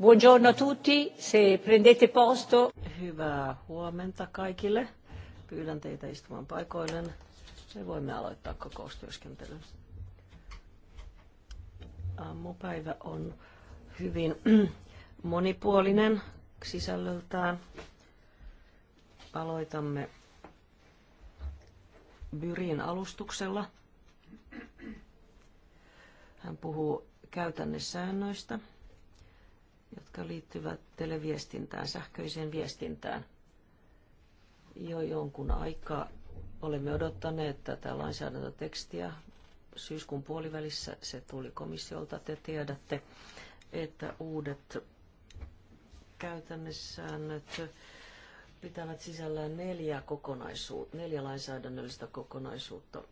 Buongiorno a tutti, se prendete posto. Hyvää huomenta kaikille. Pyydän teitä istumaan paikoilleen. Me voimme aloittaa kokoustyöskentelyn. Aamupäivä on hyvin monipuolinen sisällöltään. Aloitamme Byrin alustuksella. Hän puhuu käytännössäännöistä. säännöistä jotka liittyvät televiestintään, sähköiseen viestintään. Jo jonkun aikaa olemme odottaneet tätä lainsäädäntötekstiä. Syyskuun puolivälissä se tuli komissiolta. Te tiedätte, että uudet käytännössäännöt pitävät sisällään neljä, kokonaisuutta, neljä lainsäädännöllistä kokonaisuutta.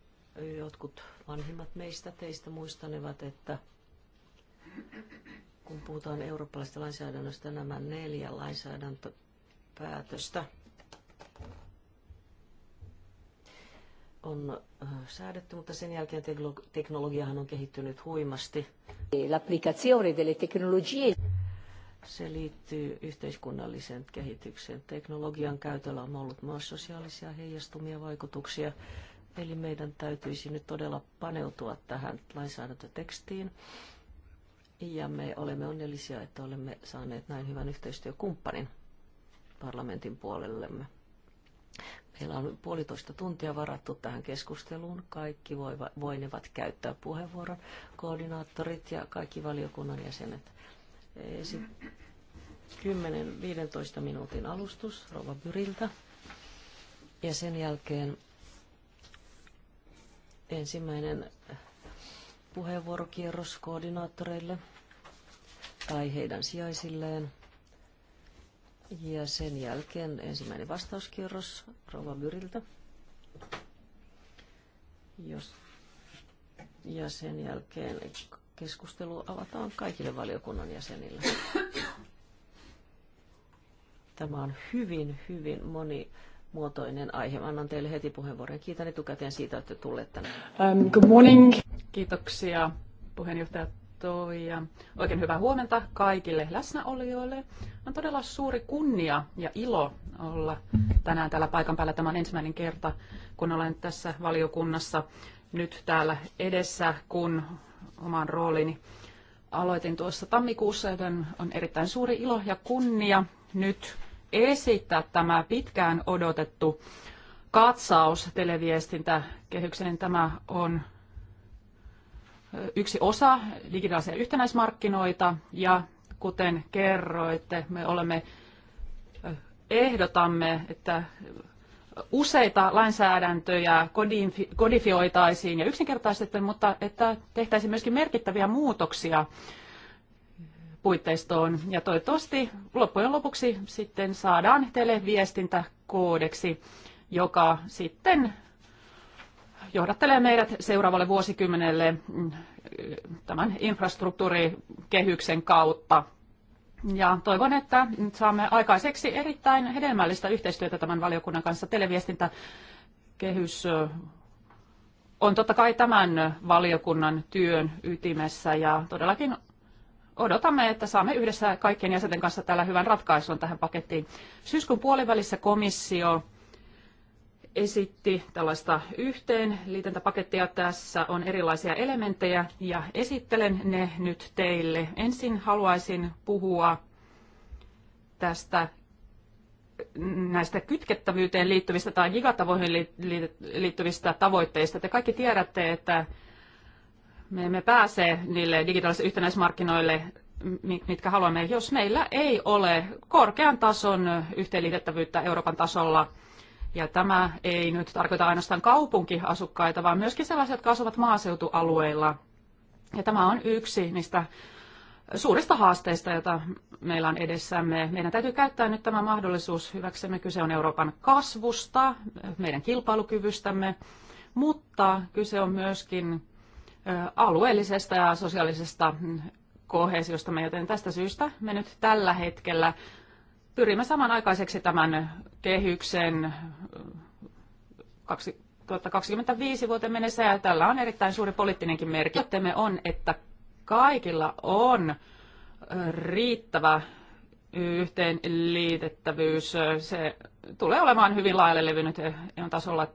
Jotkut vanhimmat meistä teistä muistanevat, että kun puhutaan eurooppalaisesta lainsäädännöstä, nämä neljä lainsäädäntöpäätöstä on äh, säädetty, mutta sen jälkeen teknologiahan on kehittynyt huimasti. L'applicazione delle tecnologie. Se liittyy yhteiskunnalliseen kehitykseen. Teknologian käytöllä on ollut myös sosiaalisia heijastumia vaikutuksia. Eli meidän täytyisi nyt todella paneutua tähän lainsäädäntötekstiin ja me olemme onnellisia, että olemme saaneet näin hyvän yhteistyökumppanin parlamentin puolellemme. Meillä on puolitoista tuntia varattu tähän keskusteluun. Kaikki voinevat käyttää puheenvuoron, koordinaattorit ja kaikki valiokunnan jäsenet. 10-15 minuutin alustus Rova Byriltä. Ja sen jälkeen ensimmäinen puheenvuorokierros koordinaattoreille tai heidän sijaisilleen. Ja sen jälkeen ensimmäinen vastauskierros Rova Myriltä. Jos, ja sen jälkeen keskustelu avataan kaikille valiokunnan jäsenille. Tämä on hyvin, hyvin moni muotoinen aihe. Annan teille heti puheenvuoron. Kiitän etukäteen siitä, että tulleet tänne. Um, good morning. Kiitoksia puheenjohtaja Toija. Oikein hyvää huomenta kaikille läsnäolijoille. On todella suuri kunnia ja ilo olla tänään täällä paikan päällä. Tämä on ensimmäinen kerta, kun olen tässä valiokunnassa nyt täällä edessä, kun oman roolini aloitin tuossa tammikuussa, joten on erittäin suuri ilo ja kunnia nyt esittää tämä pitkään odotettu katsaus televiestintäkehykseen. Tämä on yksi osa digitaalisia yhtenäismarkkinoita ja kuten kerroitte, me olemme ehdotamme, että useita lainsäädäntöjä kodifioitaisiin ja yksinkertaistettaisiin, mutta että tehtäisiin myöskin merkittäviä muutoksia puitteistoon. Ja toivottavasti loppujen lopuksi sitten saadaan televiestintäkoodeksi, joka sitten johdattelee meidät seuraavalle vuosikymmenelle mm, tämän infrastruktuurikehyksen kautta. Ja toivon, että saamme aikaiseksi erittäin hedelmällistä yhteistyötä tämän valiokunnan kanssa. Televiestintäkehys on totta kai tämän valiokunnan työn ytimessä ja todellakin odotamme, että saamme yhdessä kaikkien jäsenten kanssa täällä hyvän ratkaisun tähän pakettiin. Syyskuun puolivälissä komissio esitti tällaista yhteenliitäntäpakettia. Tässä on erilaisia elementtejä ja esittelen ne nyt teille. Ensin haluaisin puhua tästä näistä kytkettävyyteen liittyvistä tai gigatavoihin liittyvistä tavoitteista. Te kaikki tiedätte, että me emme pääse niille digitaalisille yhtenäismarkkinoille, mitkä haluamme, jos meillä ei ole korkean tason yhteenliitettävyyttä Euroopan tasolla. Ja tämä ei nyt tarkoita ainoastaan kaupunkiasukkaita, vaan myöskin sellaiset, jotka asuvat maaseutualueilla. Ja tämä on yksi niistä suurista haasteista, joita meillä on edessämme. Meidän täytyy käyttää nyt tämä mahdollisuus hyväksemme. Kyse on Euroopan kasvusta, meidän kilpailukyvystämme, mutta kyse on myöskin alueellisesta ja sosiaalisesta kohesiosta, joten tästä syystä me nyt tällä hetkellä pyrimme samanaikaiseksi tämän kehyksen 2025 vuoteen mennessä, ja tällä on erittäin suuri poliittinenkin merkittämme on, että kaikilla on riittävä yhteenliitettävyys. Se tulee olemaan hyvin laajalle levinnyt e e tasolla,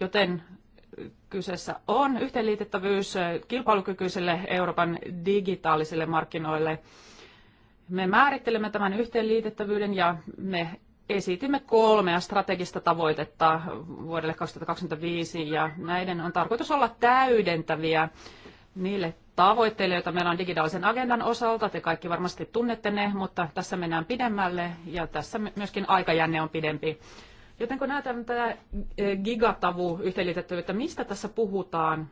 joten kyseessä on yhteenliitettävyys kilpailukykyisille Euroopan digitaalisille markkinoille. Me määrittelemme tämän yhteenliitettävyyden ja me esitimme kolmea strategista tavoitetta vuodelle 2025 ja näiden on tarkoitus olla täydentäviä niille tavoitteille, joita meillä on digitaalisen agendan osalta. Te kaikki varmasti tunnette ne, mutta tässä mennään pidemmälle ja tässä myöskin aikajänne on pidempi. Joten kun näytän tätä e, gigatavu-yhteenliitettävyyttä, mistä tässä puhutaan,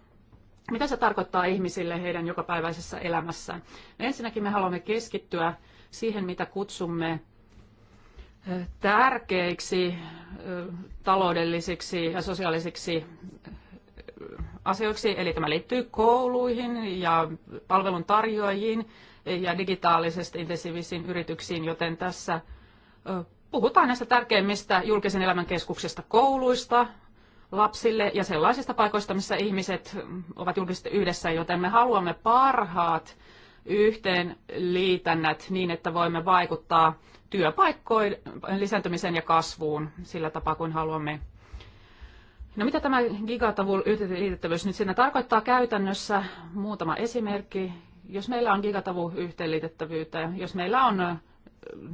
mitä se tarkoittaa ihmisille heidän jokapäiväisessä elämässään? No ensinnäkin me haluamme keskittyä siihen, mitä kutsumme e, tärkeiksi e, taloudellisiksi ja sosiaalisiksi asioiksi, eli tämä liittyy kouluihin ja palvelun tarjoajiin ja digitaalisesti intensiivisiin yrityksiin, joten tässä puhutaan näistä tärkeimmistä julkisen elämän keskuksista, kouluista, lapsille ja sellaisista paikoista, missä ihmiset ovat julkisesti yhdessä, joten me haluamme parhaat yhteen liitännät niin, että voimme vaikuttaa työpaikkojen lisääntymiseen ja kasvuun sillä tapaa kuin haluamme. No mitä tämä gigatavu-yhteenliitettävyys nyt siinä tarkoittaa käytännössä? Muutama esimerkki. Jos meillä on gigatavu-yhteenliitettävyyttä, jos meillä on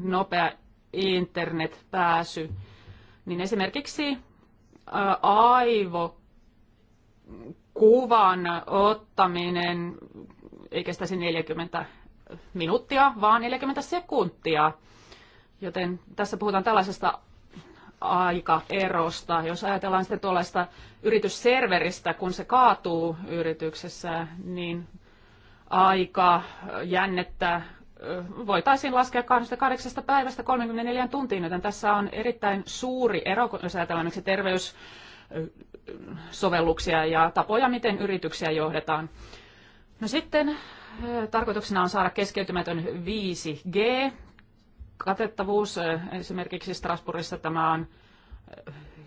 nopea internetpääsy, niin esimerkiksi aivokuvan ottaminen ei kestäisi 40 minuuttia, vaan 40 sekuntia. Joten tässä puhutaan tällaisesta aikaerosta. Jos ajatellaan sitten tuollaista yritysserveristä, kun se kaatuu yrityksessä, niin aika jännettä voitaisiin laskea 28 päivästä 34 tuntiin, joten tässä on erittäin suuri ero, jos ajatellaan terveyssovelluksia ja tapoja, miten yrityksiä johdetaan. No sitten eh, tarkoituksena on saada keskeytymätön 5G. Katettavuus eh, esimerkiksi Strasbourgissa tämä on eh,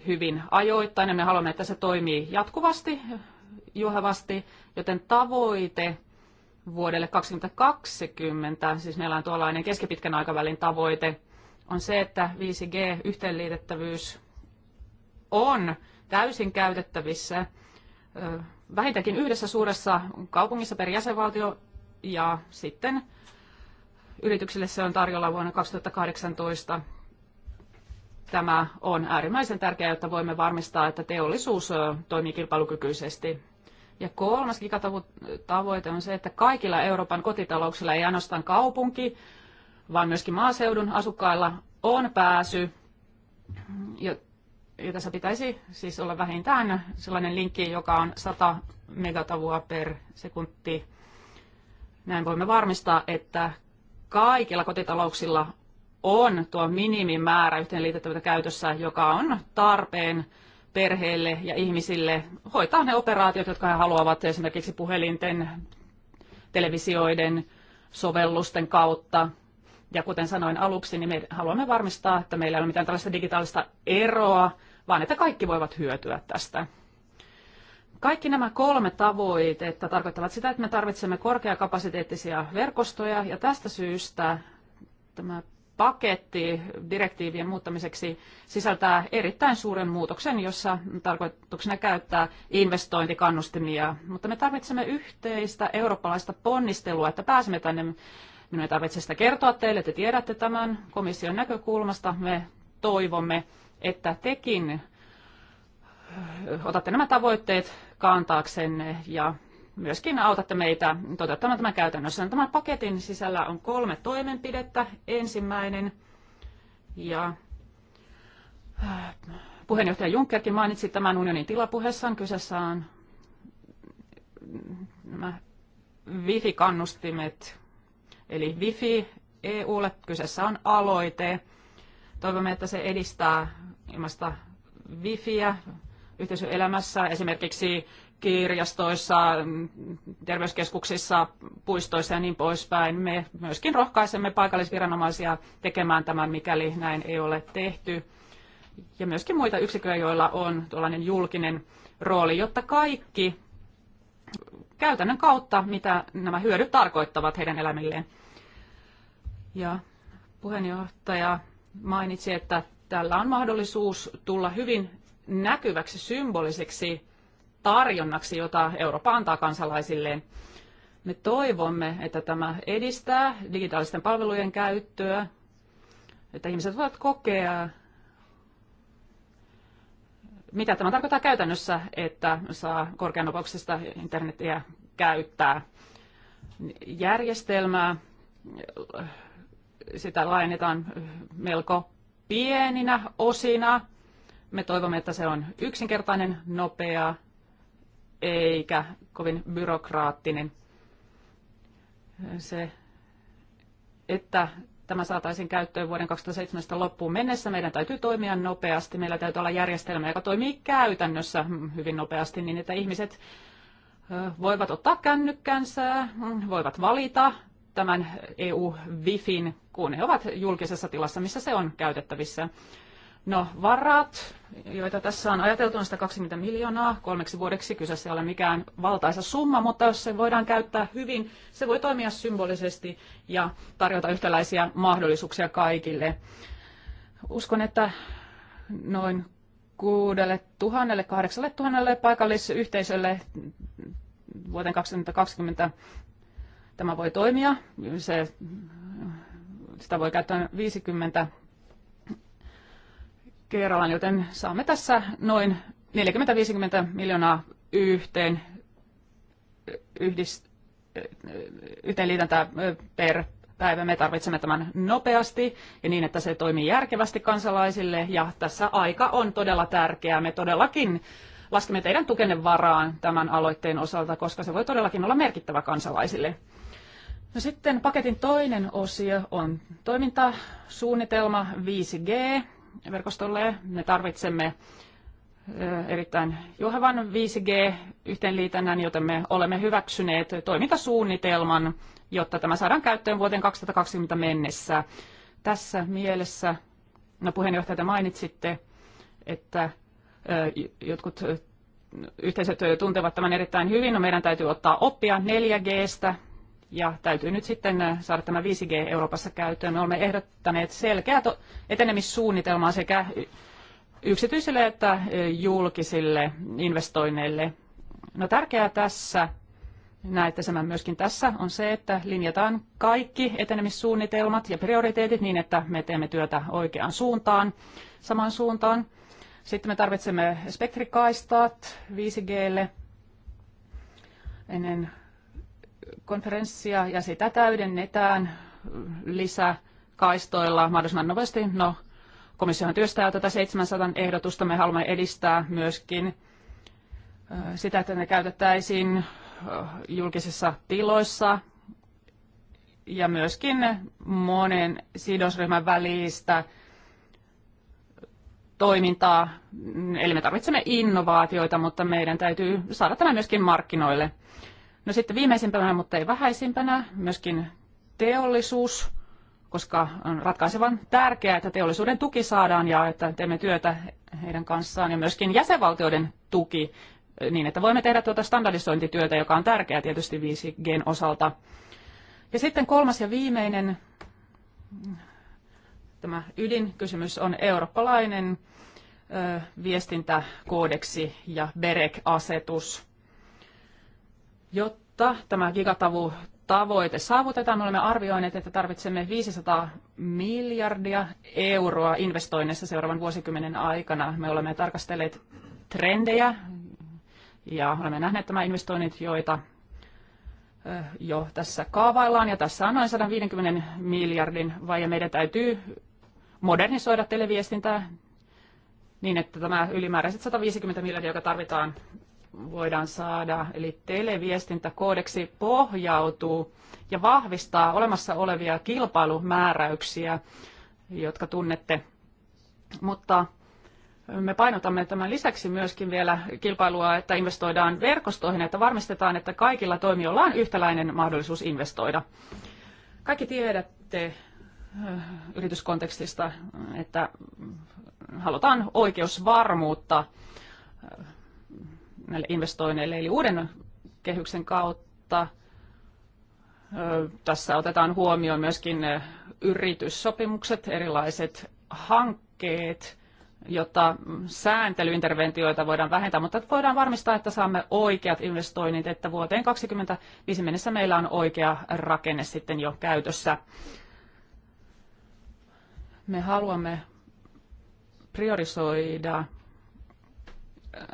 hyvin ajoittain me haluamme, että se toimii jatkuvasti, juhavasti, joten tavoite vuodelle 2020, siis meillä on tuollainen keskipitkän aikavälin tavoite, on se, että 5G-yhteenliitettävyys on täysin käytettävissä vähintäänkin yhdessä suuressa kaupungissa per jäsenvaltio ja sitten yrityksille se on tarjolla vuonna 2018. Tämä on äärimmäisen tärkeää, jotta voimme varmistaa, että teollisuus toimii kilpailukykyisesti ja kolmas gigatavoite on se, että kaikilla Euroopan kotitalouksilla, ei ainoastaan kaupunki, vaan myöskin maaseudun asukkailla on pääsy. Ja, ja tässä pitäisi siis olla vähintään sellainen linkki, joka on 100 megatavua per sekunti. Näin voimme varmistaa, että kaikilla kotitalouksilla on tuo minimimäärä yhteenliitettävyyttä käytössä, joka on tarpeen perheelle ja ihmisille hoitaa ne operaatiot, jotka he haluavat esimerkiksi puhelinten, televisioiden, sovellusten kautta. Ja kuten sanoin aluksi, niin me haluamme varmistaa, että meillä ei ole mitään tällaista digitaalista eroa, vaan että kaikki voivat hyötyä tästä. Kaikki nämä kolme tavoitetta tarkoittavat sitä, että me tarvitsemme korkeakapasiteettisia verkostoja ja tästä syystä tämä paketti direktiivien muuttamiseksi sisältää erittäin suuren muutoksen, jossa tarkoituksena käyttää investointikannustimia. Mutta me tarvitsemme yhteistä eurooppalaista ponnistelua, että pääsemme tänne. Minun ei tarvitse sitä kertoa teille, te tiedätte tämän komission näkökulmasta. Me toivomme, että tekin otatte nämä tavoitteet kantaaksenne ja myöskin autatte meitä toteuttamaan tämän käytännössä. Tämän paketin sisällä on kolme toimenpidettä. Ensimmäinen, ja äh, puheenjohtaja Junckerkin mainitsi tämän unionin tilapuheessaan, kyseessä on mm, nämä wifi-kannustimet, eli wifi EUlle. Kyseessä on aloite. Toivomme, että se edistää ilmasta wifiä yhteisöelämässä, esimerkiksi kirjastoissa, terveyskeskuksissa, puistoissa ja niin poispäin. Me myöskin rohkaisemme paikallisviranomaisia tekemään tämän, mikäli näin ei ole tehty. Ja myöskin muita yksiköjä, joilla on tuollainen julkinen rooli, jotta kaikki käytännön kautta, mitä nämä hyödyt tarkoittavat heidän elämilleen. Ja puheenjohtaja mainitsi, että tällä on mahdollisuus tulla hyvin näkyväksi symboliseksi tarjonnaksi, jota Eurooppa antaa kansalaisilleen. Me toivomme, että tämä edistää digitaalisten palvelujen käyttöä, että ihmiset voivat kokea, mitä tämä tarkoittaa käytännössä, että saa korkeanopeuksista internetiä käyttää järjestelmää. Sitä laajennetaan melko pieninä osina. Me toivomme, että se on yksinkertainen, nopea eikä kovin byrokraattinen. Se, että tämä saataisiin käyttöön vuoden 2017 loppuun mennessä, meidän täytyy toimia nopeasti. Meillä täytyy olla järjestelmä, joka toimii käytännössä hyvin nopeasti niin, että ihmiset voivat ottaa kännykkänsä, voivat valita tämän EU-Wifin, kun he ovat julkisessa tilassa, missä se on käytettävissä. No varat, joita tässä on ajateltu, on 120 miljoonaa kolmeksi vuodeksi. Kyseessä ei ole mikään valtaisa summa, mutta jos se voidaan käyttää hyvin, se voi toimia symbolisesti ja tarjota yhtäläisiä mahdollisuuksia kaikille. Uskon, että noin kuudelle tuhannelle, kahdeksalle tuhannelle paikallisyhteisölle vuoteen 2020 tämä voi toimia. Se, sitä voi käyttää 50 kerrallaan, joten saamme tässä noin 40-50 miljoonaa yhteen, yhdist, yhteenliitäntää per päivä. Me tarvitsemme tämän nopeasti ja niin, että se toimii järkevästi kansalaisille. Ja tässä aika on todella tärkeää. Me todellakin laskemme teidän tukenne varaan tämän aloitteen osalta, koska se voi todellakin olla merkittävä kansalaisille. No sitten paketin toinen osio on toimintasuunnitelma 5G verkostolle. Me tarvitsemme eh, erittäin juhevan 5G-yhteenliitännän, joten me olemme hyväksyneet toimintasuunnitelman, jotta tämä saadaan käyttöön vuoteen 2020 mennessä. Tässä mielessä, no puheenjohtaja, te mainitsitte, että eh, jotkut eh, yhteisöt tuntevat tämän erittäin hyvin. No meidän täytyy ottaa oppia 4Gstä ja täytyy nyt sitten äh, saada tämä 5G Euroopassa käyttöön. Me olemme ehdottaneet selkeää etenemissuunnitelmaa sekä yksityisille että äh, julkisille investoinneille. No tärkeää tässä, näette tämän myöskin tässä, on se, että linjataan kaikki etenemissuunnitelmat ja prioriteetit niin, että me teemme työtä oikeaan suuntaan, samaan suuntaan. Sitten me tarvitsemme spektrikaistat 5Glle ennen konferenssia ja sitä täydennetään lisäkaistoilla mahdollisimman nopeasti. No, komissiohan työstää tätä 700 ehdotusta. Me haluamme edistää myöskin sitä, että ne käytettäisiin julkisissa tiloissa ja myöskin monen sidosryhmän välistä toimintaa. Eli me tarvitsemme innovaatioita, mutta meidän täytyy saada tämä myöskin markkinoille. No sitten viimeisimpänä, mutta ei vähäisimpänä, myöskin teollisuus, koska on ratkaisevan tärkeää, että teollisuuden tuki saadaan ja että teemme työtä heidän kanssaan ja myöskin jäsenvaltioiden tuki eh, niin, että voimme tehdä tuota standardisointityötä, joka on tärkeää tietysti 5Gn osalta. Ja sitten kolmas ja viimeinen tämä ydinkysymys on eurooppalainen eh, viestintäkoodeksi ja BEREC-asetus. Jotta tämä gigatavu tavoite saavutetaan, me olemme arvioineet, että tarvitsemme 500 miljardia euroa investoinneissa seuraavan vuosikymmenen aikana. Me olemme tarkastelleet trendejä ja olemme nähneet tämä investoinnit, joita jo tässä kaavaillaan. Ja tässä on noin 150 miljardin ja Meidän täytyy modernisoida televiestintää niin, että tämä ylimääräiset 150 miljardia, joka tarvitaan voidaan saada. Eli televiestintäkoodeksi pohjautuu ja vahvistaa olemassa olevia kilpailumääräyksiä, jotka tunnette. Mutta me painotamme tämän lisäksi myöskin vielä kilpailua, että investoidaan verkostoihin, että varmistetaan, että kaikilla toimijoilla on yhtäläinen mahdollisuus investoida. Kaikki tiedätte äh, yrityskontekstista, että halutaan oikeusvarmuutta äh, näille investoinneille. Eli uuden kehyksen kautta tässä otetaan huomioon myöskin yrityssopimukset, erilaiset hankkeet, jotta sääntelyinterventioita voidaan vähentää, mutta voidaan varmistaa, että saamme oikeat investoinnit, että vuoteen 2025 mennessä meillä on oikea rakenne sitten jo käytössä. Me haluamme priorisoida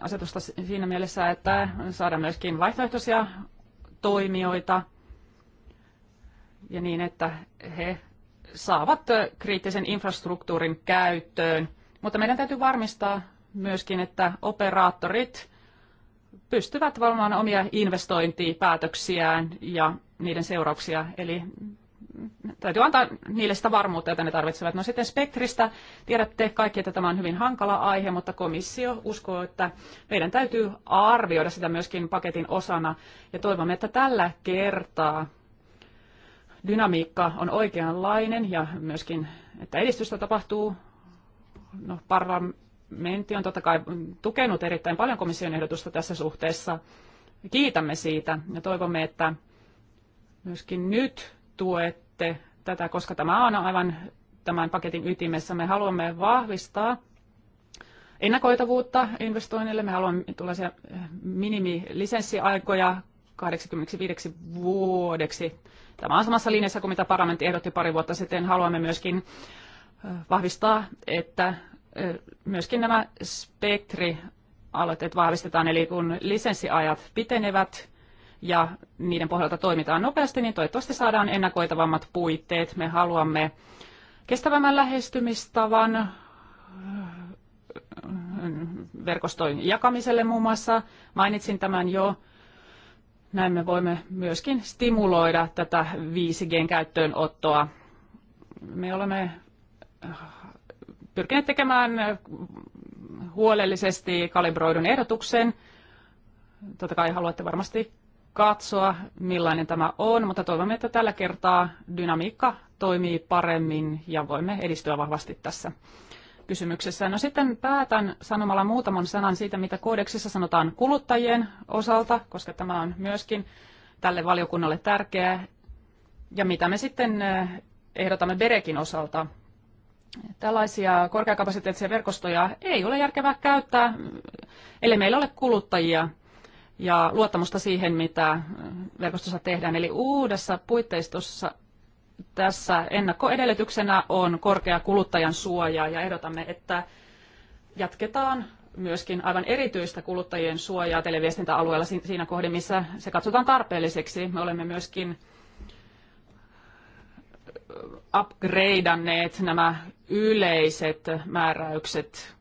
asetusta siinä mielessä, että saadaan myöskin vaihtoehtoisia toimijoita ja niin, että he saavat kriittisen infrastruktuurin käyttöön. Mutta meidän täytyy varmistaa myöskin, että operaattorit pystyvät valmaan omia investointipäätöksiään ja niiden seurauksia. Eli täytyy antaa niille sitä varmuutta, jota ne tarvitsevat. No sitten spektristä tiedätte kaikki, että tämä on hyvin hankala aihe, mutta komissio uskoo, että meidän täytyy arvioida sitä myöskin paketin osana. Ja toivomme, että tällä kertaa dynamiikka on oikeanlainen ja myöskin, että edistystä tapahtuu. No, parlamentti on totta kai tukenut erittäin paljon komission ehdotusta tässä suhteessa. Kiitämme siitä ja toivomme, että myöskin nyt tuet korostitte tätä, koska tämä on aivan tämän paketin ytimessä. Me haluamme vahvistaa ennakoitavuutta investoinnille. Me haluamme tällaisia eh, minimilisenssiaikoja 85 vuodeksi. Tämä on samassa linjassa kuin mitä parlamentti ehdotti pari vuotta sitten. Haluamme myöskin eh, vahvistaa, että eh, myöskin nämä spektri aloitteet vahvistetaan, eli kun lisenssiajat pitenevät, ja niiden pohjalta toimitaan nopeasti, niin toivottavasti saadaan ennakoitavammat puitteet. Me haluamme kestävämmän lähestymistavan verkostojen jakamiselle muun muassa. Mainitsin tämän jo. Näin me voimme myöskin stimuloida tätä 5 g käyttöönottoa. Me olemme äh, pyrkineet tekemään huolellisesti kalibroidun ehdotuksen. Totta kai haluatte varmasti katsoa, millainen tämä on, mutta toivomme, että tällä kertaa dynamiikka toimii paremmin ja voimme edistyä vahvasti tässä kysymyksessä. No sitten päätän sanomalla muutaman sanan siitä, mitä koodeksissa sanotaan kuluttajien osalta, koska tämä on myöskin tälle valiokunnalle tärkeää, ja mitä me sitten eh, ehdotamme Berekin osalta. Tällaisia korkeakapasiteettisia verkostoja ei ole järkevää käyttää, ellei meillä ole kuluttajia – ja luottamusta siihen, mitä äh, verkostossa tehdään. Eli uudessa puitteistossa tässä ennakkoedellytyksenä on korkea kuluttajan suoja ja ehdotamme, että jatketaan myöskin aivan erityistä kuluttajien suojaa televiestintäalueella siinä kohdin, missä se katsotaan tarpeelliseksi. Me olemme myöskin upgradeanneet nämä yleiset määräykset.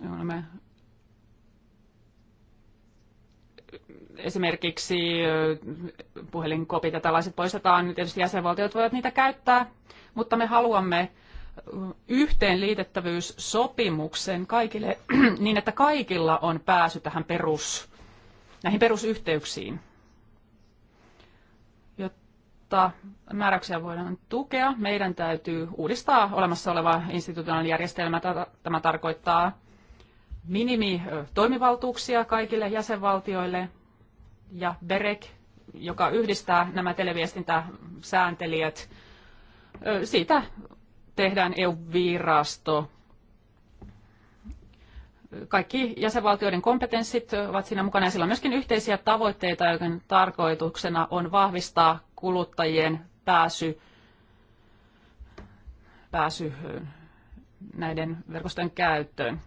Me olemme esimerkiksi puhelinkopit ja tällaiset poistetaan, tietysti jäsenvaltiot voivat niitä käyttää, mutta me haluamme yhteenliitettävyyssopimuksen kaikille niin, että kaikilla on pääsy tähän perus, näihin perusyhteyksiin, jotta määräyksiä voidaan tukea. Meidän täytyy uudistaa olemassa oleva institutionaalinen järjestelmä. Tämä tarkoittaa minimi toimivaltuuksia kaikille jäsenvaltioille, ja BEREC, joka yhdistää nämä televiestintäsääntelijät. Siitä tehdään EU-virasto. Kaikki jäsenvaltioiden kompetenssit ovat siinä mukana ja sillä on myöskin yhteisiä tavoitteita, joiden tarkoituksena on vahvistaa kuluttajien pääsy, pääsy näiden verkostojen käyttöön.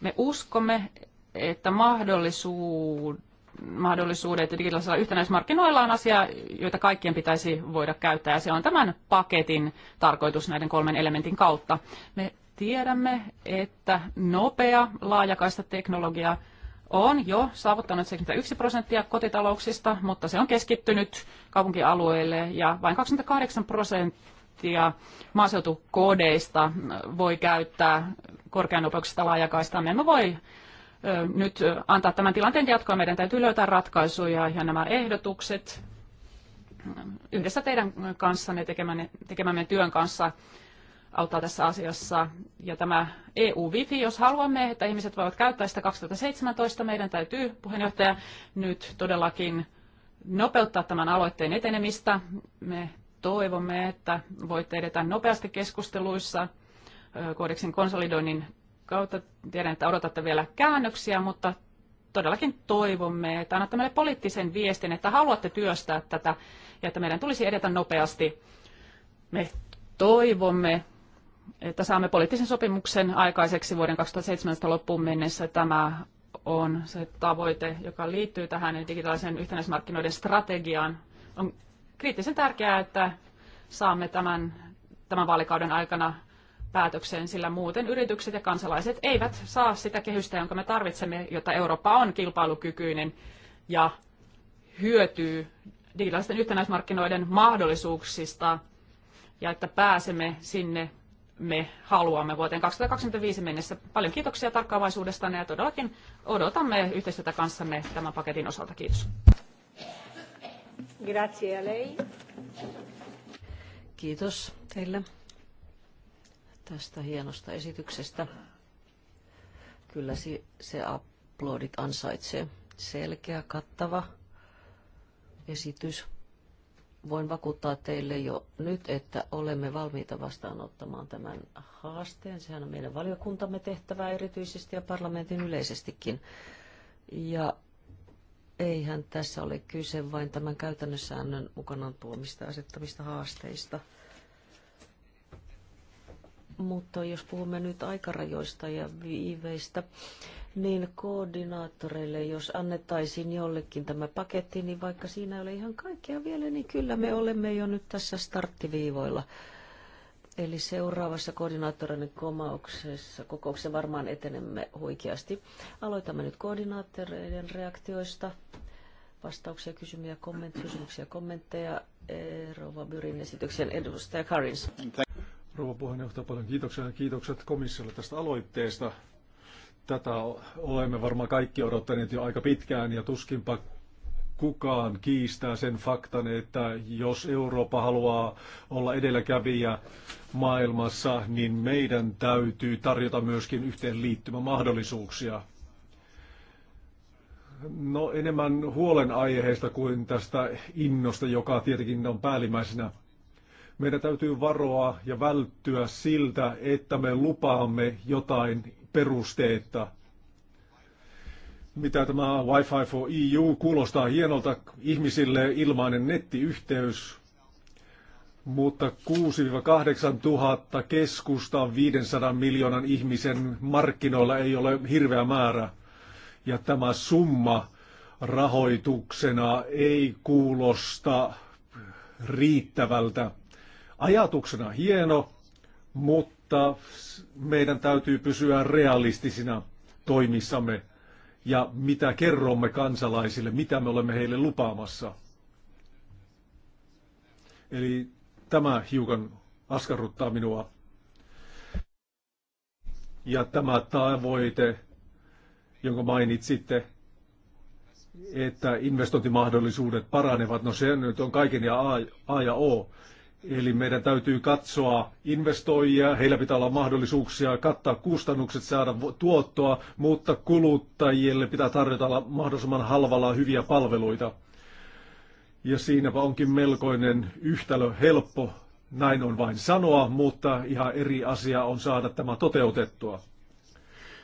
Me uskomme, että mahdollisuudet mahdollisuudet digitaalisilla yhtenäismarkkinoilla on asia, joita kaikkien pitäisi voida käyttää. Ja se on tämän paketin tarkoitus näiden kolmen elementin kautta. Me tiedämme, että nopea laajakaista teknologia on jo saavuttanut 71 prosenttia kotitalouksista, mutta se on keskittynyt kaupunkialueille ja vain 28 prosenttia maaseutukodeista voi käyttää korkeanopeuksista laajakaistaa. Me emme voi nyt antaa tämän tilanteen jatkoa. Meidän täytyy löytää ratkaisuja ja nämä ehdotukset yhdessä teidän kanssanne tekemämme, tekemämme työn kanssa auttaa tässä asiassa. Ja tämä EU-wifi, jos haluamme, että ihmiset voivat käyttää sitä 2017, meidän täytyy, puheenjohtaja, nyt todellakin nopeuttaa tämän aloitteen etenemistä. Me toivomme, että voitte edetä nopeasti keskusteluissa kodeksin konsolidoinnin kautta. Tiedän, että odotatte vielä käännöksiä, mutta todellakin toivomme, että annatte meille poliittisen viestin, että haluatte työstää tätä ja että meidän tulisi edetä nopeasti. Me toivomme, että saamme poliittisen sopimuksen aikaiseksi vuoden 2017 loppuun mennessä. Tämä on se tavoite, joka liittyy tähän digitaalisen yhtenäismarkkinoiden strategiaan. On kriittisen tärkeää, että saamme tämän, tämän vaalikauden aikana päätökseen, sillä muuten yritykset ja kansalaiset eivät saa sitä kehystä, jonka me tarvitsemme, jotta Eurooppa on kilpailukykyinen ja hyötyy digitaalisten yhtenäismarkkinoiden mahdollisuuksista ja että pääsemme sinne me haluamme vuoteen 2025 mennessä. Paljon kiitoksia tarkkaavaisuudesta ja todellakin odotamme yhteistyötä kanssamme tämän paketin osalta. Kiitos. Grazie a lei. Kiitos teille tästä hienosta esityksestä. Kyllä se, se uploadit ansaitsee. Selkeä, kattava esitys. Voin vakuuttaa teille jo nyt, että olemme valmiita vastaanottamaan tämän haasteen. Sehän on meidän valiokuntamme tehtävää erityisesti ja parlamentin yleisestikin. Ja eihän tässä ole kyse vain tämän käytännössäännön mukanaan tuomista asettamista haasteista – mutta jos puhumme nyt aikarajoista ja viiveistä, niin koordinaattoreille, jos annettaisiin jollekin tämä paketti, niin vaikka siinä ei ole ihan kaikkea vielä, niin kyllä me olemme jo nyt tässä starttiviivoilla. Eli seuraavassa koordinaattorin komauksessa, kokouksessa varmaan etenemme huikeasti. Aloitamme nyt koordinaattoreiden reaktioista. Vastauksia, kysymyksiä, kommentteja, kysymyksiä, kommentteja. Rova Byrin esityksen edustaja Karins. Rouva puheenjohtaja, paljon kiitoksia ja kiitokset komissiolle tästä aloitteesta. Tätä olemme varmaan kaikki odottaneet jo aika pitkään ja tuskinpa kukaan kiistää sen faktan, että jos Eurooppa haluaa olla edelläkävijä maailmassa, niin meidän täytyy tarjota myöskin yhteenliittymämahdollisuuksia. No enemmän huolenaiheesta kuin tästä innosta, joka tietenkin on päällimmäisenä meidän täytyy varoa ja välttyä siltä, että me lupaamme jotain perusteetta. Mitä tämä Wi-Fi for EU kuulostaa hienolta ihmisille ilmainen nettiyhteys, mutta 6-8 tuhatta keskusta 500 miljoonan ihmisen markkinoilla ei ole hirveä määrä. Ja tämä summa rahoituksena ei kuulosta riittävältä. Ajatuksena hieno, mutta meidän täytyy pysyä realistisina toimissamme ja mitä kerromme kansalaisille, mitä me olemme heille lupaamassa. Eli tämä hiukan askarruttaa minua. Ja tämä tavoite, jonka mainitsitte, että investointimahdollisuudet paranevat, no se nyt on kaiken ja A, A ja O. Eli meidän täytyy katsoa investoijia, heillä pitää olla mahdollisuuksia kattaa kustannukset, saada tuottoa, mutta kuluttajille pitää tarjota mahdollisimman halvalla hyviä palveluita. Ja siinäpä onkin melkoinen yhtälö helppo, näin on vain sanoa, mutta ihan eri asia on saada tämä toteutettua.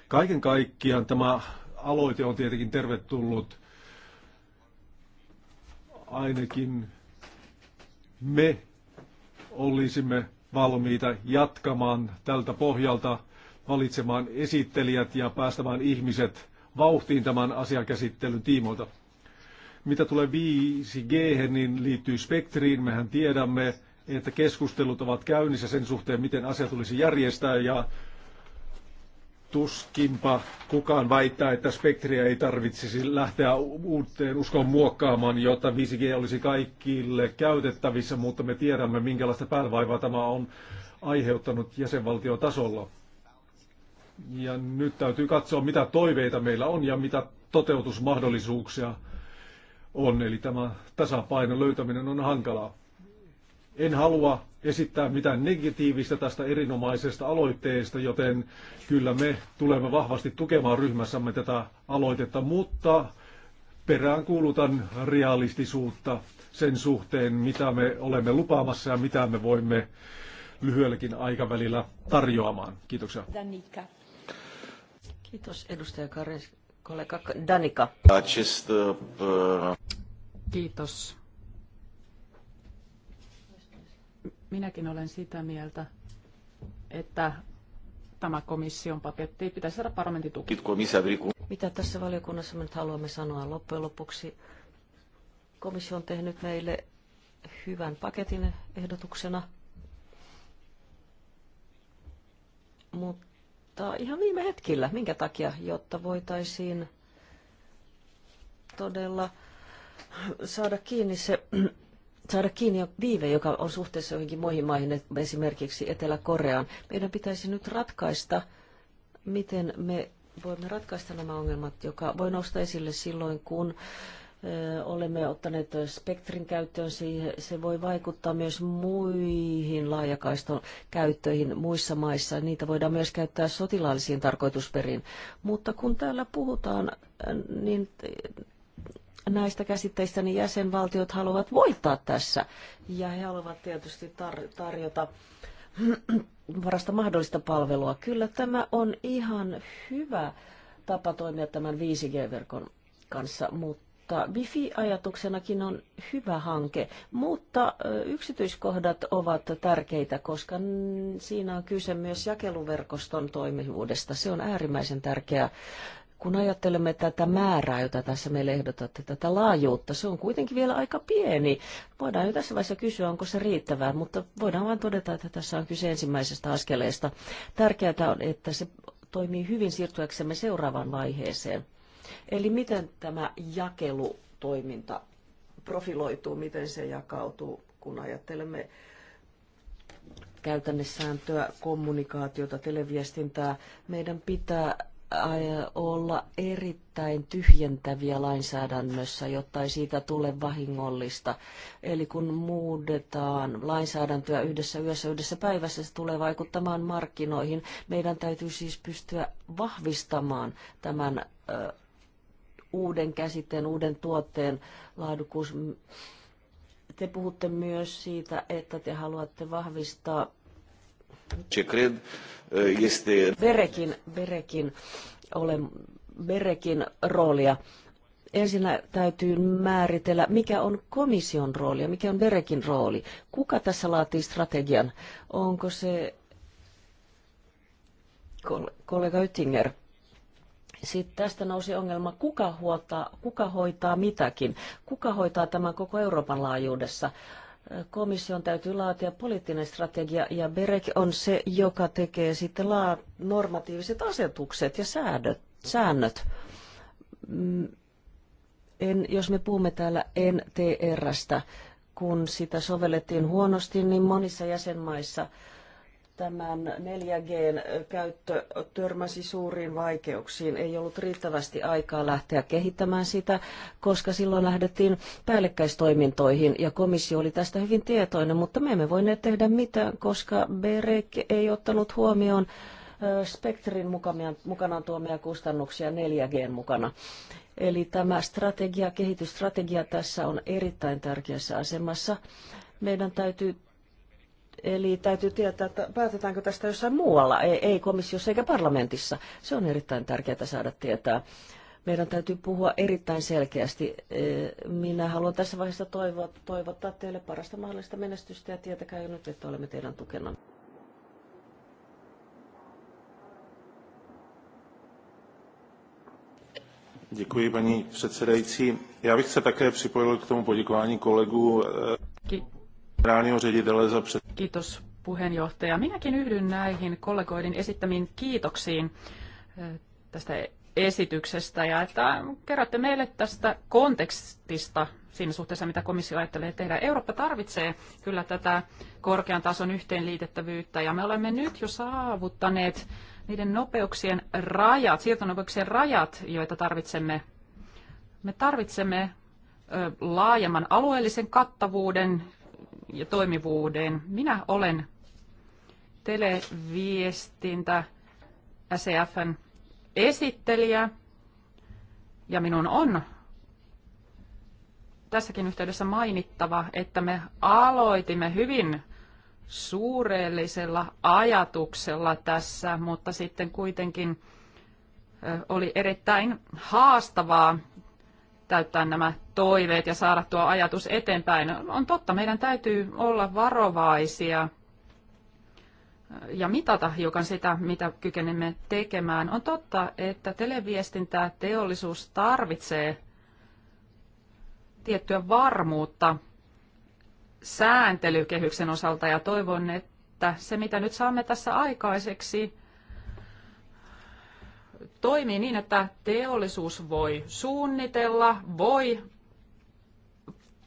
Kaiken kaikkiaan tämä aloite on tietenkin tervetullut ainakin me olisimme valmiita jatkamaan tältä pohjalta, valitsemaan esittelijät ja päästämään ihmiset vauhtiin tämän asiakäsittelyn tiimoilta. Mitä tulee 5G, niin liittyy spektriin. Mehän tiedämme, että keskustelut ovat käynnissä sen suhteen, miten asia tulisi järjestää, ja tuskinpa kukaan väittää, että spektriä ei tarvitsisi lähteä uuteen uskon muokkaamaan, jotta 5G olisi kaikille käytettävissä, mutta me tiedämme, minkälaista päänvaivaa tämä on aiheuttanut jäsenvaltiotasolla. Ja nyt täytyy katsoa, mitä toiveita meillä on ja mitä toteutusmahdollisuuksia on. Eli tämä tasapainon löytäminen on hankalaa. En halua esittää mitään negatiivista tästä erinomaisesta aloitteesta, joten kyllä me tulemme vahvasti tukemaan ryhmässämme tätä aloitetta, mutta peräänkuulutan realistisuutta sen suhteen, mitä me olemme lupaamassa ja mitä me voimme lyhyelläkin aikavälillä tarjoamaan. Kiitoksia. Danika. Kiitos edustaja Kares, kollega Danika. Uh, uh, Kiitos minäkin olen sitä mieltä, että tämä komission paketti pitäisi saada parlamentin tuki. Mitä tässä valiokunnassa me nyt haluamme sanoa loppujen lopuksi? Komissio on tehnyt meille hyvän paketin ehdotuksena, mutta ihan viime hetkillä. Minkä takia? Jotta voitaisiin todella saada kiinni se saada kiinni viive, joka on suhteessa johonkin muihin maihin, esimerkiksi Etelä-Koreaan. Meidän pitäisi nyt ratkaista, miten me voimme ratkaista nämä ongelmat, joka voi nousta esille silloin, kun olemme ottaneet spektrin käyttöön. Se voi vaikuttaa myös muihin laajakaiston käyttöihin muissa maissa. Niitä voidaan myös käyttää sotilaallisiin tarkoitusperiin. Mutta kun täällä puhutaan, niin näistä käsitteistä, niin jäsenvaltiot haluavat voittaa tässä. Ja he haluavat tietysti tar- tarjota parasta mahdollista palvelua. Kyllä tämä on ihan hyvä tapa toimia tämän 5G-verkon kanssa, mutta Wi-Fi-ajatuksenakin on hyvä hanke, mutta yksityiskohdat ovat tärkeitä, koska siinä on kyse myös jakeluverkoston toimivuudesta. Se on äärimmäisen tärkeää kun ajattelemme tätä määrää, jota tässä meille ehdotatte, tätä laajuutta, se on kuitenkin vielä aika pieni. Voidaan jo tässä vaiheessa kysyä, onko se riittävää, mutta voidaan vain todeta, että tässä on kyse ensimmäisestä askeleesta. Tärkeää on, että se toimii hyvin siirtyäksemme seuraavaan vaiheeseen. Eli miten tämä jakelutoiminta profiloituu, miten se jakautuu, kun ajattelemme käytännössääntöä, kommunikaatiota, televiestintää. Meidän pitää olla erittäin tyhjentäviä lainsäädännössä, jotta ei siitä tule vahingollista. Eli kun muudetaan lainsäädäntöä yhdessä yössä, yhdessä päivässä, se tulee vaikuttamaan markkinoihin. Meidän täytyy siis pystyä vahvistamaan tämän ö, uuden käsitteen, uuden tuotteen laadukkuus. Te puhutte myös siitä, että te haluatte vahvistaa Ce cred uh, este... Berekin, Berekin, olen Berekin roolia. Ensinnä täytyy määritellä, mikä on komission rooli ja mikä on Berekin rooli. Kuka tässä laatii strategian? Onko se kollega Yttinger? Sitten tästä nousi ongelma, kuka, huolta kuka hoitaa mitäkin, kuka hoitaa tämän koko Euroopan laajuudessa komission täytyy laatia poliittinen strategia ja BEREC on se, joka tekee sitten laa- normatiiviset asetukset ja säädöt, säännöt. Mm, en, jos me puhumme täällä NTRstä, kun sitä sovellettiin huonosti, niin monissa jäsenmaissa – tämän 4 g käyttö törmäsi suuriin vaikeuksiin. Ei ollut riittävästi aikaa lähteä kehittämään sitä, koska silloin lähdettiin päällekkäistoimintoihin ja komissio oli tästä hyvin tietoinen, mutta me emme voineet tehdä mitään, koska BREC ei ottanut huomioon spektrin mukanaan tuomia kustannuksia 4Gn mukana. Eli tämä strategia, kehitysstrategia tässä on erittäin tärkeässä asemassa. Meidän täytyy Eli täytyy tietää, että päätetäänkö tästä jossain muualla, ei, ei komissiossa eikä parlamentissa. Se on erittäin tärkeää saada tietää. Meidän täytyy puhua erittäin selkeästi. E, minä haluan tässä vaiheessa toivoa, toivottaa teille parasta mahdollista menestystä ja tietäkää jo nyt, että olemme teidän tukena. Děkuji, paní předsedající. Já bych se také připojil k tomu poděkování kolegů. E, Ki- Kiitos puheenjohtaja. Minäkin yhdyn näihin kollegoiden esittämiin kiitoksiin eh, tästä esityksestä ja että kerrotte meille tästä kontekstista siinä suhteessa, mitä komissio ajattelee tehdä. Eurooppa tarvitsee kyllä tätä korkean tason yhteenliitettävyyttä ja me olemme nyt jo saavuttaneet niiden nopeuksien rajat, siirtonopeuksien rajat, joita tarvitsemme. Me tarvitsemme laajemman alueellisen kattavuuden ja toimivuuden. Minä olen televiestintä SEFn esittelijä ja minun on tässäkin yhteydessä mainittava, että me aloitimme hyvin suureellisella ajatuksella tässä, mutta sitten kuitenkin oli erittäin haastavaa täyttää nämä toiveet ja saada tuo ajatus eteenpäin. On totta, meidän täytyy olla varovaisia ja mitata hiukan sitä, mitä kykenemme tekemään. On totta, että televiestintää teollisuus tarvitsee tiettyä varmuutta sääntelykehyksen osalta ja toivon, että se mitä nyt saamme tässä aikaiseksi toimii niin, että teollisuus voi suunnitella, voi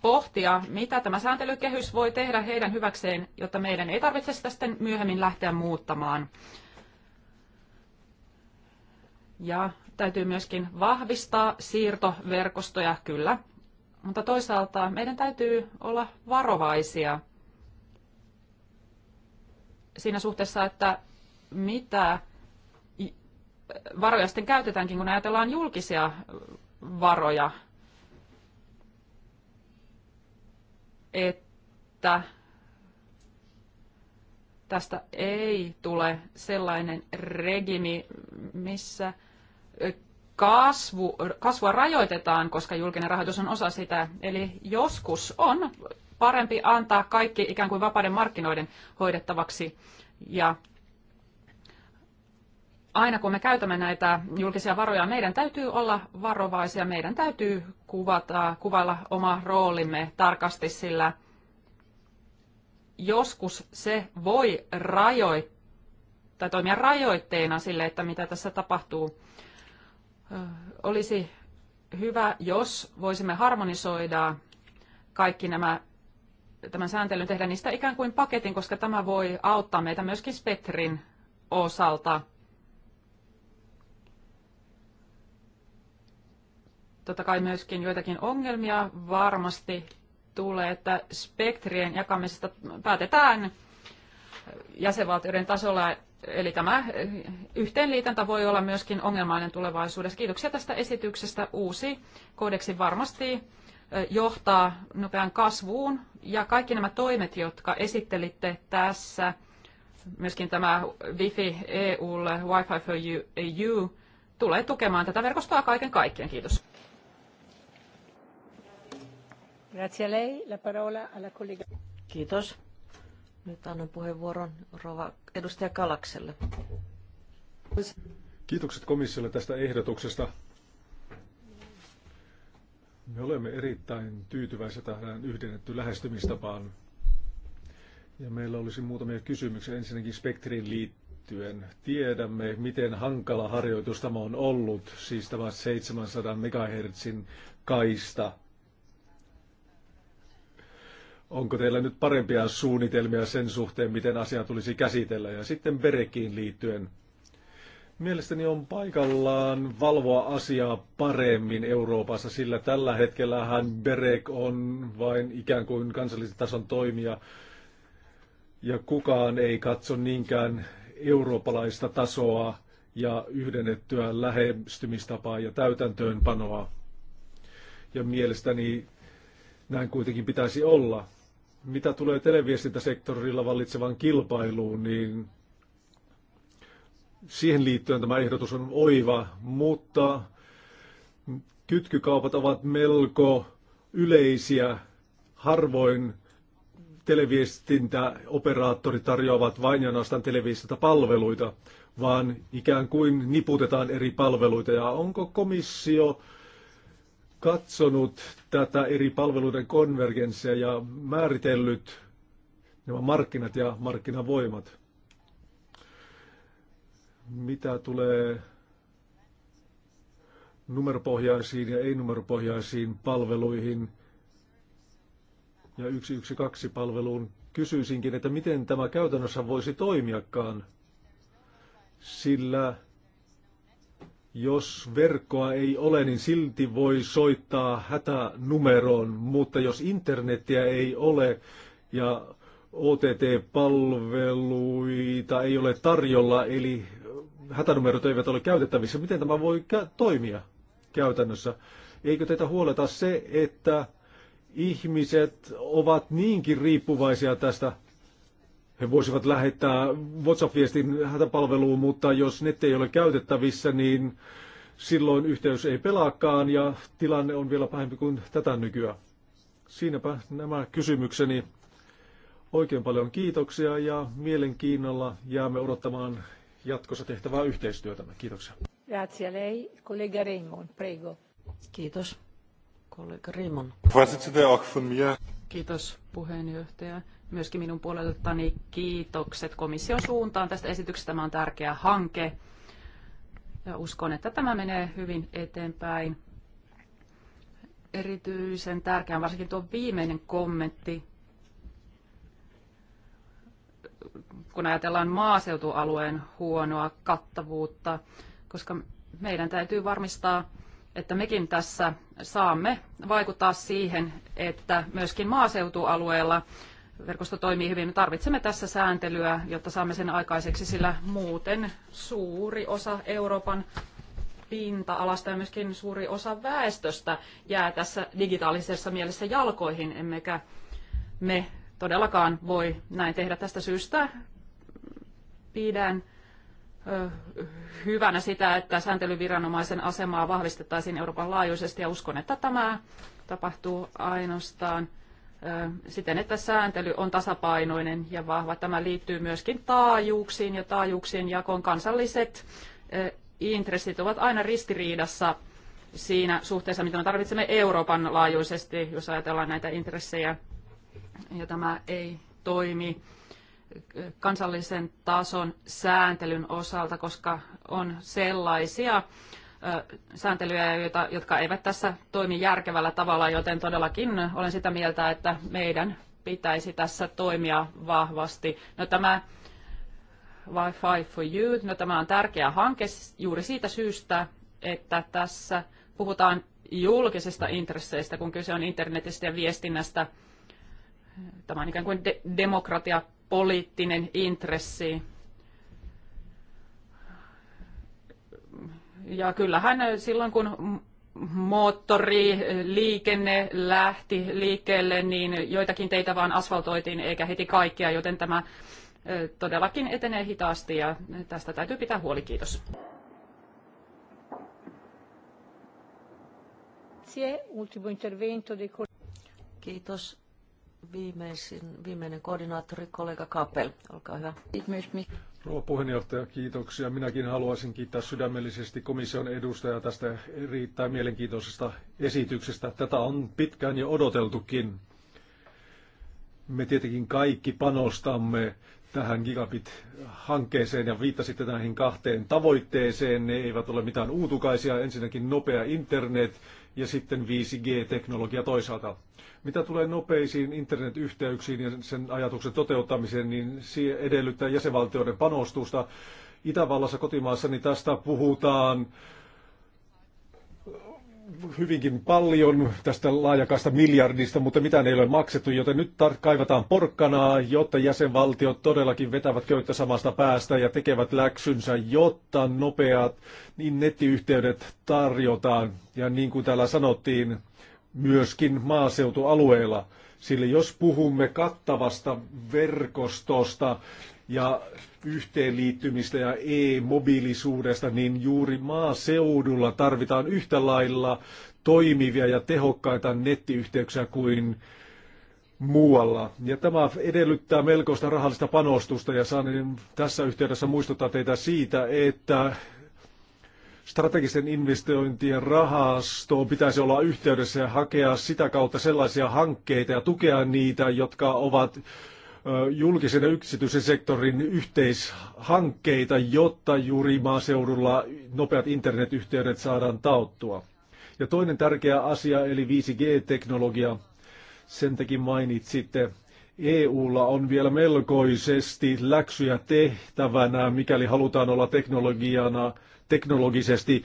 pohtia, mitä tämä sääntelykehys voi tehdä heidän hyväkseen, jotta meidän ei tarvitse sitä sitten myöhemmin lähteä muuttamaan. Ja täytyy myöskin vahvistaa siirtoverkostoja, kyllä. Mutta toisaalta meidän täytyy olla varovaisia siinä suhteessa, että mitä varoja sitten käytetäänkin, kun ajatellaan julkisia varoja, että tästä ei tule sellainen regimi, missä kasvu, kasvua rajoitetaan, koska julkinen rahoitus on osa sitä. Eli joskus on parempi antaa kaikki ikään kuin vapaiden markkinoiden hoidettavaksi. Ja aina kun me käytämme näitä julkisia varoja, meidän täytyy olla varovaisia, meidän täytyy kuvata, kuvailla oma roolimme tarkasti, sillä joskus se voi rajoittaa tai toimia rajoitteena sille, että mitä tässä tapahtuu. Olisi hyvä, jos voisimme harmonisoida kaikki nämä tämän sääntelyn tehdä niistä ikään kuin paketin, koska tämä voi auttaa meitä myöskin spektrin osalta – totta kai myöskin joitakin ongelmia varmasti tulee, että spektrien jakamisesta päätetään jäsenvaltioiden tasolla, eli tämä yhteenliitäntä voi olla myöskin ongelmainen tulevaisuudessa. Kiitoksia tästä esityksestä. Uusi kodeksi varmasti johtaa nopean kasvuun, ja kaikki nämä toimet, jotka esittelitte tässä, myöskin tämä Wi-Fi EUlle, Wi-Fi for EU, e tulee tukemaan tätä verkostoa kaiken kaikkien. Kiitos. Grazie lei. La parola alla collega. Kiitos. Nyt annan puheenvuoron rova edustaja Kalakselle. Kiitokset komissiolle tästä ehdotuksesta. Me olemme erittäin tyytyväisiä tähän yhdennetty lähestymistapaan. Ja meillä olisi muutamia kysymyksiä ensinnäkin spektriin liittyen. Tiedämme, miten hankala harjoitus tämä on ollut, siis tämä 700 MHz kaista – Onko teillä nyt parempia suunnitelmia sen suhteen, miten asia tulisi käsitellä? Ja sitten Berekiin liittyen. Mielestäni on paikallaan valvoa asiaa paremmin Euroopassa, sillä tällä hetkellä hän Berek on vain ikään kuin kansallisen tason toimija, ja kukaan ei katso niinkään eurooppalaista tasoa ja yhdennettyä lähestymistapaa ja täytäntöönpanoa. Ja mielestäni näin kuitenkin pitäisi olla. Mitä tulee televiestintäsektorilla vallitsevaan kilpailuun, niin siihen liittyen tämä ehdotus on oiva, mutta kytkykaupat ovat melko yleisiä. Harvoin televiestintäoperaattorit tarjoavat vain ja ainoastaan televiestintäpalveluita, vaan ikään kuin niputetaan eri palveluita. Ja onko komissio katsonut tätä eri palveluiden konvergenssia ja määritellyt nämä markkinat ja markkinavoimat. Mitä tulee numeropohjaisiin ja ei-numeropohjaisiin palveluihin ja 112-palveluun, kysyisinkin, että miten tämä käytännössä voisi toimiakaan, sillä jos verkkoa ei ole, niin silti voi soittaa hätänumeroon, mutta jos internettiä ei ole ja OTT-palveluita ei ole tarjolla, eli hätänumerot eivät ole käytettävissä, miten tämä voi toimia käytännössä? Eikö teitä huoleta se, että ihmiset ovat niinkin riippuvaisia tästä he voisivat lähettää WhatsApp-viestin hätäpalveluun, mutta jos netti ei ole käytettävissä, niin silloin yhteys ei pelaakaan ja tilanne on vielä pahempi kuin tätä nykyään. Siinäpä nämä kysymykseni. Oikein paljon kiitoksia ja mielenkiinnolla jäämme odottamaan jatkossa tehtävää yhteistyötämme. Kiitoksia. Grazie lei. Kollega Raymond, prego. Kiitos. Kollega Raymond. Kiitos puheenjohtaja myöskin minun puoleltani kiitokset komission suuntaan tästä esityksestä. Tämä on tärkeä hanke ja uskon, että tämä menee hyvin eteenpäin. Erityisen tärkeä varsinkin tuo viimeinen kommentti, kun ajatellaan maaseutualueen huonoa kattavuutta, koska meidän täytyy varmistaa, että mekin tässä saamme vaikuttaa siihen, että myöskin maaseutualueella verkosto toimii hyvin. Me tarvitsemme tässä sääntelyä, jotta saamme sen aikaiseksi, sillä muuten suuri osa Euroopan pinta-alasta ja myöskin suuri osa väestöstä jää tässä digitaalisessa mielessä jalkoihin, emmekä me todellakaan voi näin tehdä tästä syystä. Pidän hyvänä sitä, että sääntelyviranomaisen asemaa vahvistettaisiin Euroopan laajuisesti ja uskon, että tämä tapahtuu ainoastaan – siten, että sääntely on tasapainoinen ja vahva. Tämä liittyy myöskin taajuuksiin ja taajuuksien jakoon. Kansalliset intressit ovat aina ristiriidassa siinä suhteessa, mitä me tarvitsemme Euroopan laajuisesti, jos ajatellaan näitä intressejä. Ja tämä ei toimi kansallisen tason sääntelyn osalta, koska on sellaisia sääntelyjä, joita, jotka eivät tässä toimi järkevällä tavalla, joten todellakin olen sitä mieltä, että meidän pitäisi tässä toimia vahvasti. No tämä Wi-Fi for you, no tämä on tärkeä hanke juuri siitä syystä, että tässä puhutaan julkisesta intresseistä, kun kyse on internetistä ja viestinnästä. Tämä on ikään kuin de- demokratia poliittinen intressi Ja kyllähän silloin, kun moottori, liikenne lähti liikkeelle, niin joitakin teitä vaan asfaltoitiin eikä heti kaikkia, joten tämä todellakin etenee hitaasti ja tästä täytyy pitää huoli. Kiitos. Kiitos. Viimeisin, viimeinen koordinaattori, kollega Kapel, olkaa hyvä. Rouva puheenjohtaja, kiitoksia. Minäkin haluaisin kiittää sydämellisesti komission edustajaa tästä erittäin mielenkiintoisesta esityksestä. Tätä on pitkään jo odoteltukin. Me tietenkin kaikki panostamme tähän Gigabit-hankkeeseen ja viittasitte näihin kahteen tavoitteeseen. Ne eivät ole mitään uutukaisia. Ensinnäkin nopea internet ja sitten 5G-teknologia toisaalta. Mitä tulee nopeisiin internetyhteyksiin ja sen ajatuksen toteuttamiseen, niin se edellyttää jäsenvaltioiden panostusta. Itävallassa kotimaassa niin tästä puhutaan hyvinkin paljon tästä laajakasta miljardista, mutta mitään ei ole maksettu, joten nyt tar- kaivataan porkkanaa, jotta jäsenvaltiot todellakin vetävät köyttä samasta päästä ja tekevät läksynsä, jotta nopeat niin nettiyhteydet tarjotaan. Ja niin kuin täällä sanottiin, myöskin maaseutualueilla. Sillä jos puhumme kattavasta verkostosta, ja yhteenliittymistä ja e-mobiilisuudesta, niin juuri maaseudulla tarvitaan yhtä lailla toimivia ja tehokkaita nettiyhteyksiä kuin muualla. Ja tämä edellyttää melkoista rahallista panostusta ja saan tässä yhteydessä muistuttaa teitä siitä, että strategisten investointien rahastoon pitäisi olla yhteydessä ja hakea sitä kautta sellaisia hankkeita ja tukea niitä, jotka ovat julkisen ja yksityisen sektorin yhteishankkeita, jotta juuri maaseudulla nopeat internetyhteydet saadaan tauttua. Ja toinen tärkeä asia, eli 5G-teknologia, sen takia mainitsitte, EUlla on vielä melkoisesti läksyjä tehtävänä, mikäli halutaan olla teknologiana, teknologisesti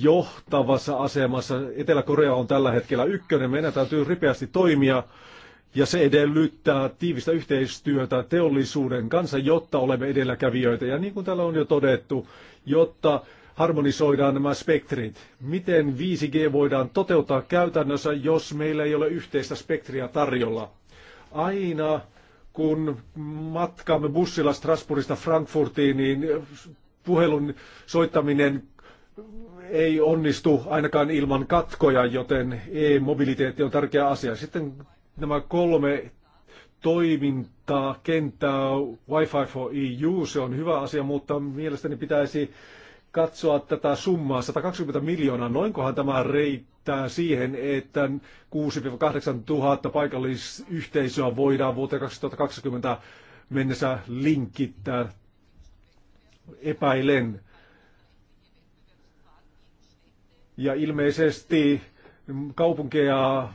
johtavassa asemassa. Etelä-Korea on tällä hetkellä ykkönen, meidän täytyy ripeästi toimia, ja se edellyttää tiivistä yhteistyötä teollisuuden kanssa, jotta olemme edelläkävijöitä. Ja niin kuin täällä on jo todettu, jotta harmonisoidaan nämä spektrit. Miten 5G voidaan toteuttaa käytännössä, jos meillä ei ole yhteistä spektriä tarjolla? Aina kun matkaamme bussilla Strasbourgista Frankfurtiin, niin puhelun soittaminen ei onnistu ainakaan ilman katkoja, joten e-mobiliteetti on tärkeä asia. Sitten nämä kolme toimintaa, kenttää, Wi-Fi for EU, se on hyvä asia, mutta mielestäni pitäisi katsoa tätä summaa, 120 miljoonaa, noinkohan tämä reittää siihen, että 6-8 000 paikallisyhteisöä voidaan vuoteen 2020 mennessä linkittää. Epäilen. Ja ilmeisesti kaupunkeja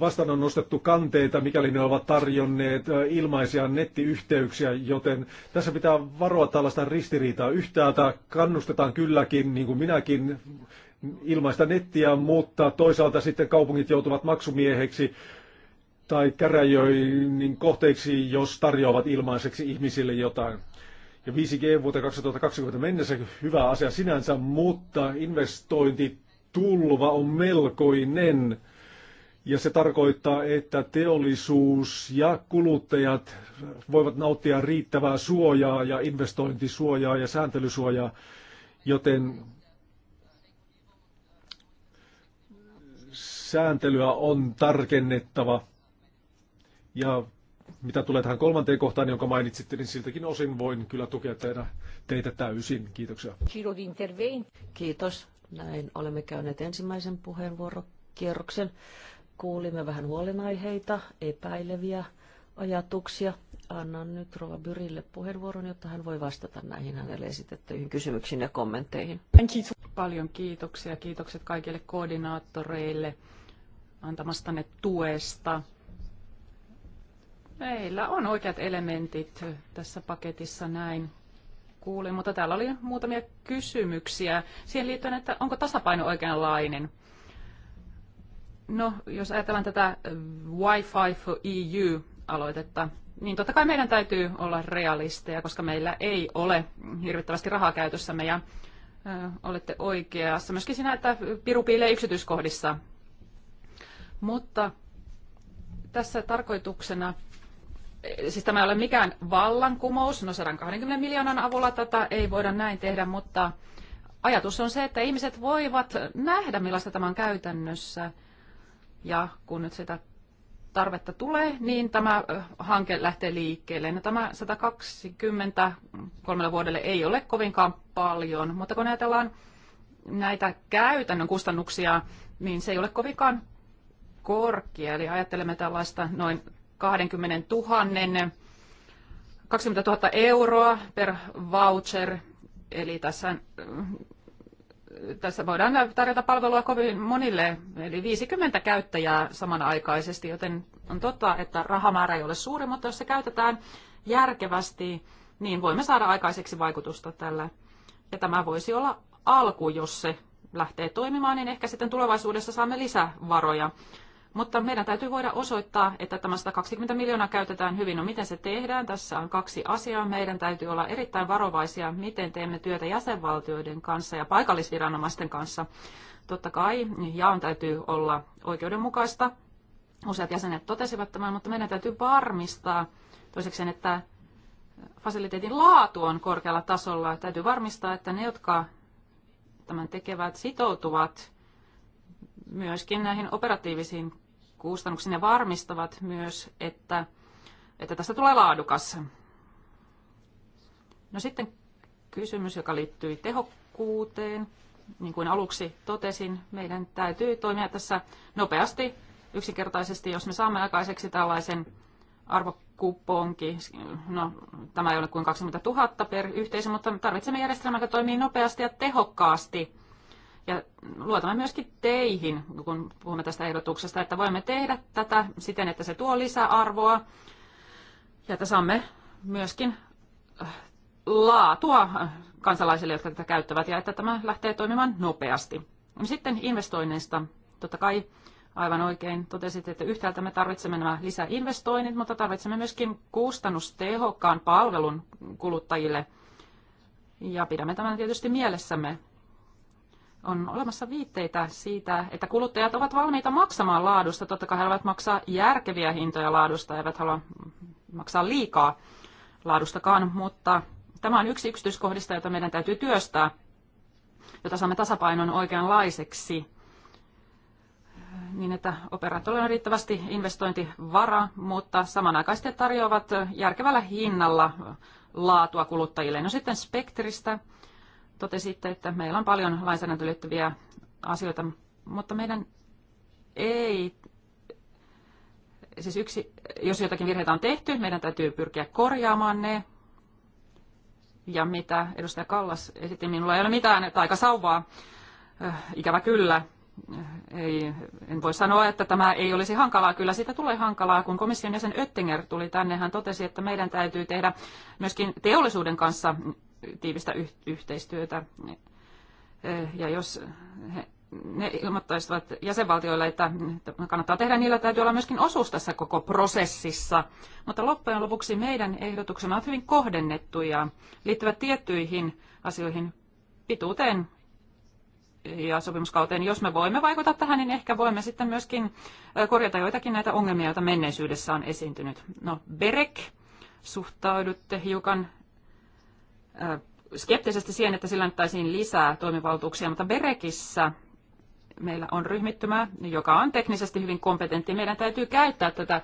vastaan on nostettu kanteita, mikäli ne ovat tarjonneet ilmaisia nettiyhteyksiä, joten tässä pitää varoa tällaista ristiriitaa. Yhtäältä kannustetaan kylläkin, niin kuin minäkin, ilmaista nettiä, mutta toisaalta sitten kaupungit joutuvat maksumieheksi tai käräjöinnin kohteiksi, jos tarjoavat ilmaiseksi ihmisille jotain. Ja 5G vuoteen 2020 mennessä hyvä asia sinänsä, mutta investointitulva on melkoinen. Ja se tarkoittaa, että teollisuus ja kuluttajat voivat nauttia riittävää suojaa ja investointisuojaa ja sääntelysuojaa, joten sääntelyä on tarkennettava. Ja mitä tulee tähän kolmanteen kohtaan, jonka mainitsitte, niin siltäkin osin voin kyllä tukea teitä, teitä täysin. Kiitoksia. Kiitos. Näin olemme käyneet ensimmäisen puheenvuorokierroksen. Kuulimme vähän huolenaiheita, epäileviä ajatuksia. Annan nyt Rova Byrille puheenvuoron, jotta hän voi vastata näihin hänelle esitettyihin kysymyksiin ja kommentteihin. Paljon kiitoksia. Kiitokset kaikille koordinaattoreille antamastanne tuesta. Meillä on oikeat elementit tässä paketissa näin kuulin, mutta täällä oli muutamia kysymyksiä siihen liittyen, että onko tasapaino oikeanlainen – No, jos ajatellaan tätä Wi-Fi for EU-aloitetta, niin totta kai meidän täytyy olla realisteja, koska meillä ei ole hirvittävästi rahaa käytössämme ja ö, olette oikeassa myöskin siinä, että piru piilee yksityiskohdissa. Mutta tässä tarkoituksena, siis tämä ei ole mikään vallankumous, no 120 miljoonan avulla tätä ei voida näin tehdä, mutta ajatus on se, että ihmiset voivat nähdä, millaista tämä on käytännössä – ja kun nyt sitä tarvetta tulee, niin tämä hanke lähtee liikkeelle. No, tämä 120 kolmelle vuodelle ei ole kovinkaan paljon, mutta kun ajatellaan näitä käytännön kustannuksia, niin se ei ole kovinkaan korkea. Eli ajattelemme tällaista noin 20 000, 20 000 euroa per voucher. Eli tässä tässä voidaan tarjota palvelua kovin monille, eli 50 käyttäjää samanaikaisesti, joten on totta, että rahamäärä ei ole suuri, mutta jos se käytetään järkevästi, niin voimme saada aikaiseksi vaikutusta tällä. Ja tämä voisi olla alku, jos se lähtee toimimaan, niin ehkä sitten tulevaisuudessa saamme lisävaroja. Mutta meidän täytyy voida osoittaa, että tämä 120 miljoonaa käytetään hyvin. No miten se tehdään? Tässä on kaksi asiaa. Meidän täytyy olla erittäin varovaisia, miten teemme työtä jäsenvaltioiden kanssa ja paikallisviranomaisten kanssa. Totta kai jaon täytyy olla oikeudenmukaista. Useat jäsenet totesivat tämän, mutta meidän täytyy varmistaa toisekseen, että fasiliteetin laatu on korkealla tasolla. Täytyy varmistaa, että ne, jotka tämän tekevät, sitoutuvat myöskin näihin operatiivisiin kustannuksen ja varmistavat myös, että, että tästä tulee laadukas. No sitten kysymys, joka liittyy tehokkuuteen. Niin kuin aluksi totesin, meidän täytyy toimia tässä nopeasti, yksinkertaisesti, jos me saamme aikaiseksi tällaisen arvokuponki. No, tämä ei ole kuin 20 000 per yhteisö, mutta tarvitsemme järjestelmän, joka toimii nopeasti ja tehokkaasti ja luotamme myöskin teihin, kun puhumme tästä ehdotuksesta, että voimme tehdä tätä siten, että se tuo lisäarvoa ja että saamme myöskin äh, laatua kansalaisille, jotka tätä käyttävät, ja että tämä lähtee toimimaan nopeasti. Sitten investoinneista. Totta kai aivan oikein totesit, että yhtäältä me tarvitsemme nämä lisäinvestoinnit, mutta tarvitsemme myöskin kustannustehokkaan palvelun kuluttajille. Ja pidämme tämän tietysti mielessämme on olemassa viitteitä siitä, että kuluttajat ovat valmiita maksamaan laadusta. Totta kai he haluavat maksaa järkeviä hintoja laadusta, eivät halua maksaa liikaa laadustakaan, mutta tämä on yksi yksityiskohdista, jota meidän täytyy työstää, jota saamme tasapainon oikeanlaiseksi, niin että operaattorilla on riittävästi investointivara, mutta samanaikaisesti tarjoavat järkevällä hinnalla laatua kuluttajille. No sitten spektristä totesitte, että meillä on paljon lainsäädäntöön liittyviä asioita, mutta meidän ei, siis yksi, jos jotakin virheitä on tehty, meidän täytyy pyrkiä korjaamaan ne. Ja mitä edustaja Kallas esitti, minulla ei ole mitään taikasauvaa, äh, ikävä kyllä. Äh, ei, en voi sanoa, että tämä ei olisi hankalaa. Kyllä siitä tulee hankalaa, kun komission jäsen Öttinger tuli tänne. Hän totesi, että meidän täytyy tehdä myöskin teollisuuden kanssa tiivistä yhteistyötä. Ja jos he, ne ilmoittaisivat jäsenvaltioille, että kannattaa tehdä, niillä täytyy olla myöskin osuus tässä koko prosessissa. Mutta loppujen lopuksi meidän ehdotuksemme ovat hyvin kohdennettuja, liittyvät tiettyihin asioihin, pituuteen ja sopimuskauteen. Jos me voimme vaikuttaa tähän, niin ehkä voimme sitten myöskin korjata joitakin näitä ongelmia, joita menneisyydessä on esiintynyt. No, Berek, suhtaudutte hiukan skeptisesti siihen, että sillä annettaisiin lisää toimivaltuuksia, mutta Berekissä meillä on ryhmittymä, joka on teknisesti hyvin kompetentti. Meidän täytyy käyttää tätä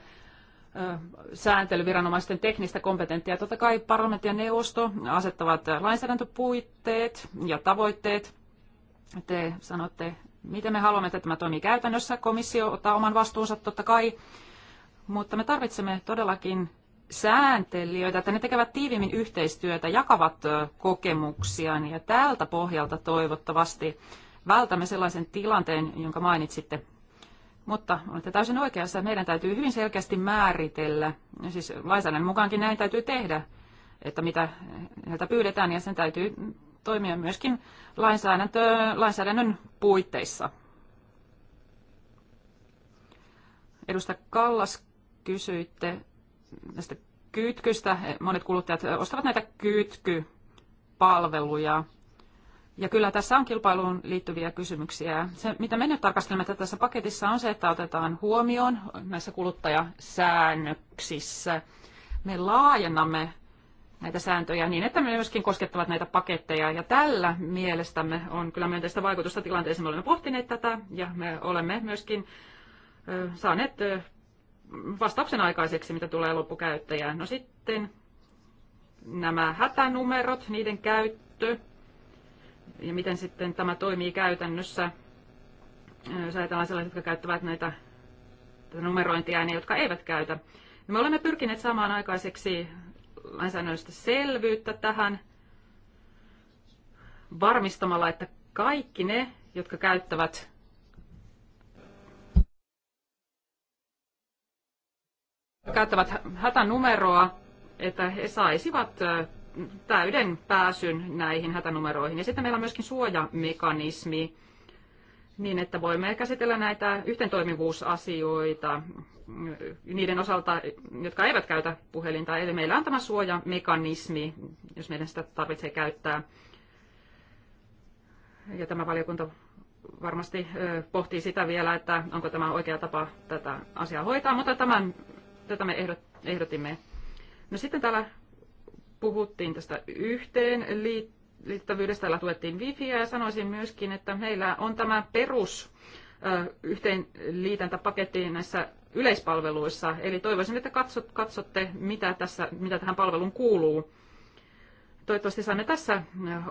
sääntelyviranomaisten teknistä kompetenttia. Totta kai parlamentti ja neuvosto asettavat lainsäädäntöpuitteet ja tavoitteet. Te sanotte, miten me haluamme, että tämä toimii käytännössä. Komissio ottaa oman vastuunsa totta kai, mutta me tarvitsemme todellakin sääntelijöitä, että ne tekevät tiiviimmin yhteistyötä, jakavat kokemuksia ja tältä pohjalta toivottavasti vältämme sellaisen tilanteen, jonka mainitsitte. Mutta olette täysin oikeassa, meidän täytyy hyvin selkeästi määritellä, siis lainsäädännön mukaankin näin täytyy tehdä, että mitä heiltä pyydetään ja sen täytyy toimia myöskin lainsäädäntö, lainsäädännön puitteissa. Edustaja Kallas kysyitte näistä kytkystä. Monet kuluttajat ostavat näitä kytkypalveluja. Ja kyllä tässä on kilpailuun liittyviä kysymyksiä. Se, mitä me nyt tarkastelemme tässä paketissa, on se, että otetaan huomioon näissä kuluttajasäännöksissä. Me laajennamme näitä sääntöjä niin, että me myöskin koskettavat näitä paketteja. Ja tällä mielestämme on kyllä myönteistä vaikutusta tilanteeseen. Me olemme pohtineet tätä ja me olemme myöskin saaneet vastauksen aikaiseksi, mitä tulee loppukäyttäjään. No sitten nämä hätänumerot, niiden käyttö ja miten sitten tämä toimii käytännössä. Jos ajatellaan sellaiset, jotka käyttävät näitä numerointia ja jotka eivät käytä. Me olemme pyrkineet saamaan aikaiseksi lainsäädännöllistä selvyyttä tähän varmistamalla, että kaikki ne, jotka käyttävät käyttävät hätänumeroa, että he saisivat täyden pääsyn näihin hätänumeroihin. Ja sitten meillä on myöskin suojamekanismi, niin että voimme käsitellä näitä yhteentoimivuusasioita niiden osalta, jotka eivät käytä puhelinta. Eli meillä on tämä suojamekanismi, jos meidän sitä tarvitsee käyttää. Ja tämä valiokunta varmasti pohtii sitä vielä, että onko tämä oikea tapa tätä asiaa hoitaa, mutta tämän tätä me ehdot, ehdotimme. No sitten täällä puhuttiin tästä yhteen liittävyydestä, täällä tuettiin wifiä ja sanoisin myöskin, että meillä on tämä perus yhteenliitäntäpaketti näissä yleispalveluissa. Eli toivoisin, että katsot, katsotte, mitä, tässä, mitä tähän palveluun kuuluu. Toivottavasti saamme tässä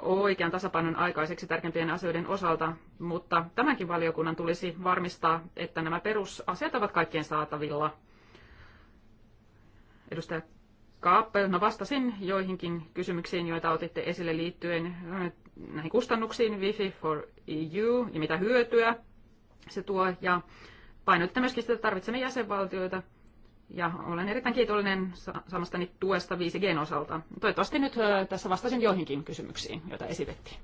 oikean tasapainon aikaiseksi tärkeimpien asioiden osalta, mutta tämänkin valiokunnan tulisi varmistaa, että nämä perusasiat ovat kaikkien saatavilla – Edustaja Kaappel, no vastasin joihinkin kysymyksiin, joita otitte esille liittyen äh, näihin kustannuksiin, Wi-Fi for EU ja mitä hyötyä se tuo. Ja painotitte myöskin sitä, että tarvitsemme jäsenvaltioita. Ja olen erittäin kiitollinen samastani tuesta 5Gn osalta. Toivottavasti nyt äh, tässä vastasin joihinkin kysymyksiin, joita esitettiin.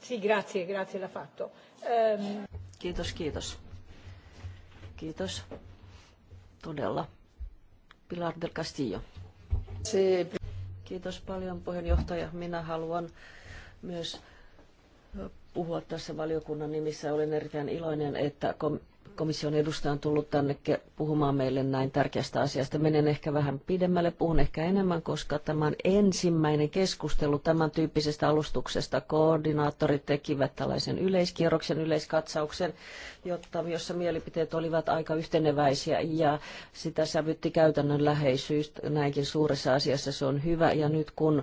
Sì, grazie, grazie l'ha fatto. Ehm. Kiitos, kiitos. Kiitos. Todella Pilar del Castillo. Kiitos paljon puheenjohtaja. Minä haluan myös puhua tässä valiokunnan nimissä. Olen erittäin iloinen, että komission edustaja on tullut tänne puhumaan meille näin tärkeästä asiasta. Menen ehkä vähän pidemmälle, puhun ehkä enemmän, koska tämä on ensimmäinen keskustelu tämän tyyppisestä alustuksesta. Koordinaattorit tekivät tällaisen yleiskierroksen, yleiskatsauksen, jotta, jossa mielipiteet olivat aika yhteneväisiä ja sitä sävytti käytännön läheisyys. Näinkin suuressa asiassa se on hyvä ja nyt kun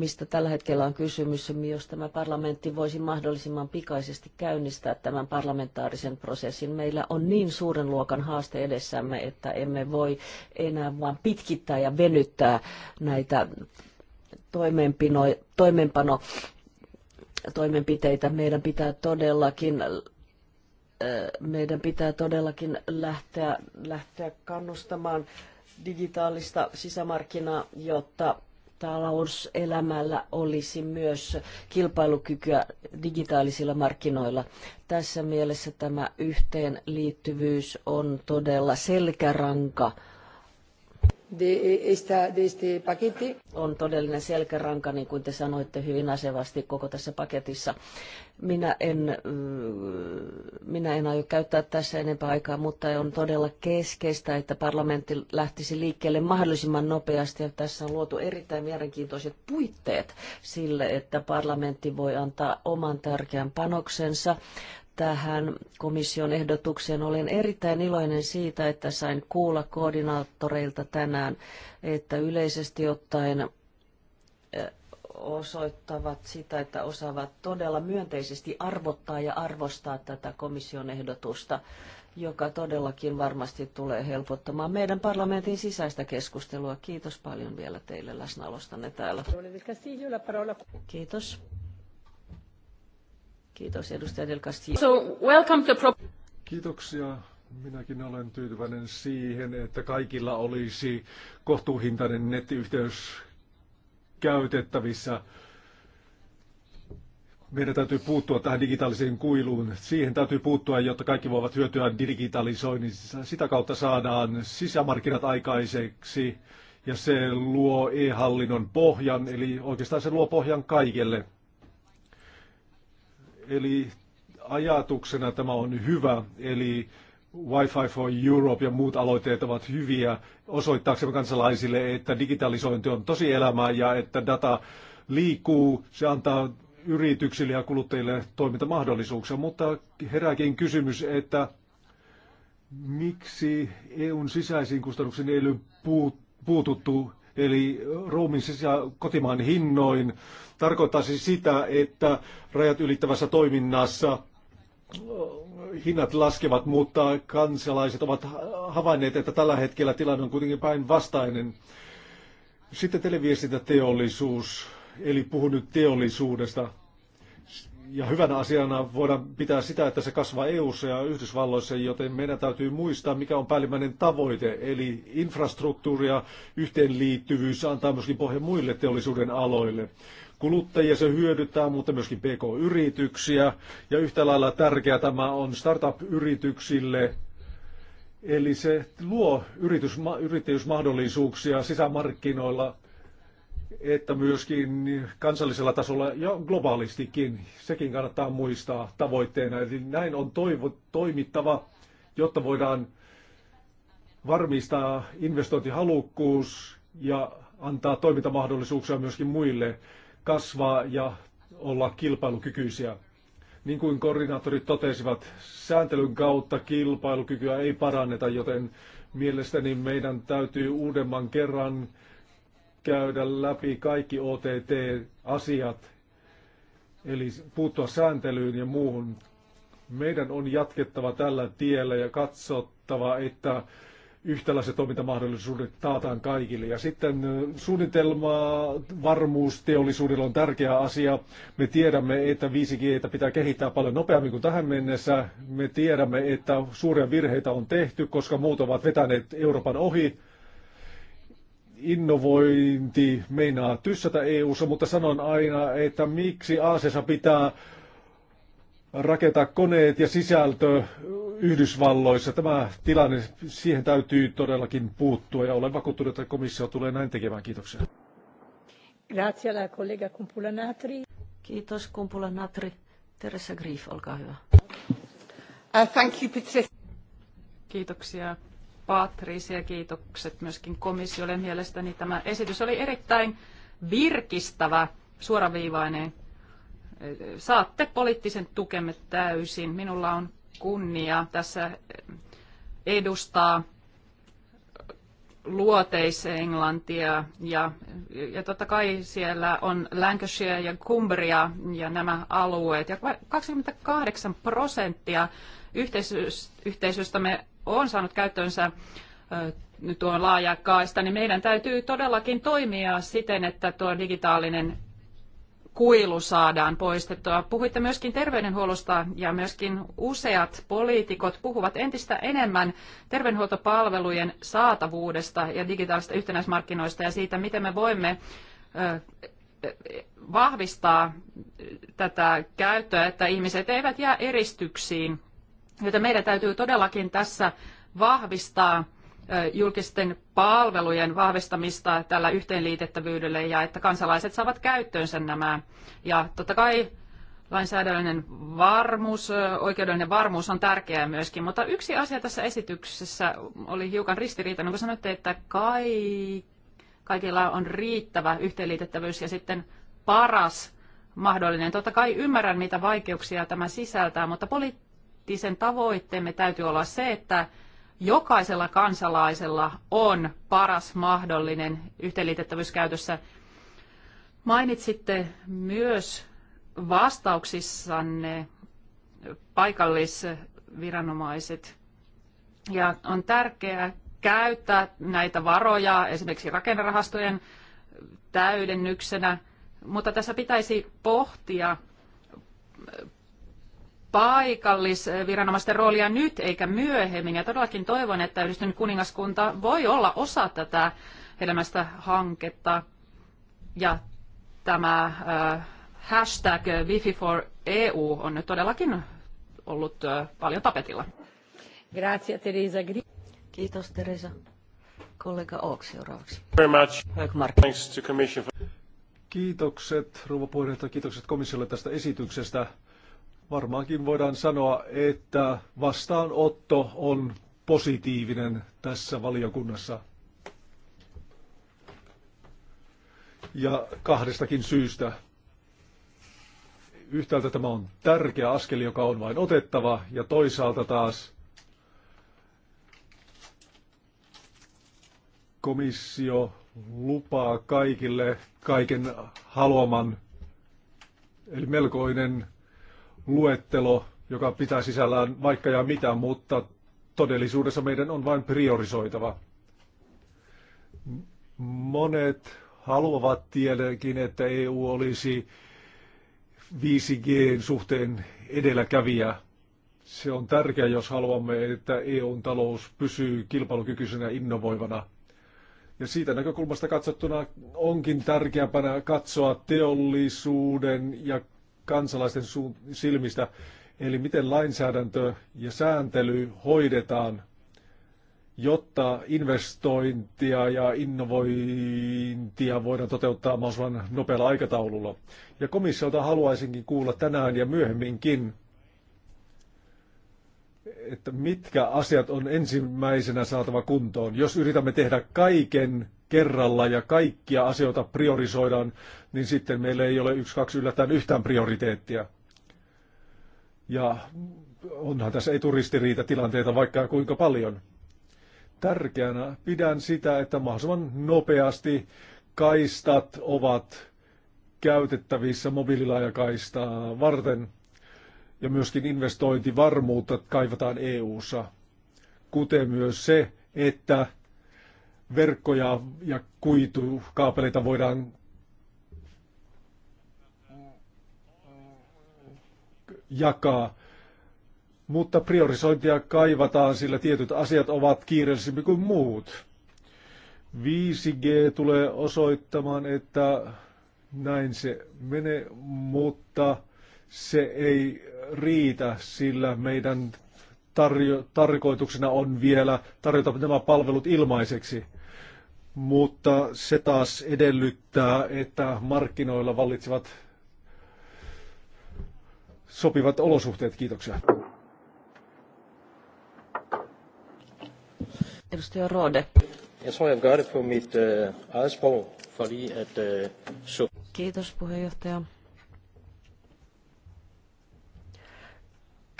mistä tällä hetkellä on kysymys, jos tämä parlamentti voisi mahdollisimman pikaisesti käynnistää tämän parlamentaarisen prosessin. Meillä on niin suuren luokan haaste edessämme, että emme voi enää vain pitkittää ja venyttää näitä toimeenpano toimenpiteitä. Meidän pitää todellakin eh, meidän pitää todellakin lähteä, lähteä kannustamaan digitaalista sisämarkkinaa, jotta talouselämällä olisi myös kilpailukykyä digitaalisilla markkinoilla. Tässä mielessä tämä yhteenliittyvyys on todella selkäranka – de, esta, de este paquete. On todellinen selkäranka, niin kuin te sanoitte hyvin asevasti koko tässä paketissa. Minä en, mm, minä en aio käyttää tässä enempää aikaa, mutta on todella keskeistä, että parlamentti lähtisi liikkeelle mahdollisimman nopeasti. Ja tässä on luotu erittäin mielenkiintoiset puitteet sille, että parlamentti voi antaa oman tärkeän panoksensa tähän komission ehdotukseen. Olen erittäin iloinen siitä, että sain kuulla koordinaattoreilta tänään, että yleisesti ottaen eh, osoittavat sitä, että osaavat todella myönteisesti arvottaa ja arvostaa tätä komission ehdotusta, joka todellakin varmasti tulee helpottamaan meidän parlamentin sisäistä keskustelua. Kiitos paljon vielä teille läsnäolostanne täällä. Kiitos. Kiitos edustaja Del Castillo. So, welcome to pro- Kiitoksia. Minäkin olen tyytyväinen siihen, että kaikilla olisi kohtuuhintainen nettiyhteys käytettävissä. Meidän täytyy puuttua tähän digitaaliseen kuiluun. Siihen täytyy puuttua, jotta kaikki voivat hyötyä digitalisoinnissa. Sitä kautta saadaan sisämarkkinat aikaiseksi ja se luo e-hallinnon pohjan, eli oikeastaan se luo pohjan kaikelle. Eli ajatuksena tämä on hyvä, eli Wi-Fi for Europe ja muut aloitteet ovat hyviä osoittaaksemme kansalaisille, että digitalisointi on tosi elämää ja että data liikkuu, se antaa yrityksille ja kuluttajille toimintamahdollisuuksia, mutta herääkin kysymys, että miksi EUn sisäisiin kustannuksiin ei ole puututtu eli ruumin ja kotimaan hinnoin, siis sitä, että rajat ylittävässä toiminnassa hinnat laskevat, mutta kansalaiset ovat havainneet, että tällä hetkellä tilanne on kuitenkin päinvastainen. Sitten televiestintäteollisuus, eli puhun nyt teollisuudesta ja hyvänä asiana voidaan pitää sitä, että se kasvaa EU:ssa ja Yhdysvalloissa, joten meidän täytyy muistaa, mikä on päällimmäinen tavoite, eli infrastruktuuri ja yhteenliittyvyys antaa myöskin pohjan muille teollisuuden aloille. Kuluttajia se hyödyttää, mutta myöskin PK-yrityksiä, ja yhtä lailla tärkeä tämä on startup-yrityksille, Eli se luo yritys, yrittäjyysmahdollisuuksia sisämarkkinoilla että myöskin kansallisella tasolla ja globaalistikin. Sekin kannattaa muistaa tavoitteena. Eli näin on toivo, toimittava, jotta voidaan varmistaa investointihalukkuus ja antaa toimintamahdollisuuksia myöskin muille kasvaa ja olla kilpailukykyisiä. Niin kuin koordinaattorit totesivat, sääntelyn kautta kilpailukykyä ei paranneta, joten mielestäni meidän täytyy uudemman kerran käydä läpi kaikki OTT-asiat, eli puuttua sääntelyyn ja muuhun. Meidän on jatkettava tällä tiellä ja katsottava, että yhtäläiset toimintamahdollisuudet taataan kaikille. Ja sitten suunnitelma, varmuus teollisuudella on tärkeä asia. Me tiedämme, että 5G pitää kehittää paljon nopeammin kuin tähän mennessä. Me tiedämme, että suuria virheitä on tehty, koska muut ovat vetäneet Euroopan ohi innovointi meinaa tyssätä EU-ssa, mutta sanon aina, että miksi Aasiassa pitää rakentaa koneet ja sisältö Yhdysvalloissa. Tämä tilanne, siihen täytyy todellakin puuttua ja olen vakuuttunut, että komissio tulee näin tekemään. Kiitoksia. Grazie collega Kiitos Kumpula Natri. Teresa Grief, olkaa hyvä. Uh, thank you, Kiitoksia Patrice ja kiitokset myöskin komissiolle. Mielestäni tämä esitys oli erittäin virkistävä, suoraviivainen. Saatte poliittisen tukemme täysin. Minulla on kunnia tässä edustaa luoteis-Englantia ja, ja totta kai siellä on Lancashire ja Cumbria ja nämä alueet. Ja 28 prosenttia yhteisöstämme on saanut käyttöönsä tuon laajakaista, niin meidän täytyy todellakin toimia siten, että tuo digitaalinen kuilu saadaan poistettua. Puhuitte myöskin terveydenhuollosta ja myöskin useat poliitikot puhuvat entistä enemmän terveydenhuoltopalvelujen saatavuudesta ja digitaalista yhtenäismarkkinoista ja siitä, miten me voimme vahvistaa tätä käyttöä, että ihmiset eivät jää eristyksiin Joten meidän täytyy todellakin tässä vahvistaa julkisten palvelujen vahvistamista tällä yhteenliitettävyydellä ja että kansalaiset saavat käyttöönsä nämä. Ja totta kai lainsäädännöllinen varmuus, oikeudellinen varmuus on tärkeää myöskin, mutta yksi asia tässä esityksessä oli hiukan ristiriitainen, kun sanoitte, että kai, kaikilla on riittävä yhteenliitettävyys ja sitten paras mahdollinen. Totta kai ymmärrän, mitä vaikeuksia tämä sisältää, mutta poliittisesti poliittisen tavoitteemme täytyy olla se, että jokaisella kansalaisella on paras mahdollinen yhteenliitettävyys käytössä. Mainitsitte myös vastauksissanne paikallisviranomaiset. Ja on tärkeää käyttää näitä varoja esimerkiksi rakennerahastojen täydennyksenä, mutta tässä pitäisi pohtia paikallisviranomaisten roolia nyt eikä myöhemmin. Ja todellakin toivon, että yhdistynyt kuningaskunta voi olla osa tätä elämästä, hanketta. Ja tämä äh, hashtag Wifi for EU on nyt todellakin ollut äh, paljon tapetilla. Grazie, Teresa. Kiitos Teresa. Kollega Oaks seuraavaksi. Very much. Thanks to commission for... Kiitokset rouva puheenjohtaja, kiitokset komissiolle tästä esityksestä. Varmaankin voidaan sanoa, että vastaanotto on positiivinen tässä valiokunnassa. Ja kahdestakin syystä. Yhtäältä tämä on tärkeä askel, joka on vain otettava, ja toisaalta taas komissio lupaa kaikille kaiken haluaman, eli melkoinen luettelo, joka pitää sisällään vaikka ja mitä, mutta todellisuudessa meidän on vain priorisoitava. Monet haluavat tietenkin, että EU olisi 5 g suhteen edelläkävijä. Se on tärkeää, jos haluamme, että EUn talous pysyy kilpailukykyisenä innovoivana. Ja siitä näkökulmasta katsottuna onkin tärkeämpänä katsoa teollisuuden ja kansalaisten silmistä, eli miten lainsäädäntö ja sääntely hoidetaan, jotta investointia ja innovointia voidaan toteuttaa mahdollisimman nopealla aikataululla. Ja komissiolta haluaisinkin kuulla tänään ja myöhemminkin, että mitkä asiat on ensimmäisenä saatava kuntoon. Jos yritämme tehdä kaiken kerralla ja kaikkia asioita priorisoidaan, niin sitten meillä ei ole yksi, kaksi yllättäen yhtään prioriteettia. Ja onhan tässä tilanteita vaikka kuinka paljon. Tärkeänä pidän sitä, että mahdollisimman nopeasti kaistat ovat käytettävissä mobiililaajakaistaa varten ja myöskin investointivarmuutta kaivataan EU-ssa, kuten myös se, että verkkoja ja kuitukaapeleita voidaan jakaa. Mutta priorisointia kaivataan, sillä tietyt asiat ovat kiireellisempi kuin muut. 5G tulee osoittamaan, että näin se menee, mutta se ei riitä, sillä meidän tarjo- tarkoituksena on vielä tarjota nämä palvelut ilmaiseksi mutta se taas edellyttää, että markkinoilla vallitsevat sopivat olosuhteet. Kiitoksia. Edustaja Rode. Øh, øh, Kiitos puheenjohtaja.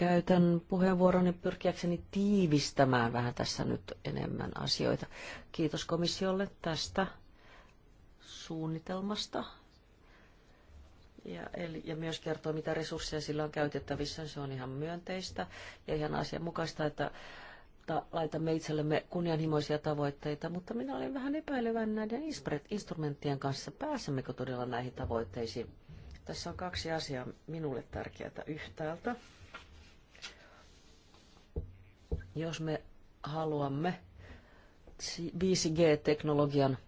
Käytän puheenvuoroni pyrkiäkseni tiivistämään vähän tässä nyt enemmän asioita. Kiitos komissiolle tästä suunnitelmasta. Ja, eli, ja myös kertoo, mitä resursseja sillä on käytettävissä. Se on ihan myönteistä ja ihan asianmukaista, että laitamme itsellemme kunnianhimoisia tavoitteita, mutta minä olen vähän epäilevän näiden instrumenttien kanssa. Pääsemmekö todella näihin tavoitteisiin? Tässä on kaksi asiaa minulle tärkeää yhtäältä. Jos me haluamme 5G-teknologian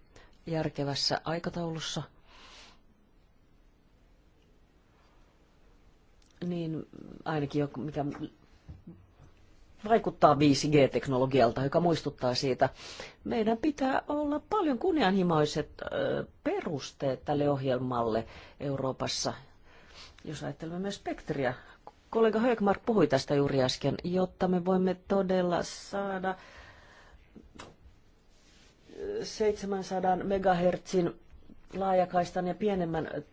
järkevässä aikataulussa, niin ainakin joku, mikä vaikuttaa 5G-teknologialta, joka muistuttaa siitä. Meidän pitää olla paljon kunnianhimoiset perusteet tälle ohjelmalle Euroopassa, jos ajattelemme myös spektriä kollega Högmark puhui tästä juuri äsken, jotta me voimme todella saada 700 megahertsin laajakaistan ja pienemmän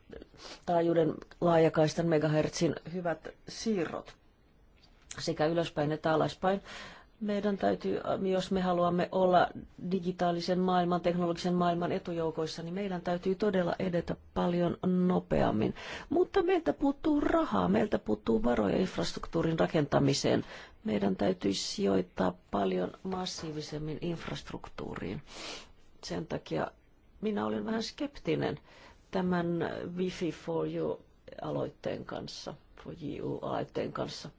taajuuden laajakaistan megahertsin hyvät siirrot sekä ylöspäin että alaspäin. Meidän täytyy, jos me haluamme olla digitaalisen maailman, teknologisen maailman etujoukoissa, niin meidän täytyy todella edetä paljon nopeammin. Mutta meiltä puuttuu rahaa, meiltä puuttuu varoja infrastruktuurin rakentamiseen. Meidän täytyy sijoittaa paljon massiivisemmin infrastruktuuriin. Sen takia minä olen vähän skeptinen tämän Wi-Fi for You-aloitteen kanssa, for you-aloitteen kanssa.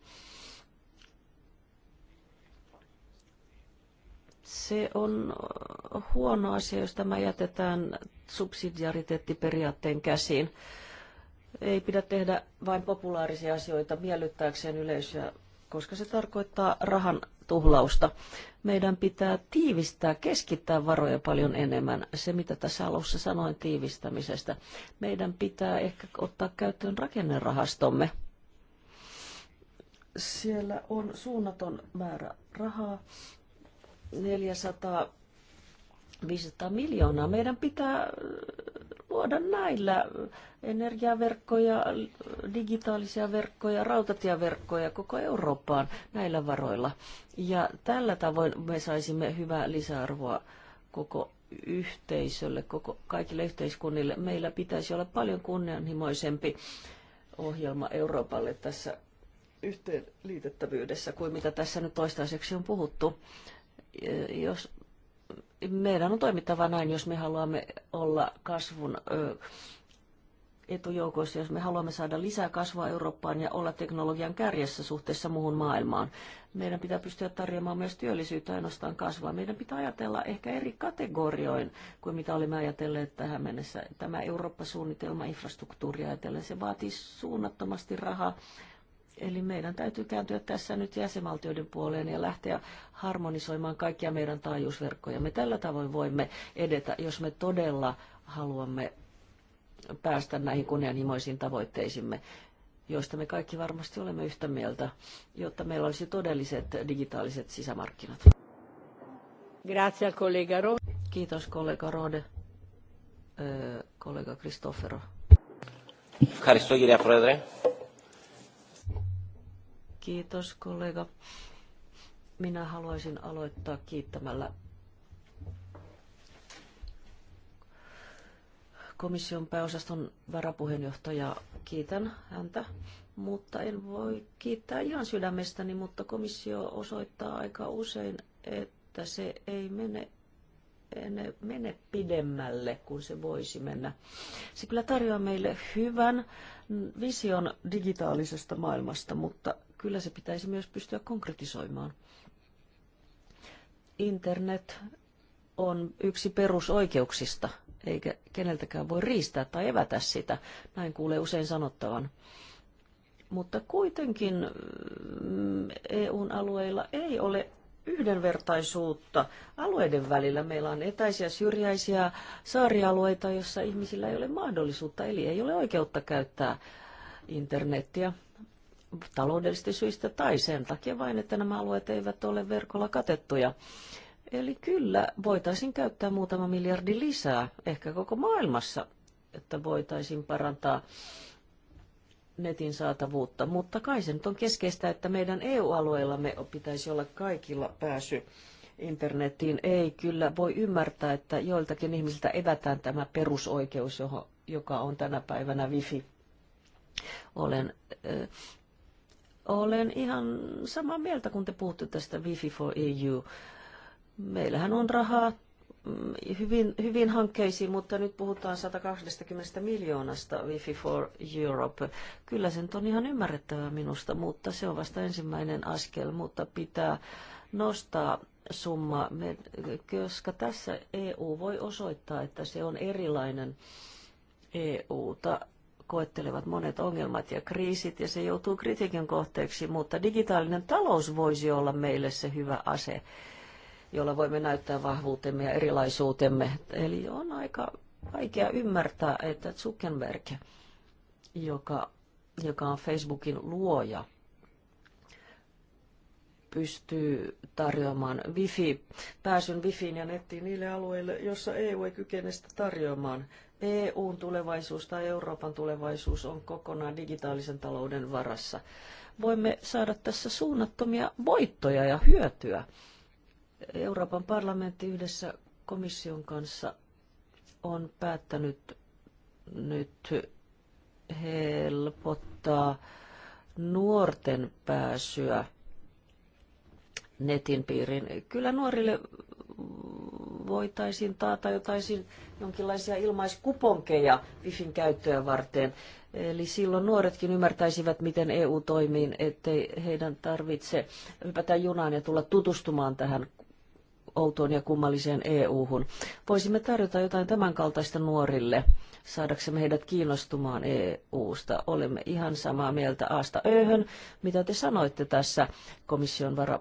Se on huono asia, jos tämä jätetään subsidiariteettiperiaatteen käsiin. Ei pidä tehdä vain populaarisia asioita miellyttääkseen yleisöä, koska se tarkoittaa rahan tuhlausta. Meidän pitää tiivistää, keskittää varoja paljon enemmän. Se, mitä tässä alussa sanoin tiivistämisestä. Meidän pitää ehkä ottaa käyttöön rakennerahastomme. Siellä on suunnaton määrä rahaa 400 500 miljoonaa. Meidän pitää äh, luoda näillä energiaverkkoja, digitaalisia verkkoja, rautatieverkkoja koko Eurooppaan näillä varoilla. Ja tällä tavoin me saisimme hyvää lisäarvoa koko yhteisölle, koko, kaikille yhteiskunnille. Meillä pitäisi olla paljon kunnianhimoisempi ohjelma Euroopalle tässä yhteenliitettävyydessä kuin mitä tässä nyt toistaiseksi on puhuttu jos meidän on toimittava näin, jos me haluamme olla kasvun etujoukoissa, jos me haluamme saada lisää kasvua Eurooppaan ja olla teknologian kärjessä suhteessa muuhun maailmaan. Meidän pitää pystyä tarjoamaan myös työllisyyttä ainoastaan kasvua. Meidän pitää ajatella ehkä eri kategorioin kuin mitä olimme ajatelleet tähän mennessä. Tämä Eurooppa-suunnitelma infrastruktuuria ajatellen, se vaatii suunnattomasti rahaa Eli meidän täytyy kääntyä tässä nyt jäsenvaltioiden puoleen ja lähteä harmonisoimaan kaikkia meidän taajuusverkkoja. Me tällä tavoin voimme edetä, jos me todella haluamme päästä näihin kunnianhimoisiin tavoitteisimme, joista me kaikki varmasti olemme yhtä mieltä, jotta meillä olisi todelliset digitaaliset sisämarkkinat. Grazie, kollega Kiitos, kollega Rode. kollega Kristoffero. Ευχαριστώ, Kiitos kollega. Minä haluaisin aloittaa kiittämällä komission pääosaston varapuheenjohtaja. Kiitän häntä, mutta en voi kiittää ihan sydämestäni, mutta komissio osoittaa aika usein, että se ei mene en, mene pidemmälle kuin se voisi mennä. Se kyllä tarjoaa meille hyvän vision digitaalisesta maailmasta, mutta kyllä se pitäisi myös pystyä konkretisoimaan. Internet on yksi perusoikeuksista, eikä keneltäkään voi riistää tai evätä sitä. Näin kuulee usein sanottavan. Mutta kuitenkin mm, EUn alueilla ei ole yhdenvertaisuutta alueiden välillä. Meillä on etäisiä syrjäisiä saarialueita, joissa ihmisillä ei ole mahdollisuutta, eli ei ole oikeutta käyttää internettiä taloudellisista syistä tai sen takia vain, että nämä alueet eivät ole verkolla katettuja. Eli kyllä voitaisiin käyttää muutama miljardi lisää, ehkä koko maailmassa, että voitaisiin parantaa netin saatavuutta. Mutta kai se nyt on keskeistä, että meidän eu alueillamme pitäisi olla kaikilla pääsy internettiin. Ei kyllä voi ymmärtää, että joiltakin ihmisiltä evätään tämä perusoikeus, joka on tänä päivänä wifi. Olen olen ihan samaa mieltä, kun te puhutte tästä Wi-Fi for EU. Meillähän on rahaa mm, hyvin, hyvin hankkeisiin, mutta nyt puhutaan 120 miljoonasta Wi-Fi for Europe. Kyllä se on ihan ymmärrettävää minusta, mutta se on vasta ensimmäinen askel, mutta pitää nostaa summa, koska tässä EU voi osoittaa, että se on erilainen EU-ta koettelevat monet ongelmat ja kriisit ja se joutuu kritiikin kohteeksi, mutta digitaalinen talous voisi olla meille se hyvä ase, jolla voimme näyttää vahvuutemme ja erilaisuutemme. Eli on aika vaikea ymmärtää, että Zuckerberg, joka, joka on Facebookin luoja, pystyy tarjoamaan wifi, pääsyn wifiin ja nettiin niille alueille, jossa EU ei kykene sitä tarjoamaan. EUn tulevaisuus tai Euroopan tulevaisuus on kokonaan digitaalisen talouden varassa. Voimme saada tässä suunnattomia voittoja ja hyötyä. Euroopan parlamentti yhdessä komission kanssa on päättänyt nyt helpottaa nuorten pääsyä netin piiriin. Kyllä nuorille voitaisiin taata jotain jonkinlaisia ilmaiskuponkeja Wifin käyttöä varten. Eli silloin nuoretkin ymmärtäisivät, miten EU toimii, ettei heidän tarvitse hypätä junaan ja tulla tutustumaan tähän outoon ja kummalliseen EU-hun. Voisimme tarjota jotain tämän kaltaista nuorille, saadaksemme heidät kiinnostumaan EU-sta. Olemme ihan samaa mieltä aasta Öhön, mitä te sanoitte tässä komission vara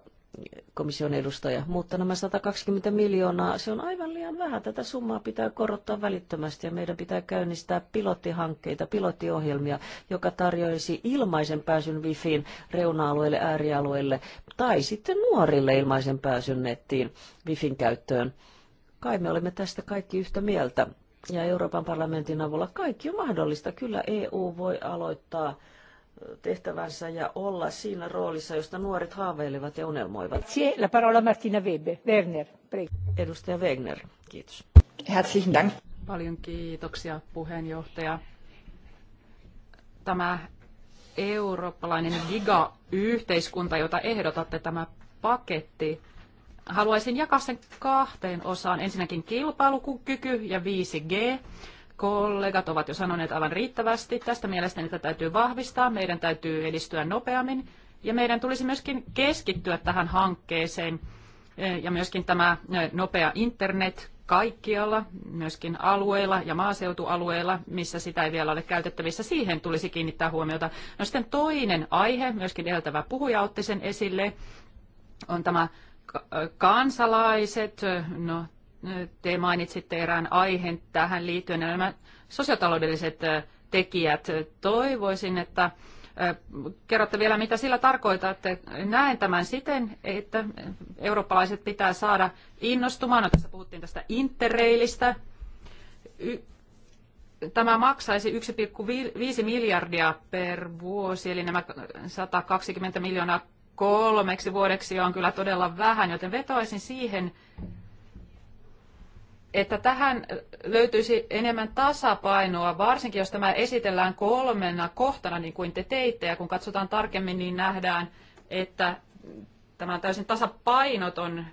komission edustaja, mutta nämä 120 miljoonaa, se on aivan liian vähän. Tätä summaa pitää korottaa välittömästi ja meidän pitää käynnistää pilottihankkeita, pilottiohjelmia, joka tarjoaisi ilmaisen pääsyn wifiin reuna-alueille, äärialueille tai sitten nuorille ilmaisen pääsyn nettiin wifin käyttöön. Kai me olemme tästä kaikki yhtä mieltä. Ja Euroopan parlamentin avulla kaikki on mahdollista. Kyllä EU voi aloittaa tehtävänsä ja olla siinä roolissa, josta nuoret haaveilevat ja unelmoivat. La parola Martina Weber. Werner, prego. Edustaja Wegner, kiitos. Herzlichen Dank. Paljon kiitoksia puheenjohtaja. Tämä eurooppalainen gigayhteiskunta, jota ehdotatte tämä paketti, haluaisin jakaa sen kahteen osaan. Ensinnäkin kilpailukyky ja 5G kollegat ovat jo sanoneet aivan riittävästi. Tästä mielestäni tätä täytyy vahvistaa, meidän täytyy edistyä nopeammin ja meidän tulisi myöskin keskittyä tähän hankkeeseen e, ja myöskin tämä e, nopea internet kaikkialla, myöskin alueilla ja maaseutualueilla, missä sitä ei vielä ole käytettävissä. Siihen tulisi kiinnittää huomiota. No sitten toinen aihe, myöskin edeltävä puhuja otti sen esille, on tämä kansalaiset. No, te mainitsitte erään aiheen tähän liittyen, nämä sosiotaloudelliset tekijät. Toivoisin, että kerrotte vielä, mitä sillä tarkoitatte. Näen tämän siten, että eurooppalaiset pitää saada innostumaan. No, tässä puhuttiin tästä interreilistä. Tämä maksaisi 1,5 miljardia per vuosi, eli nämä 120 miljoonaa kolmeksi vuodeksi on kyllä todella vähän, joten vetoaisin siihen, että tähän löytyisi enemmän tasapainoa, varsinkin jos tämä esitellään kolmena kohtana, niin kuin te teitte, ja kun katsotaan tarkemmin, niin nähdään, että tämä on täysin tasapainoton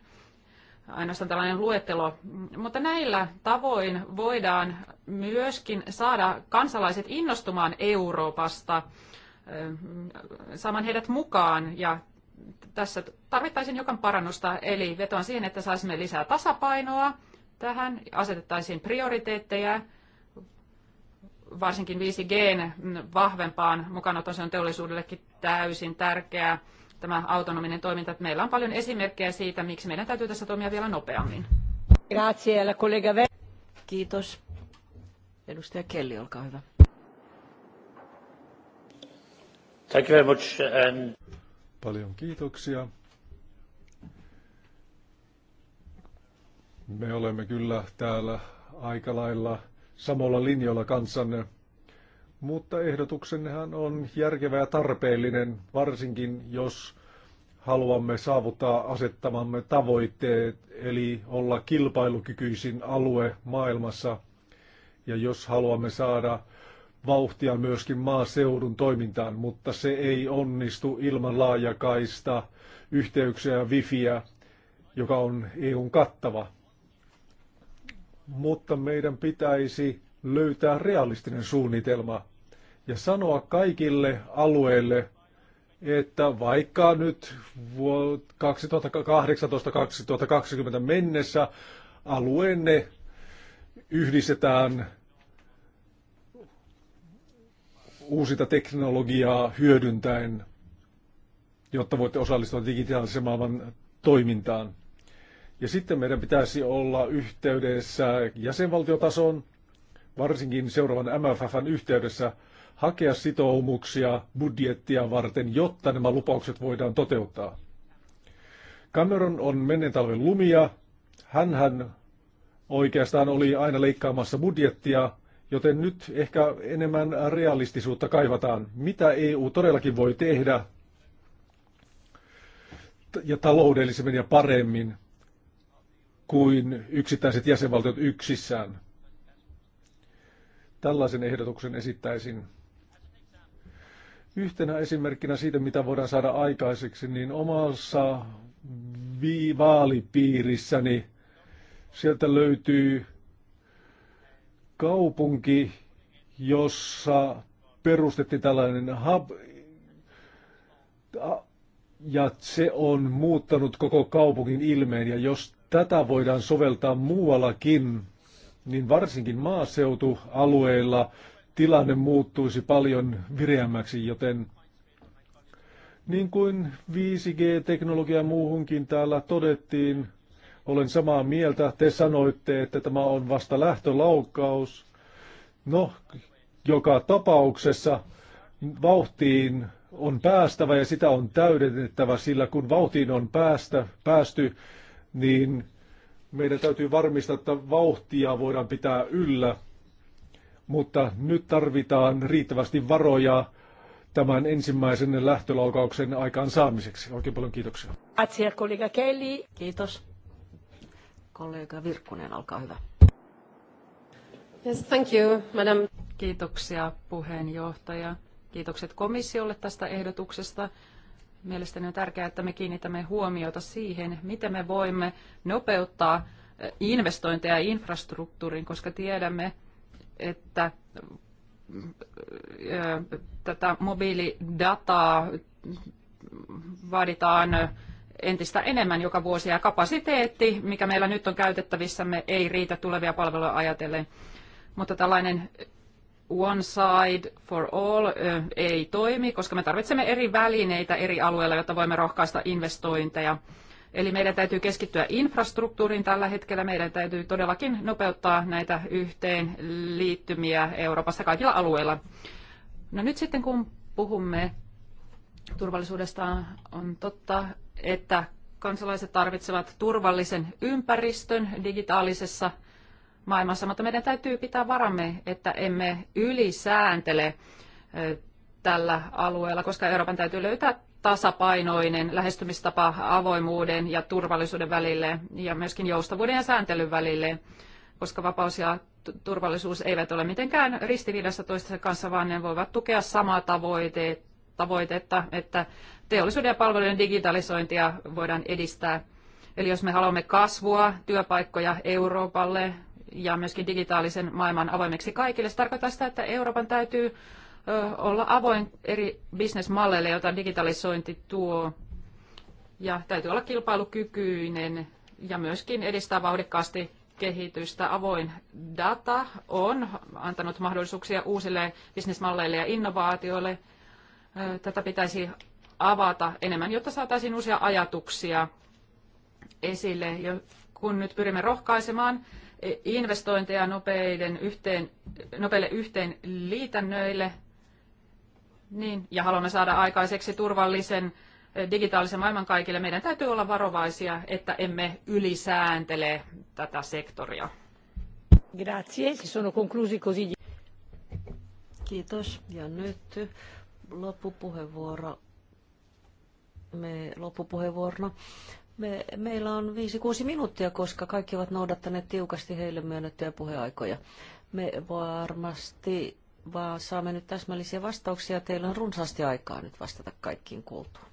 ainoastaan tällainen luettelo. Mutta näillä tavoin voidaan myöskin saada kansalaiset innostumaan Euroopasta, eh, saamaan heidät mukaan ja tässä tarvittaisiin jokan parannusta, eli vetoan siihen, että saisimme lisää tasapainoa, tähän, asetettaisiin prioriteetteja, varsinkin 5 g vahvempaan mukana se on teollisuudellekin täysin tärkeää, tämä autonominen toiminta. Meillä on paljon esimerkkejä siitä, miksi meidän täytyy tässä toimia vielä nopeammin. Grazie, Kiitos. Edustaja Kelly, olkaa hyvä. Thank you very much. And... Paljon kiitoksia. Me olemme kyllä täällä aika lailla samalla linjalla kanssanne, mutta ehdotuksennehan on järkevä ja tarpeellinen, varsinkin jos haluamme saavuttaa asettamamme tavoitteet, eli olla kilpailukykyisin alue maailmassa, ja jos haluamme saada vauhtia myöskin maaseudun toimintaan, mutta se ei onnistu ilman laajakaista yhteyksiä ja wifiä, joka on EUn kattava mutta meidän pitäisi löytää realistinen suunnitelma ja sanoa kaikille alueille, että vaikka nyt 2018-2020 mennessä alueenne yhdistetään uusita teknologiaa hyödyntäen, jotta voitte osallistua digitaalisen maailman toimintaan. Ja sitten meidän pitäisi olla yhteydessä jäsenvaltiotason, varsinkin seuraavan MFFn yhteydessä, hakea sitoumuksia budjettia varten, jotta nämä lupaukset voidaan toteuttaa. Cameron on menneen talven lumia. hän oikeastaan oli aina leikkaamassa budjettia, joten nyt ehkä enemmän realistisuutta kaivataan. Mitä EU todellakin voi tehdä ja taloudellisemmin ja paremmin? kuin yksittäiset jäsenvaltiot yksissään. Tällaisen ehdotuksen esittäisin. Yhtenä esimerkkinä siitä, mitä voidaan saada aikaiseksi, niin omassa vaalipiirissäni sieltä löytyy kaupunki, jossa perustettiin tällainen hub, ja se on muuttanut koko kaupungin ilmeen, ja jos tätä voidaan soveltaa muuallakin, niin varsinkin maaseutualueilla tilanne muuttuisi paljon vireämmäksi, joten niin kuin 5G-teknologia muuhunkin täällä todettiin, olen samaa mieltä. Te sanoitte, että tämä on vasta lähtölaukkaus, No, joka tapauksessa vauhtiin on päästävä ja sitä on täydennettävä, sillä kun vauhtiin on päästä, päästy, niin meidän täytyy varmistaa, että vauhtia voidaan pitää yllä, mutta nyt tarvitaan riittävästi varoja tämän ensimmäisen lähtölaukauksen aikaan saamiseksi. Oikein paljon kiitoksia. Atsia kollega Kelly. Kiitos. Kollega Virkkunen, olkaa hyvä. Yes, thank you, madam. Kiitoksia puheenjohtaja. Kiitokset komissiolle tästä ehdotuksesta. Mielestäni on tärkeää, että me kiinnitämme huomiota siihen, miten me voimme nopeuttaa eh, investointeja infrastruktuuriin, koska tiedämme, että eh, tätä mobiilidataa vaaditaan entistä enemmän joka vuosi ja kapasiteetti, mikä meillä nyt on käytettävissämme, ei riitä tulevia palveluja ajatellen. Mutta tällainen one side for all ö, ei toimi, koska me tarvitsemme eri välineitä eri alueilla, jotta voimme rohkaista investointeja. Eli meidän täytyy keskittyä infrastruktuuriin tällä hetkellä. Meidän täytyy todellakin nopeuttaa näitä yhteen liittymiä Euroopassa kaikilla alueilla. No nyt sitten kun puhumme turvallisuudesta, on totta, että kansalaiset tarvitsevat turvallisen ympäristön digitaalisessa – maailmassa, mutta meidän täytyy pitää varamme, että emme ylisääntele tällä alueella, koska Euroopan täytyy löytää tasapainoinen lähestymistapa avoimuuden ja turvallisuuden välille ja myöskin joustavuuden ja sääntelyn välille, koska vapaus ja turvallisuus eivät ole mitenkään ristiriidassa toistensa kanssa, vaan ne voivat tukea samaa tavoitetta, että teollisuuden ja palvelujen digitalisointia voidaan edistää. Eli jos me haluamme kasvua, työpaikkoja Euroopalle, ja myöskin digitaalisen maailman avoimeksi kaikille. Se tarkoittaa sitä, että Euroopan täytyy olla avoin eri bisnesmalleille, joita digitalisointi tuo. Ja täytyy olla kilpailukykyinen ja myöskin edistää vauhdikkaasti kehitystä. Avoin data on antanut mahdollisuuksia uusille bisnesmalleille ja innovaatioille. Tätä pitäisi avata enemmän, jotta saataisiin uusia ajatuksia esille, kun nyt pyrimme rohkaisemaan investointeja nopeiden yhteen, nopeille yhteen liitännöille, niin, ja haluamme saada aikaiseksi turvallisen eh, digitaalisen maailman kaikille, meidän täytyy olla varovaisia, että emme ylisääntele tätä sektoria. Grazie, si sono conclusi così. Kiitos. Ja nyt loppupuheenvuoro. Me loppupuheenvuorona me, meillä on 5-6 minuuttia, koska kaikki ovat noudattaneet tiukasti heille myönnettyjä puheaikoja. Me varmasti vaan saamme nyt täsmällisiä vastauksia. Teillä on runsaasti aikaa nyt vastata kaikkiin kuultuun.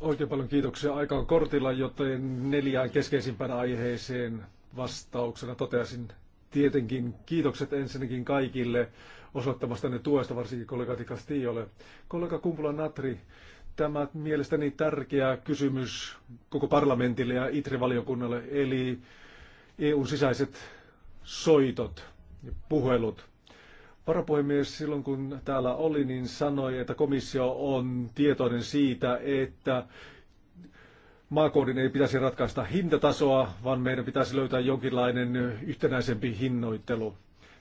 Oikein paljon kiitoksia. Aika on kortilla, joten neljään keskeisimpään aiheeseen vastauksena toteaisin tietenkin kiitokset ensinnäkin kaikille osoittamastanne tuesta, varsinkin kollega Castillolle. Kollega Kumpula Natri tämä mielestäni tärkeä kysymys koko parlamentille ja ITRE-valiokunnalle, eli EUn sisäiset soitot ja puhelut. Varapuhemies silloin kun täällä oli, niin sanoi, että komissio on tietoinen siitä, että maakoodin ei pitäisi ratkaista hintatasoa, vaan meidän pitäisi löytää jonkinlainen yhtenäisempi hinnoittelu.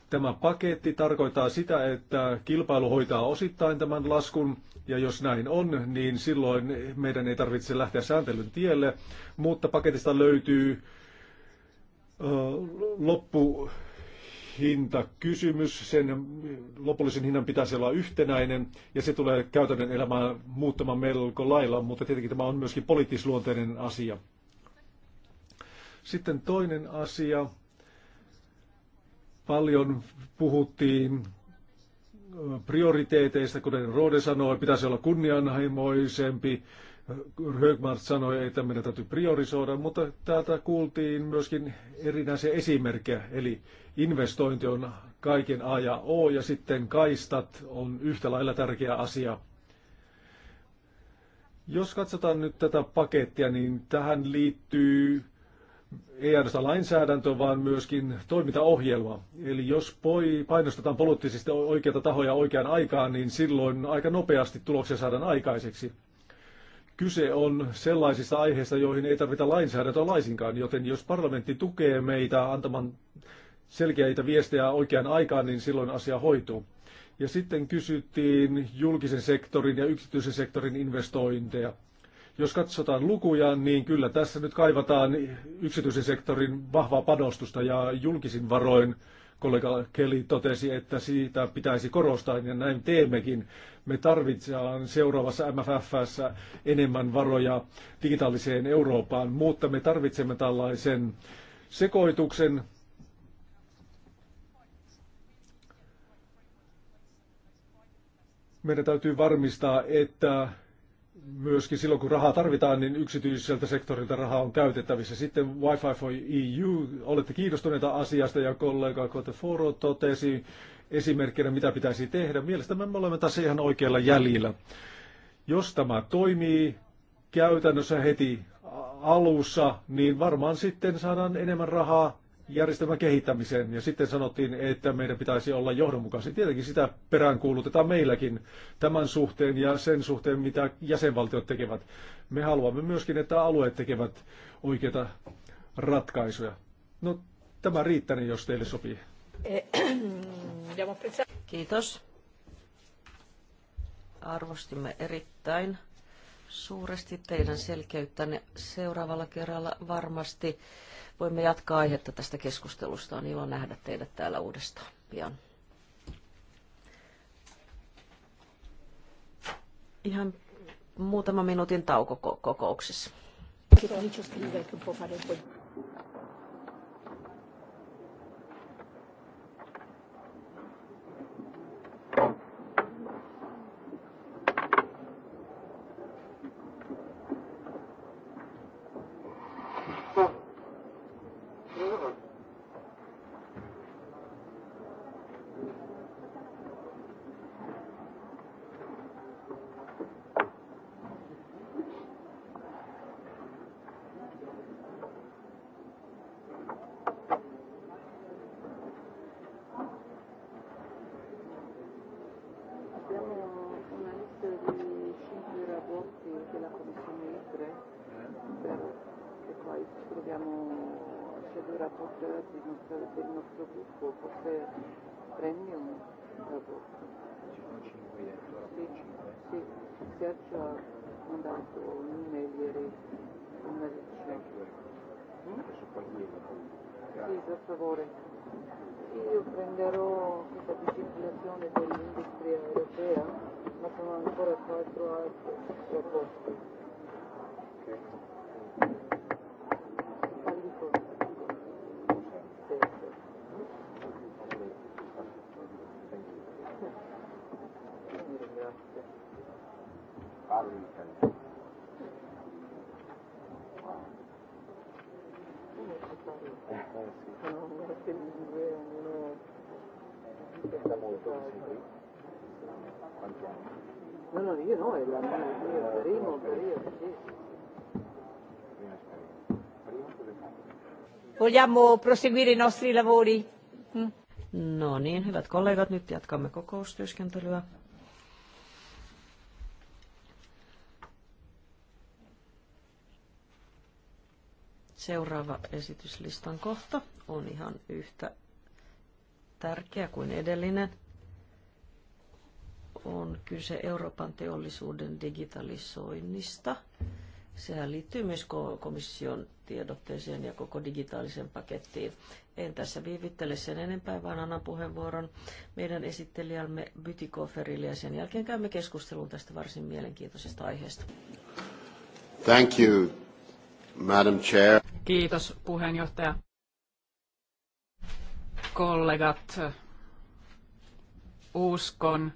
Tämä paketti tarkoittaa sitä, että kilpailu hoitaa osittain tämän laskun ja jos näin on, niin silloin meidän ei tarvitse lähteä sääntelyn tielle, mutta paketista löytyy loppuhintakysymys. Sen lopullisen hinnan pitäisi olla yhtenäinen ja se tulee käytännön elämään muuttamaan melko lailla, mutta tietenkin tämä on myöskin poliittisluonteinen asia. Sitten toinen asia. Paljon puhuttiin prioriteeteista, kuten Rode sanoi, pitäisi olla kunnianhimoisempi. Högmark sanoi, että meidän täytyy priorisoida, mutta täältä kuultiin myöskin erinäisiä esimerkkejä, eli investointi on kaiken A ja O, ja sitten kaistat on yhtä lailla tärkeä asia. Jos katsotaan nyt tätä pakettia, niin tähän liittyy ei ainoastaan lainsäädäntö, vaan myöskin toimintaohjelma. Eli jos poi, painostetaan poliittisesti oikeita tahoja oikeaan aikaan, niin silloin aika nopeasti tuloksia saadaan aikaiseksi. Kyse on sellaisista aiheista, joihin ei tarvita lainsäädäntöä laisinkaan, joten jos parlamentti tukee meitä antamaan selkeitä viestejä oikeaan aikaan, niin silloin asia hoituu. Ja sitten kysyttiin julkisen sektorin ja yksityisen sektorin investointeja jos katsotaan lukuja, niin kyllä tässä nyt kaivataan yksityisen sektorin vahvaa panostusta ja julkisin varoin kollega Keli totesi, että siitä pitäisi korostaa, ja näin teemmekin. Me tarvitsemme seuraavassa MFFssä enemmän varoja digitaaliseen Eurooppaan, mutta me tarvitsemme tällaisen sekoituksen, meidän täytyy varmistaa, että myöskin silloin, kun rahaa tarvitaan, niin yksityiseltä sektorilta rahaa on käytettävissä. Sitten Wi-Fi for EU, olette kiinnostuneita asiasta ja kollega Foro totesi esimerkkinä, mitä pitäisi tehdä. Mielestäni me olemme tässä ihan oikealla jäljellä. Jos tämä toimii käytännössä heti alussa, niin varmaan sitten saadaan enemmän rahaa järjestelmän kehittämiseen. Ja sitten sanottiin, että meidän pitäisi olla johdonmukaisia. Tietenkin sitä peräänkuulutetaan meilläkin tämän suhteen ja sen suhteen, mitä jäsenvaltiot tekevät. Me haluamme myöskin, että alueet tekevät oikeita ratkaisuja. No, tämä riittäni, jos teille sopii. Kiitos. Arvostimme erittäin suuresti teidän selkeyttänne seuraavalla kerralla varmasti voimme jatkaa aihetta tästä keskustelusta. On ilo nähdä teidät täällä uudestaan pian. Ihan muutama minuutin tauko kokouksessa. per premium dopo. Sì, Sergio ha mandato un'email ieri pomeriggio. Mm? Sì, per favore. io prenderò questa disciplinazione dell'industria europea, ma sono ancora quattro altre proposte. Okay. tutte lingue, ognuno pensa molto qui. No, no, io no, è la mia, il primo periodo, sì. Vogliamo proseguire i nostri lavori? Mm. No niin, hyvät kollegat, nyt jatkamme kokoustyöskentelyä. Seuraava esityslistan kohta on ihan yhtä tärkeä kuin edellinen. On kyse Euroopan teollisuuden digitalisoinnista. Sehän liittyy myös komission tiedotteeseen ja koko digitaalisen pakettiin. En tässä viivittele sen enempää, vaan annan puheenvuoron meidän esittelijämme Bytikoferille ja sen jälkeen käymme keskustelun tästä varsin mielenkiintoisesta aiheesta. Thank you, Madam Chair. Kiitos puheenjohtaja. Kollegat, uskon,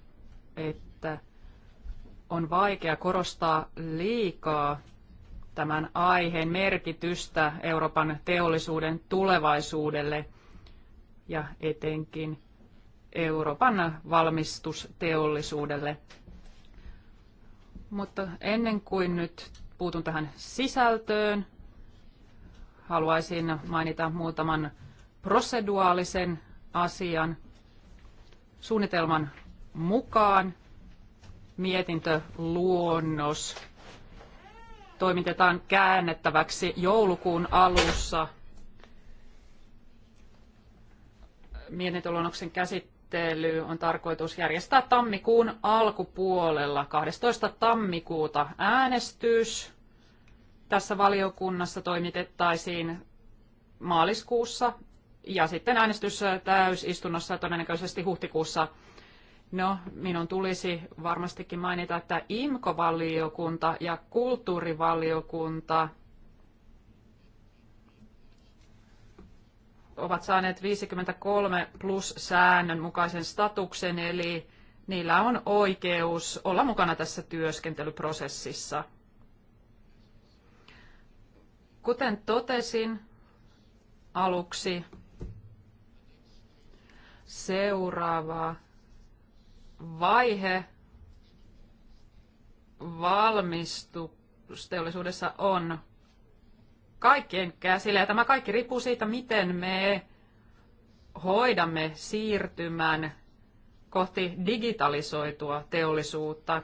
että on vaikea korostaa liikaa tämän aiheen merkitystä Euroopan teollisuuden tulevaisuudelle ja etenkin Euroopan valmistusteollisuudelle. Mutta ennen kuin nyt puutun tähän sisältöön, haluaisin mainita muutaman proseduaalisen asian. Suunnitelman mukaan mietintöluonnos toimitetaan käännettäväksi joulukuun alussa. Mietintöluonnoksen käsittely on tarkoitus järjestää tammikuun alkupuolella 12. tammikuuta äänestys tässä valiokunnassa toimitettaisiin maaliskuussa ja sitten äänestys täysistunnossa todennäköisesti huhtikuussa. No, minun tulisi varmastikin mainita, että IMKO-valiokunta ja kulttuurivaliokunta ovat saaneet 53 plus säännön mukaisen statuksen, eli niillä on oikeus olla mukana tässä työskentelyprosessissa. Kuten totesin aluksi, seuraava vaihe valmistusteollisuudessa on kaikkien käsillä. Ja tämä kaikki riippuu siitä, miten me hoidamme siirtymän kohti digitalisoitua teollisuutta.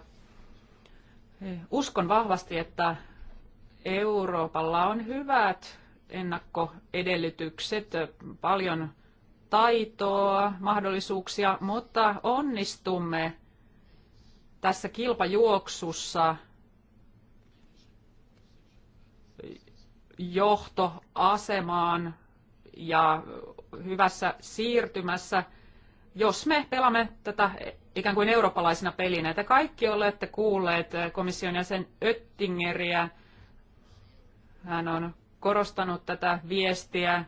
Uskon vahvasti, että Euroopalla on hyvät ennakkoedellytykset, paljon taitoa, mahdollisuuksia, mutta onnistumme tässä kilpajuoksussa johtoasemaan ja hyvässä siirtymässä, jos me pelamme tätä ikään kuin eurooppalaisena pelinä. Te kaikki olette kuulleet komission jäsen Öttingeriä hän on korostanut tätä viestiä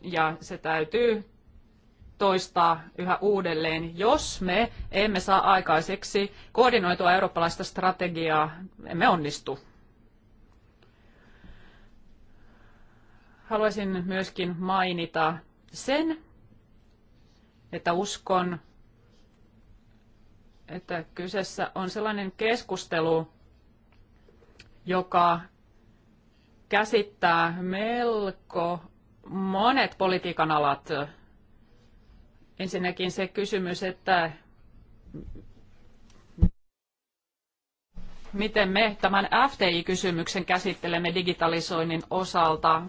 ja se täytyy toistaa yhä uudelleen, jos me emme saa aikaiseksi koordinoitua eurooppalaista strategiaa, emme onnistu. Haluaisin myöskin mainita sen, että uskon, että kyseessä on sellainen keskustelu, joka käsittää melko monet politiikan alat. Ensinnäkin se kysymys, että miten me tämän FTI-kysymyksen käsittelemme digitalisoinnin osalta.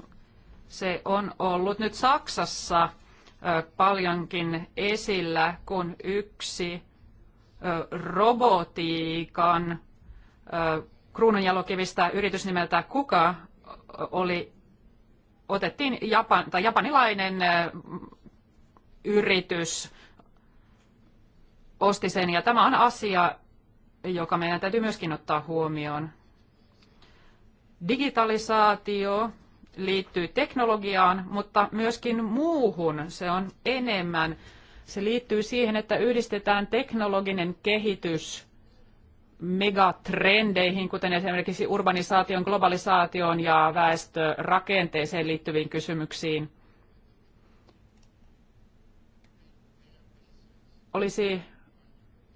Se on ollut nyt Saksassa paljonkin esillä, kun yksi robotiikan kruununjalokivistä yritys nimeltä Kuka oli, otettiin Japan, tai japanilainen yritys, osti sen, ja tämä on asia, joka meidän täytyy myöskin ottaa huomioon. Digitalisaatio liittyy teknologiaan, mutta myöskin muuhun. Se on enemmän. Se liittyy siihen, että yhdistetään teknologinen kehitys megatrendeihin, kuten esimerkiksi urbanisaation, globalisaation ja väestörakenteeseen liittyviin kysymyksiin. Olisi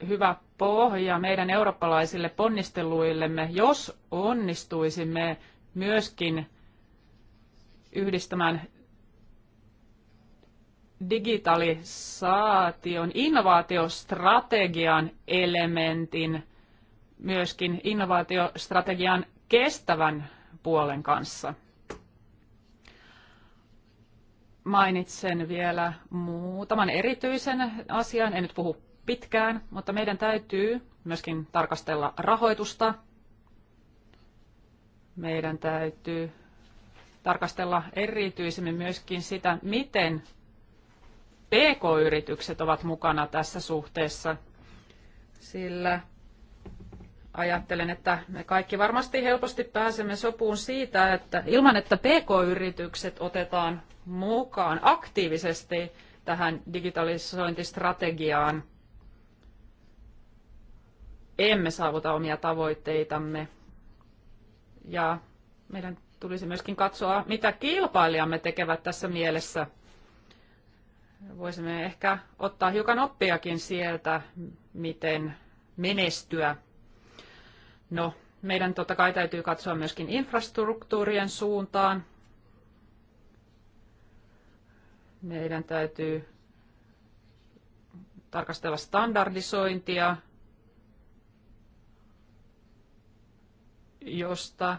hyvä pohja meidän eurooppalaisille ponnisteluillemme, jos onnistuisimme myöskin yhdistämään digitalisaation innovaatiostrategian elementin – myöskin innovaatiostrategian kestävän puolen kanssa. Mainitsen vielä muutaman erityisen asian, en nyt puhu pitkään, mutta meidän täytyy myöskin tarkastella rahoitusta. Meidän täytyy tarkastella erityisemmin myöskin sitä, miten PK-yritykset ovat mukana tässä suhteessa, sillä ajattelen, että me kaikki varmasti helposti pääsemme sopuun siitä, että ilman että PK-yritykset otetaan mukaan aktiivisesti tähän digitalisointistrategiaan, emme saavuta omia tavoitteitamme. Ja meidän tulisi myöskin katsoa, mitä kilpailijamme tekevät tässä mielessä. Voisimme ehkä ottaa hiukan oppiakin sieltä, miten menestyä No, meidän totta kai täytyy katsoa myöskin infrastruktuurien suuntaan. Meidän täytyy tarkastella standardisointia, josta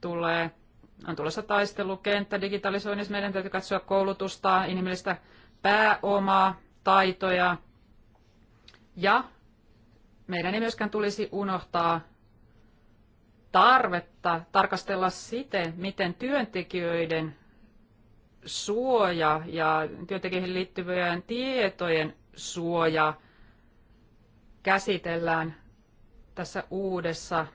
tulee, on tulossa taistelukenttä digitalisoinnissa. Meidän täytyy katsoa koulutusta, inhimillistä pääomaa, taitoja. Ja meidän ei myöskään tulisi unohtaa tarvetta tarkastella siten, miten työntekijöiden suoja ja työntekijöihin liittyvien tietojen suoja käsitellään tässä uudessa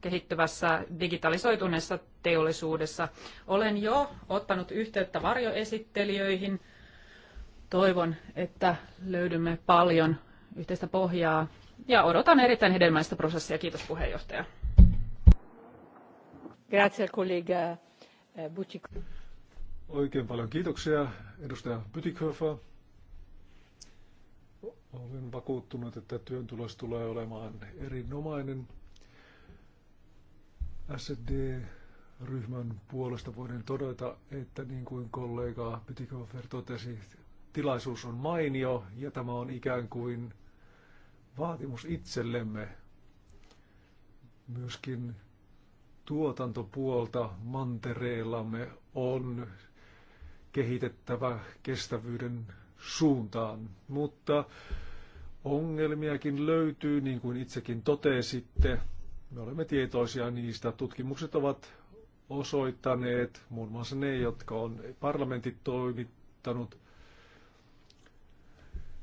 kehittyvässä digitalisoituneessa teollisuudessa. Olen jo ottanut yhteyttä varjoesittelijöihin. Toivon, että löydymme paljon yhteistä pohjaa ja odotan erittäin hedelmällistä prosessia. Kiitos puheenjohtaja. Eh, Oikein paljon kiitoksia edustaja Butikofer. Olen vakuuttunut, että työn tulos tulee olemaan erinomainen. SD-ryhmän puolesta voin todeta, että niin kuin kollega Pytikofer totesi, tilaisuus on mainio ja tämä on ikään kuin vaatimus itsellemme. Myöskin tuotantopuolta mantereellamme on kehitettävä kestävyyden suuntaan, mutta ongelmiakin löytyy, niin kuin itsekin totesitte. Me olemme tietoisia niistä. Tutkimukset ovat osoittaneet, muun muassa ne, jotka on parlamentit toimittanut,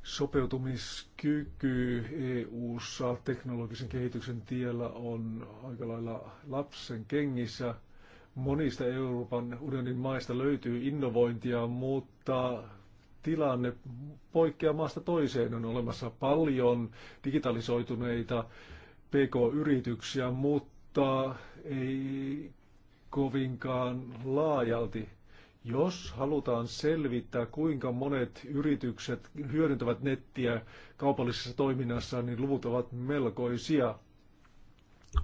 Sopeutumiskyky EU-ssa teknologisen kehityksen tiellä on aika lailla lapsen kengissä. Monista Euroopan unionin maista löytyy innovointia, mutta tilanne poikkeaa maasta toiseen. On olemassa paljon digitalisoituneita PK-yrityksiä, mutta ei kovinkaan laajalti jos halutaan selvittää, kuinka monet yritykset hyödyntävät nettiä kaupallisessa toiminnassa, niin luvut ovat melkoisia.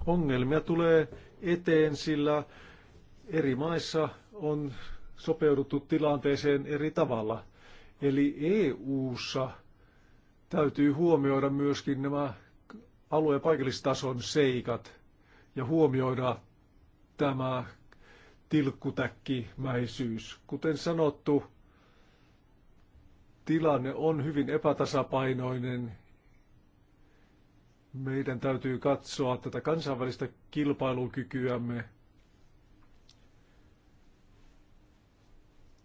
Ongelmia tulee eteen, sillä eri maissa on sopeuduttu tilanteeseen eri tavalla. Eli EU-ssa täytyy huomioida myöskin nämä alue- ja paikallistason seikat ja huomioida tämä tilkkutäkkimäisyys. Kuten sanottu, tilanne on hyvin epätasapainoinen. Meidän täytyy katsoa tätä kansainvälistä kilpailukykyämme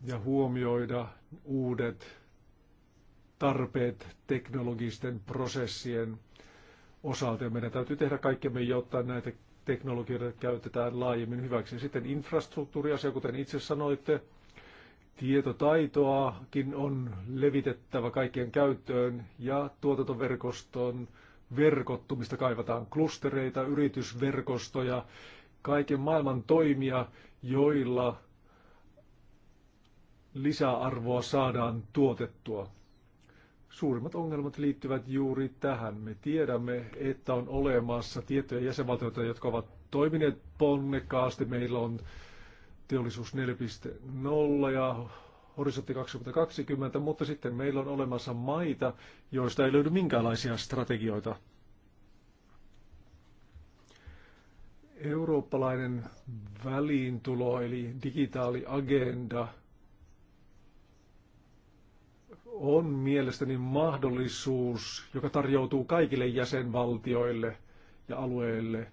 ja huomioida uudet tarpeet teknologisten prosessien osalta. meidän täytyy tehdä kaikkemme, jotta näitä teknologioita käytetään laajemmin hyväksi. Sitten infrastruktuuriasia, kuten itse sanoitte, tietotaitoakin on levitettävä kaikkien käyttöön ja tuotantoverkoston verkottumista kaivataan, klustereita, yritysverkostoja, kaiken maailman toimia, joilla lisäarvoa saadaan tuotettua. Suurimmat ongelmat liittyvät juuri tähän. Me tiedämme, että on olemassa tiettyjä jäsenvaltioita, jotka ovat toimineet ponnekkaasti. Meillä on teollisuus 4.0 ja horisontti 2020, mutta sitten meillä on olemassa maita, joista ei löydy minkäänlaisia strategioita. Eurooppalainen väliintulo eli digitaaliagenda – on mielestäni mahdollisuus, joka tarjoutuu kaikille jäsenvaltioille ja alueille.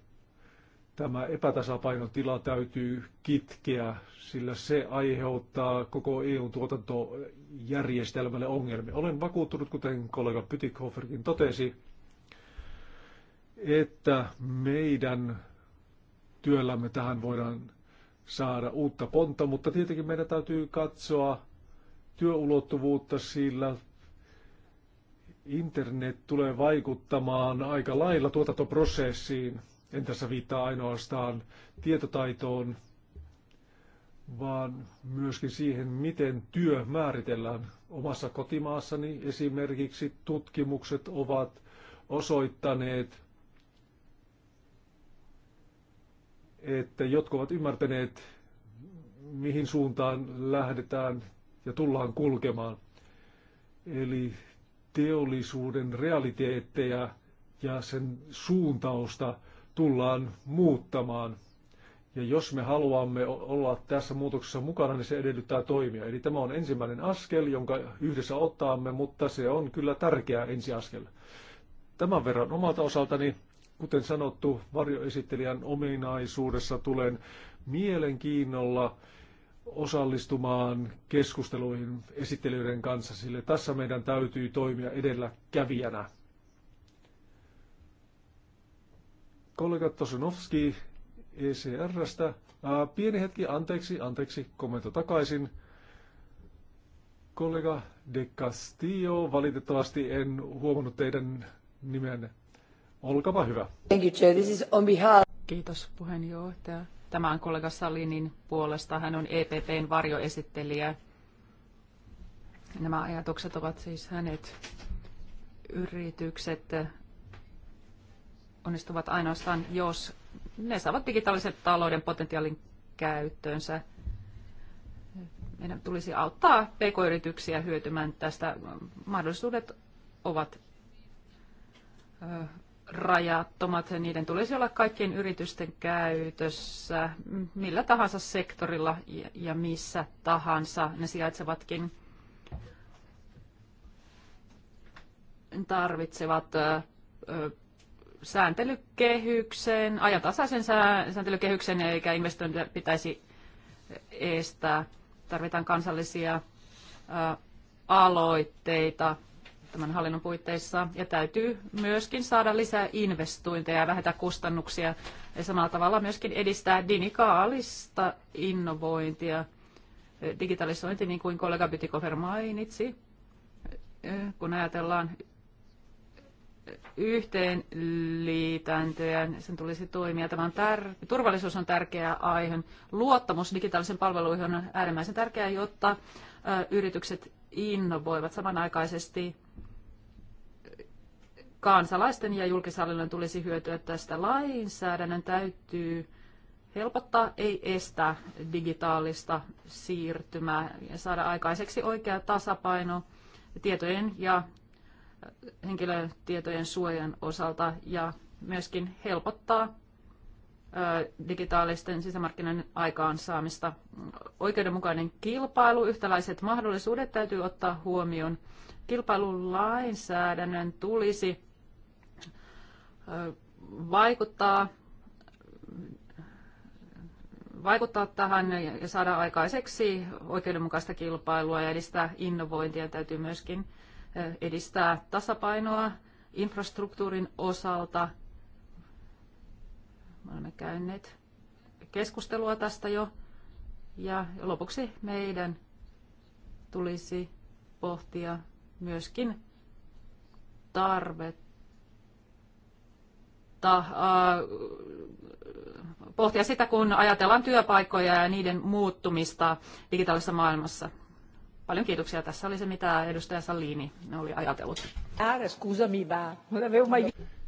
Tämä epätasapainotila täytyy kitkeä, sillä se aiheuttaa koko EU-tuotantojärjestelmälle ongelmia. Olen vakuuttunut, kuten kollega Pytikhoferkin totesi, että meidän työllämme tähän voidaan saada uutta pontta, mutta tietenkin meidän täytyy katsoa työulottuvuutta, sillä internet tulee vaikuttamaan aika lailla tuotantoprosessiin. En tässä viittaa ainoastaan tietotaitoon, vaan myöskin siihen, miten työ määritellään. Omassa kotimaassani esimerkiksi tutkimukset ovat osoittaneet, että jotkut ovat ymmärtäneet, mihin suuntaan lähdetään ja tullaan kulkemaan. Eli teollisuuden realiteetteja ja sen suuntausta tullaan muuttamaan. Ja jos me haluamme olla tässä muutoksessa mukana, niin se edellyttää toimia. Eli tämä on ensimmäinen askel, jonka yhdessä ottaamme, mutta se on kyllä tärkeä ensiaskel. Tämän verran omalta osaltani, kuten sanottu, varjoesittelijän ominaisuudessa tulen mielenkiinnolla osallistumaan keskusteluihin esittelyiden kanssa, sillä tässä meidän täytyy toimia edellä kävijänä. Kollega Tosunovski ECRstä. Ää, pieni hetki, anteeksi, anteeksi, kommento takaisin. Kollega De Castillo, valitettavasti en huomannut teidän nimenne. Olkapa hyvä. Thank you, Chair. This is on behalf... Kiitos puheenjohtaja Tämä on kollega Salinin puolesta. Hän on EPPn varjoesittelijä. Nämä ajatukset ovat siis hänet. Yritykset onnistuvat ainoastaan, jos ne saavat digitaalisen talouden potentiaalin käyttöönsä. Meidän tulisi auttaa pk-yrityksiä hyötymään tästä. Mahdollisuudet ovat rajattomat ja niiden tulisi olla kaikkien yritysten käytössä millä tahansa sektorilla ja missä tahansa ne sijaitsevatkin tarvitsevat sääntelykehykseen, ajantasaisen sääntelykehyksen eikä investointia pitäisi estää. Tarvitaan kansallisia aloitteita tämän hallinnon puitteissa. Ja täytyy myöskin saada lisää investointeja ja vähentää kustannuksia. Ja samalla tavalla myöskin edistää digitaalista innovointia, digitalisointi, niin kuin kollega Bytikofer mainitsi, kun ajatellaan yhteenliitäntöjä, niin sen tulisi toimia. Tämä on tär- turvallisuus on tärkeä aihe. Luottamus digitaalisen palveluihin on äärimmäisen tärkeää, jotta yritykset innovoivat samanaikaisesti kansalaisten ja julkishallinnon tulisi hyötyä tästä. Lainsäädännön täytyy helpottaa, ei estää digitaalista siirtymää ja saada aikaiseksi oikea tasapaino tietojen ja äh, henkilötietojen suojan osalta ja myöskin helpottaa äh, digitaalisten sisämarkkinoiden aikaansaamista. Oikeudenmukainen kilpailu, yhtäläiset mahdollisuudet täytyy ottaa huomioon. Kilpailulainsäädännön tulisi vaikuttaa, vaikuttaa tähän ja saada aikaiseksi oikeudenmukaista kilpailua ja edistää innovointia. Täytyy myöskin edistää tasapainoa infrastruktuurin osalta. Me olemme käyneet keskustelua tästä jo. Ja lopuksi meidän tulisi pohtia myöskin tarvet mutta äh, pohtia sitä, kun ajatellaan työpaikkoja ja niiden muuttumista digitaalisessa maailmassa. Paljon kiitoksia. Tässä oli se, mitä edustaja Salini oli ajatellut.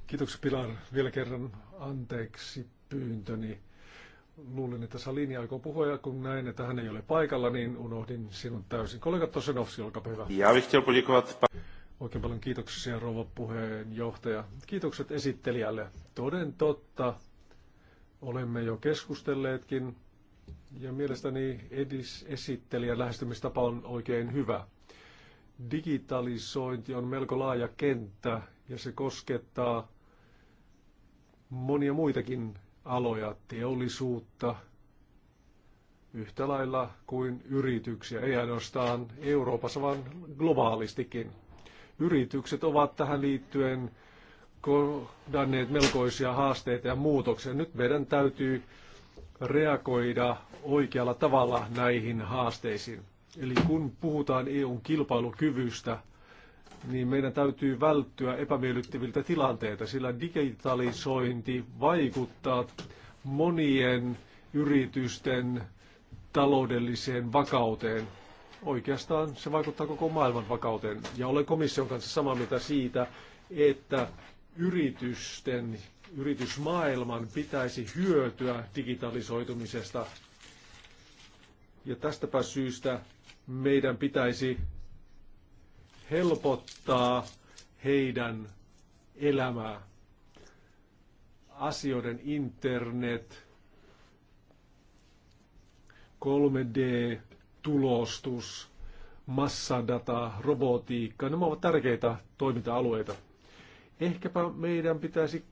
Kiitoksia Pilar. Vielä kerran anteeksi pyyntöni. Luulin, että Salini aikoo puhua ja kun näin, että hän ei ole paikalla, niin unohdin sinun täysin. Kollega Tosenovski, olkaa hyvä. Oikein paljon kiitoksia rouva puheenjohtaja. Kiitokset esittelijälle. Toden totta, olemme jo keskustelleetkin ja mielestäni edis esittelijän lähestymistapa on oikein hyvä. Digitalisointi on melko laaja kenttä ja se koskettaa monia muitakin aloja, teollisuutta, yhtä lailla kuin yrityksiä, ei ainoastaan Euroopassa, vaan globaalistikin yritykset ovat tähän liittyen kohdanneet melkoisia haasteita ja muutoksia. Nyt meidän täytyy reagoida oikealla tavalla näihin haasteisiin. Eli kun puhutaan EUn kilpailukyvystä, niin meidän täytyy välttyä epämiellyttäviltä tilanteilta, sillä digitalisointi vaikuttaa monien yritysten taloudelliseen vakauteen. Oikeastaan se vaikuttaa koko maailman vakauteen. Ja olen komission kanssa samaa mieltä siitä, että yritysten, yritysmaailman pitäisi hyötyä digitalisoitumisesta. Ja tästäpä syystä meidän pitäisi helpottaa heidän elämää. Asioiden internet, 3D, tulostus, massadata, robotiikka, nämä ovat tärkeitä toiminta-alueita. Ehkäpä meidän pitäisi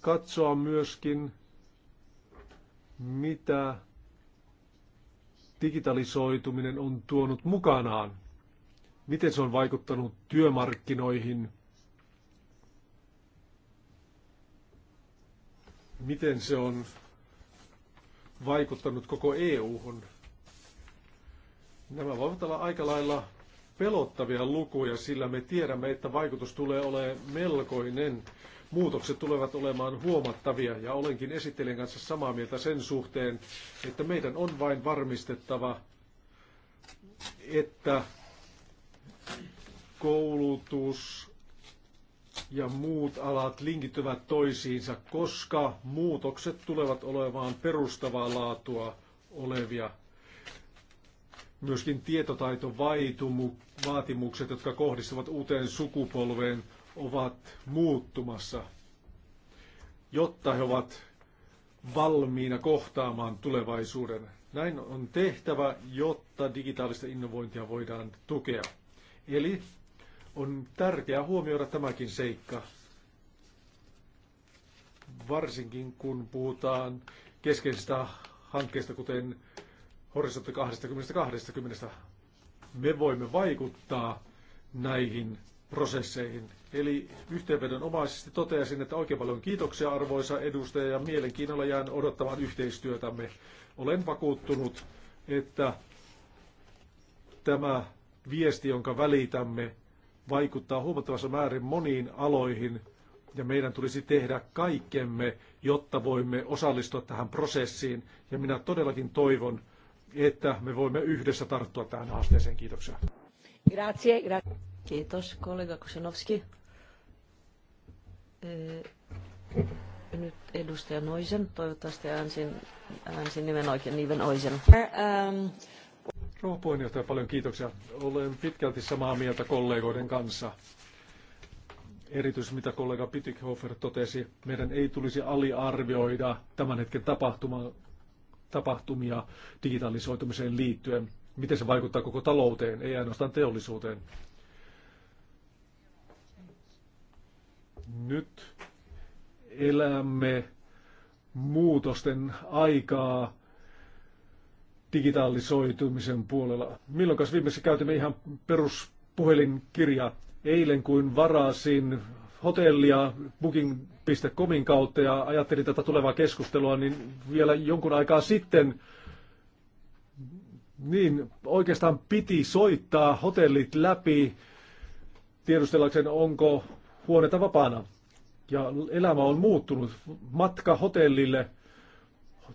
katsoa myöskin, mitä digitalisoituminen on tuonut mukanaan. Miten se on vaikuttanut työmarkkinoihin? Miten se on vaikuttanut koko EU-hun? Nämä voivat olla aika lailla pelottavia lukuja, sillä me tiedämme, että vaikutus tulee olemaan melkoinen. Muutokset tulevat olemaan huomattavia ja olenkin esittelijän kanssa samaa mieltä sen suhteen, että meidän on vain varmistettava, että koulutus ja muut alat linkittyvät toisiinsa, koska muutokset tulevat olemaan perustavaa laatua olevia Myöskin tietotaitovaatimukset, jotka kohdistuvat uuteen sukupolveen, ovat muuttumassa, jotta he ovat valmiina kohtaamaan tulevaisuuden. Näin on tehtävä, jotta digitaalista innovointia voidaan tukea. Eli on tärkeää huomioida tämäkin seikka, varsinkin kun puhutaan keskeisistä hankkeista, kuten horisontti 20-20. Me voimme vaikuttaa näihin prosesseihin. Eli yhteenvedonomaisesti toteaisin, että oikein paljon kiitoksia arvoisa edustaja ja mielenkiinnolla jään odottamaan yhteistyötämme. Olen vakuuttunut, että tämä viesti, jonka välitämme, vaikuttaa huomattavassa määrin moniin aloihin ja meidän tulisi tehdä kaikkemme, jotta voimme osallistua tähän prosessiin. Ja minä todellakin toivon, että me voimme yhdessä tarttua tähän haasteeseen. Kiitoksia. Grazie, gra- Kiitos, kollega Kusenovski. Nyt edustaja Noisen, toivottavasti äänsin, äänsin nimen oikein, nimen Oisen. Ähm, Rouva puheenjohtaja, paljon kiitoksia. Olen pitkälti samaa mieltä kollegoiden kanssa. Erityisesti mitä kollega Pitikhofer totesi, meidän ei tulisi aliarvioida tämän hetken tapahtuma, tapahtumia digitalisoitumiseen liittyen. Miten se vaikuttaa koko talouteen, ei ainoastaan teollisuuteen. Nyt elämme muutosten aikaa digitalisoitumisen puolella. Milloin viimeksi käytimme ihan peruspuhelinkirjaa? Eilen kuin varasin hotellia booking.comin kautta ja ajattelin tätä tulevaa keskustelua, niin vielä jonkun aikaa sitten niin oikeastaan piti soittaa hotellit läpi tiedustellakseen, onko huoneita vapaana. Ja elämä on muuttunut. Matka hotellille,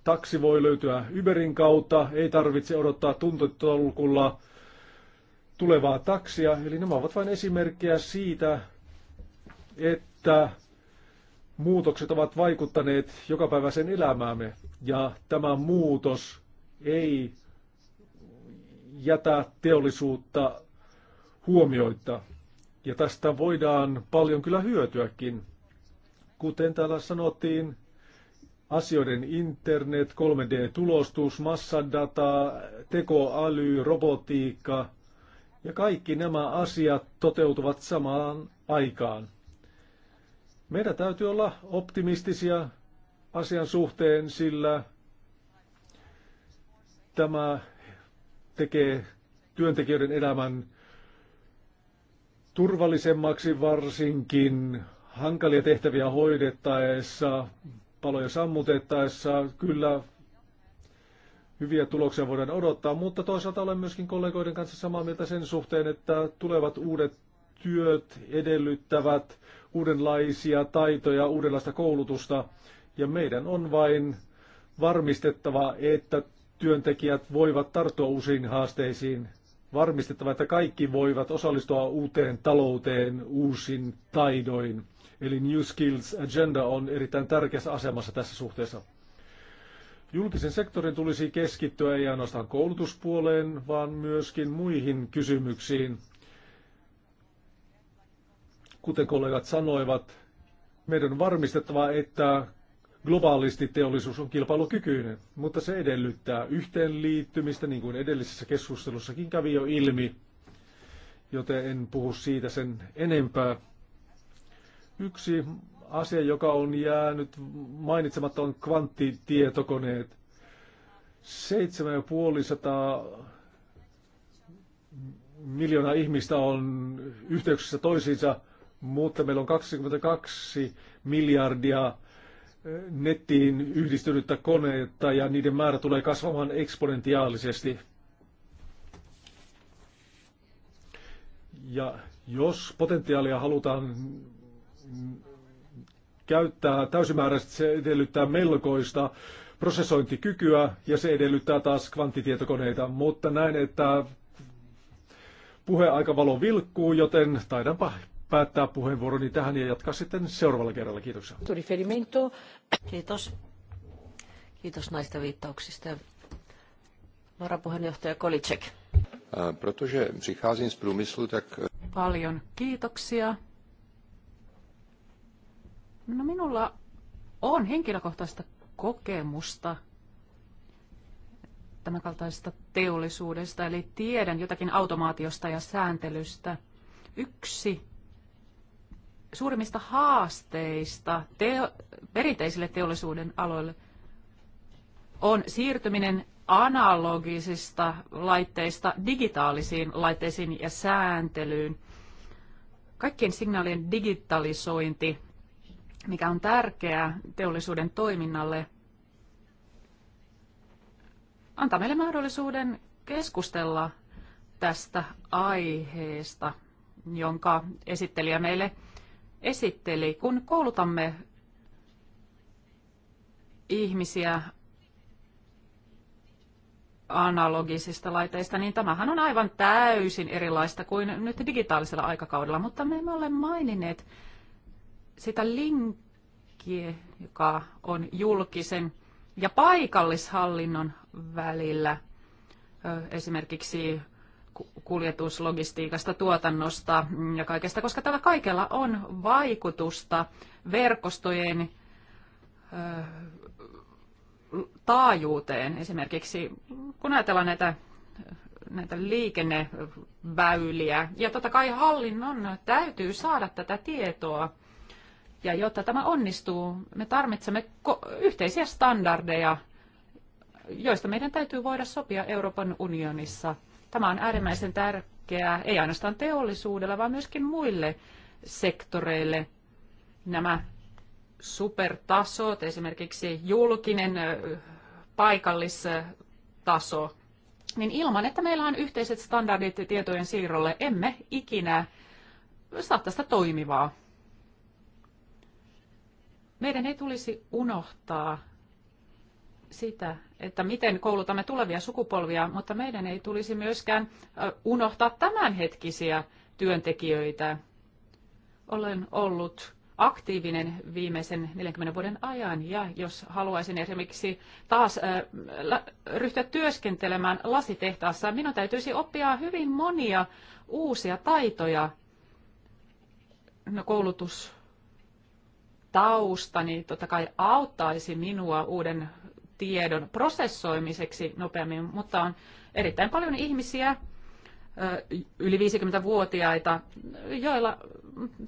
taksi voi löytyä Uberin kautta, ei tarvitse odottaa tuntotolkulla tulevaa taksia. Eli nämä ovat vain esimerkkejä siitä, että muutokset ovat vaikuttaneet jokapäiväiseen elämäämme ja tämä muutos ei jätä teollisuutta huomioita. Ja tästä voidaan paljon kyllä hyötyäkin. Kuten täällä sanottiin, asioiden internet, 3D-tulostus, massadata, tekoäly, robotiikka ja kaikki nämä asiat toteutuvat samaan aikaan. Meidän täytyy olla optimistisia asian suhteen, sillä tämä tekee työntekijöiden elämän turvallisemmaksi varsinkin hankalia tehtäviä hoidettaessa, paloja sammutettaessa. Kyllä hyviä tuloksia voidaan odottaa, mutta toisaalta olen myöskin kollegoiden kanssa samaa mieltä sen suhteen, että tulevat uudet työt edellyttävät uudenlaisia taitoja, uudenlaista koulutusta ja meidän on vain varmistettava, että työntekijät voivat tarttua uusiin haasteisiin, varmistettava, että kaikki voivat osallistua uuteen talouteen uusin taidoin. Eli New Skills Agenda on erittäin tärkeässä asemassa tässä suhteessa. Julkisen sektorin tulisi keskittyä ei ainoastaan koulutuspuoleen, vaan myöskin muihin kysymyksiin, Kuten kollegat sanoivat, meidän on varmistettava, että globaalisti teollisuus on kilpailukykyinen, mutta se edellyttää yhteenliittymistä, niin kuin edellisessä keskustelussakin kävi jo ilmi, joten en puhu siitä sen enempää. Yksi asia, joka on jäänyt mainitsematta, on kvanttitietokoneet. 7500 miljoonaa ihmistä on yhteyksissä toisiinsa mutta meillä on 22 miljardia nettiin yhdistynyttä koneetta ja niiden määrä tulee kasvamaan eksponentiaalisesti. Ja jos potentiaalia halutaan käyttää täysimääräisesti, se edellyttää melkoista prosessointikykyä ja se edellyttää taas kvanttitietokoneita, mutta näin, että puheaikavalo vilkkuu, joten taidanpa päättää puheenvuoroni tähän ja jatkaa sitten seuraavalla kerralla. Kiitoksia. Kiitos. Kiitos näistä viittauksista. Varapuheenjohtaja Kolicek. Protože přicházím z průmyslu, tak... E, Paljon kiitoksia. No minulla on henkilökohtaista kokemusta tämänkaltaisesta teollisuudesta, eli tiedän jotakin automaatiosta ja sääntelystä. Yksi suurimmista haasteista teo, perinteisille teollisuuden aloille on siirtyminen analogisista laitteista digitaalisiin laitteisiin ja sääntelyyn. Kaikkien signaalien digitalisointi, mikä on tärkeää teollisuuden toiminnalle, antaa meille mahdollisuuden keskustella tästä aiheesta, jonka esittelijä meille esitteli. Kun koulutamme ihmisiä analogisista laiteista, niin tämähän on aivan täysin erilaista kuin nyt digitaalisella aikakaudella, mutta me emme ole maininneet sitä linkkiä, joka on julkisen ja paikallishallinnon välillä. Esimerkiksi kuljetuslogistiikasta, tuotannosta ja kaikesta, koska tällä kaikella on vaikutusta verkostojen taajuuteen. Esimerkiksi kun ajatellaan näitä, näitä liikenneväyliä, ja totta kai hallinnon täytyy saada tätä tietoa, ja jotta tämä onnistuu, me tarvitsemme yhteisiä standardeja, joista meidän täytyy voida sopia Euroopan unionissa – Tämä on äärimmäisen tärkeää, ei ainoastaan teollisuudella vaan myöskin muille sektoreille. Nämä supertasot, esimerkiksi julkinen paikallistaso, niin ilman, että meillä on yhteiset standardit tietojen siirrolle, emme ikinä saa tästä toimivaa. Meidän ei tulisi unohtaa sitä, että miten koulutamme tulevia sukupolvia, mutta meidän ei tulisi myöskään unohtaa tämänhetkisiä työntekijöitä. Olen ollut aktiivinen viimeisen 40 vuoden ajan ja jos haluaisin esimerkiksi taas ryhtyä työskentelemään lasitehtaassa, minun täytyisi oppia hyvin monia uusia taitoja. No, koulutus taustani totta kai auttaisi minua uuden tiedon prosessoimiseksi nopeammin, mutta on erittäin paljon ihmisiä, yli 50-vuotiaita, joilla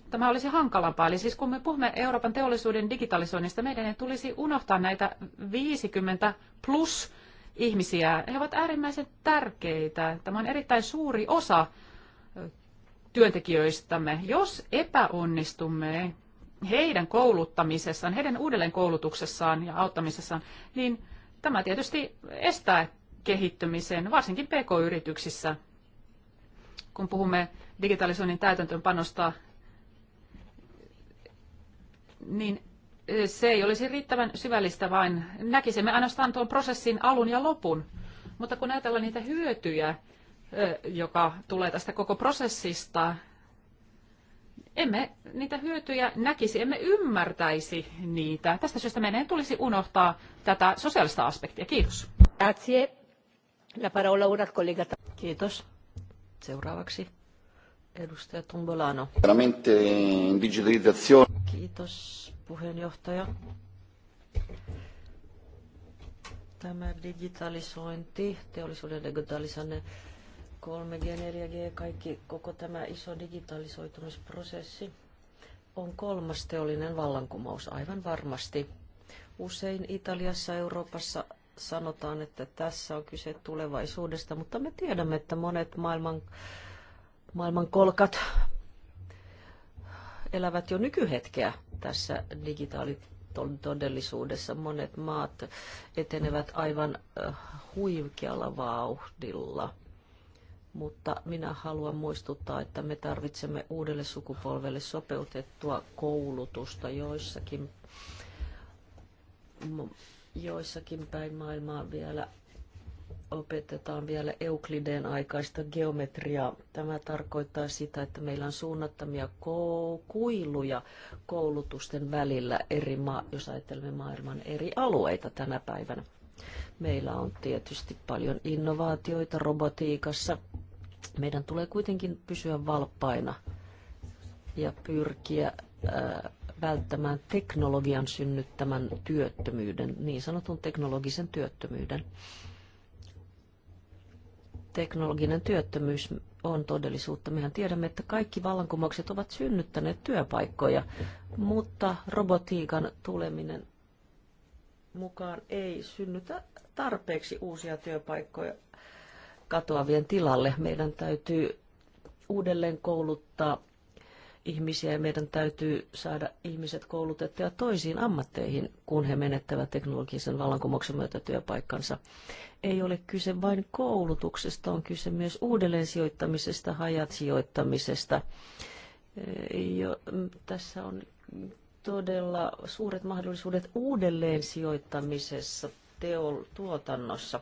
tämä olisi hankalampaa. Eli siis kun me puhumme Euroopan teollisuuden digitalisoinnista, meidän ei tulisi unohtaa näitä 50 plus ihmisiä. He ovat äärimmäisen tärkeitä. Tämä on erittäin suuri osa työntekijöistämme. Jos epäonnistumme heidän kouluttamisessaan, heidän uudelleenkoulutuksessaan ja auttamisessaan, niin tämä tietysti estää kehittymisen, varsinkin pk-yrityksissä. Kun puhumme digitalisoinnin täytäntöönpanosta, niin se ei olisi riittävän syvällistä, vaan näkisimme ainoastaan tuon prosessin alun ja lopun. Mutta kun ajatellaan niitä hyötyjä, joka tulee tästä koko prosessista, emme niitä hyötyjä näkisi, emme ymmärtäisi niitä. Tästä syystä meidän tulisi unohtaa tätä sosiaalista aspektia. Kiitos. Grazie. La parola ora collega. Kiitos. Seuraavaksi edustaja Tumbolano. Veramente digitalizzazione. Kiitos puheenjohtaja. Tämä digitalisointi, teollisuuden digitalisointi 3G, 4G, kaikki, koko tämä iso digitalisoitumisprosessi on kolmas teollinen vallankumous, aivan varmasti. Usein Italiassa, Euroopassa sanotaan, että tässä on kyse tulevaisuudesta, mutta me tiedämme, että monet maailman, maailman kolkat elävät jo nykyhetkeä tässä digitaalitodellisuudessa. Monet maat etenevät aivan äh, huikealla vauhdilla – mutta minä haluan muistuttaa, että me tarvitsemme uudelle sukupolvelle sopeutettua koulutusta joissakin, joissakin päin maailmaa vielä opetetaan vielä Euklideen aikaista geometriaa. Tämä tarkoittaa sitä, että meillä on suunnattamia kuiluja koulutusten välillä, eri maa, jos ajattelemme maailman eri alueita tänä päivänä. Meillä on tietysti paljon innovaatioita robotiikassa. Meidän tulee kuitenkin pysyä valppaina ja pyrkiä välttämään teknologian synnyttämän työttömyyden, niin sanotun teknologisen työttömyyden. Teknologinen työttömyys on todellisuutta. Mehän tiedämme, että kaikki vallankumoukset ovat synnyttäneet työpaikkoja, mutta robotiikan tuleminen mukaan ei synnytä tarpeeksi uusia työpaikkoja katoavien tilalle. Meidän täytyy uudelleen kouluttaa ihmisiä ja meidän täytyy saada ihmiset koulutettua toisiin ammatteihin, kun he menettävät teknologisen vallankumouksen myötä työpaikkansa. Ei ole kyse vain koulutuksesta, on kyse myös uudelleen sijoittamisesta, hajat sijoittamisesta. Jo, tässä on todella suuret mahdollisuudet uudelleen sijoittamisessa teol, tuotannossa,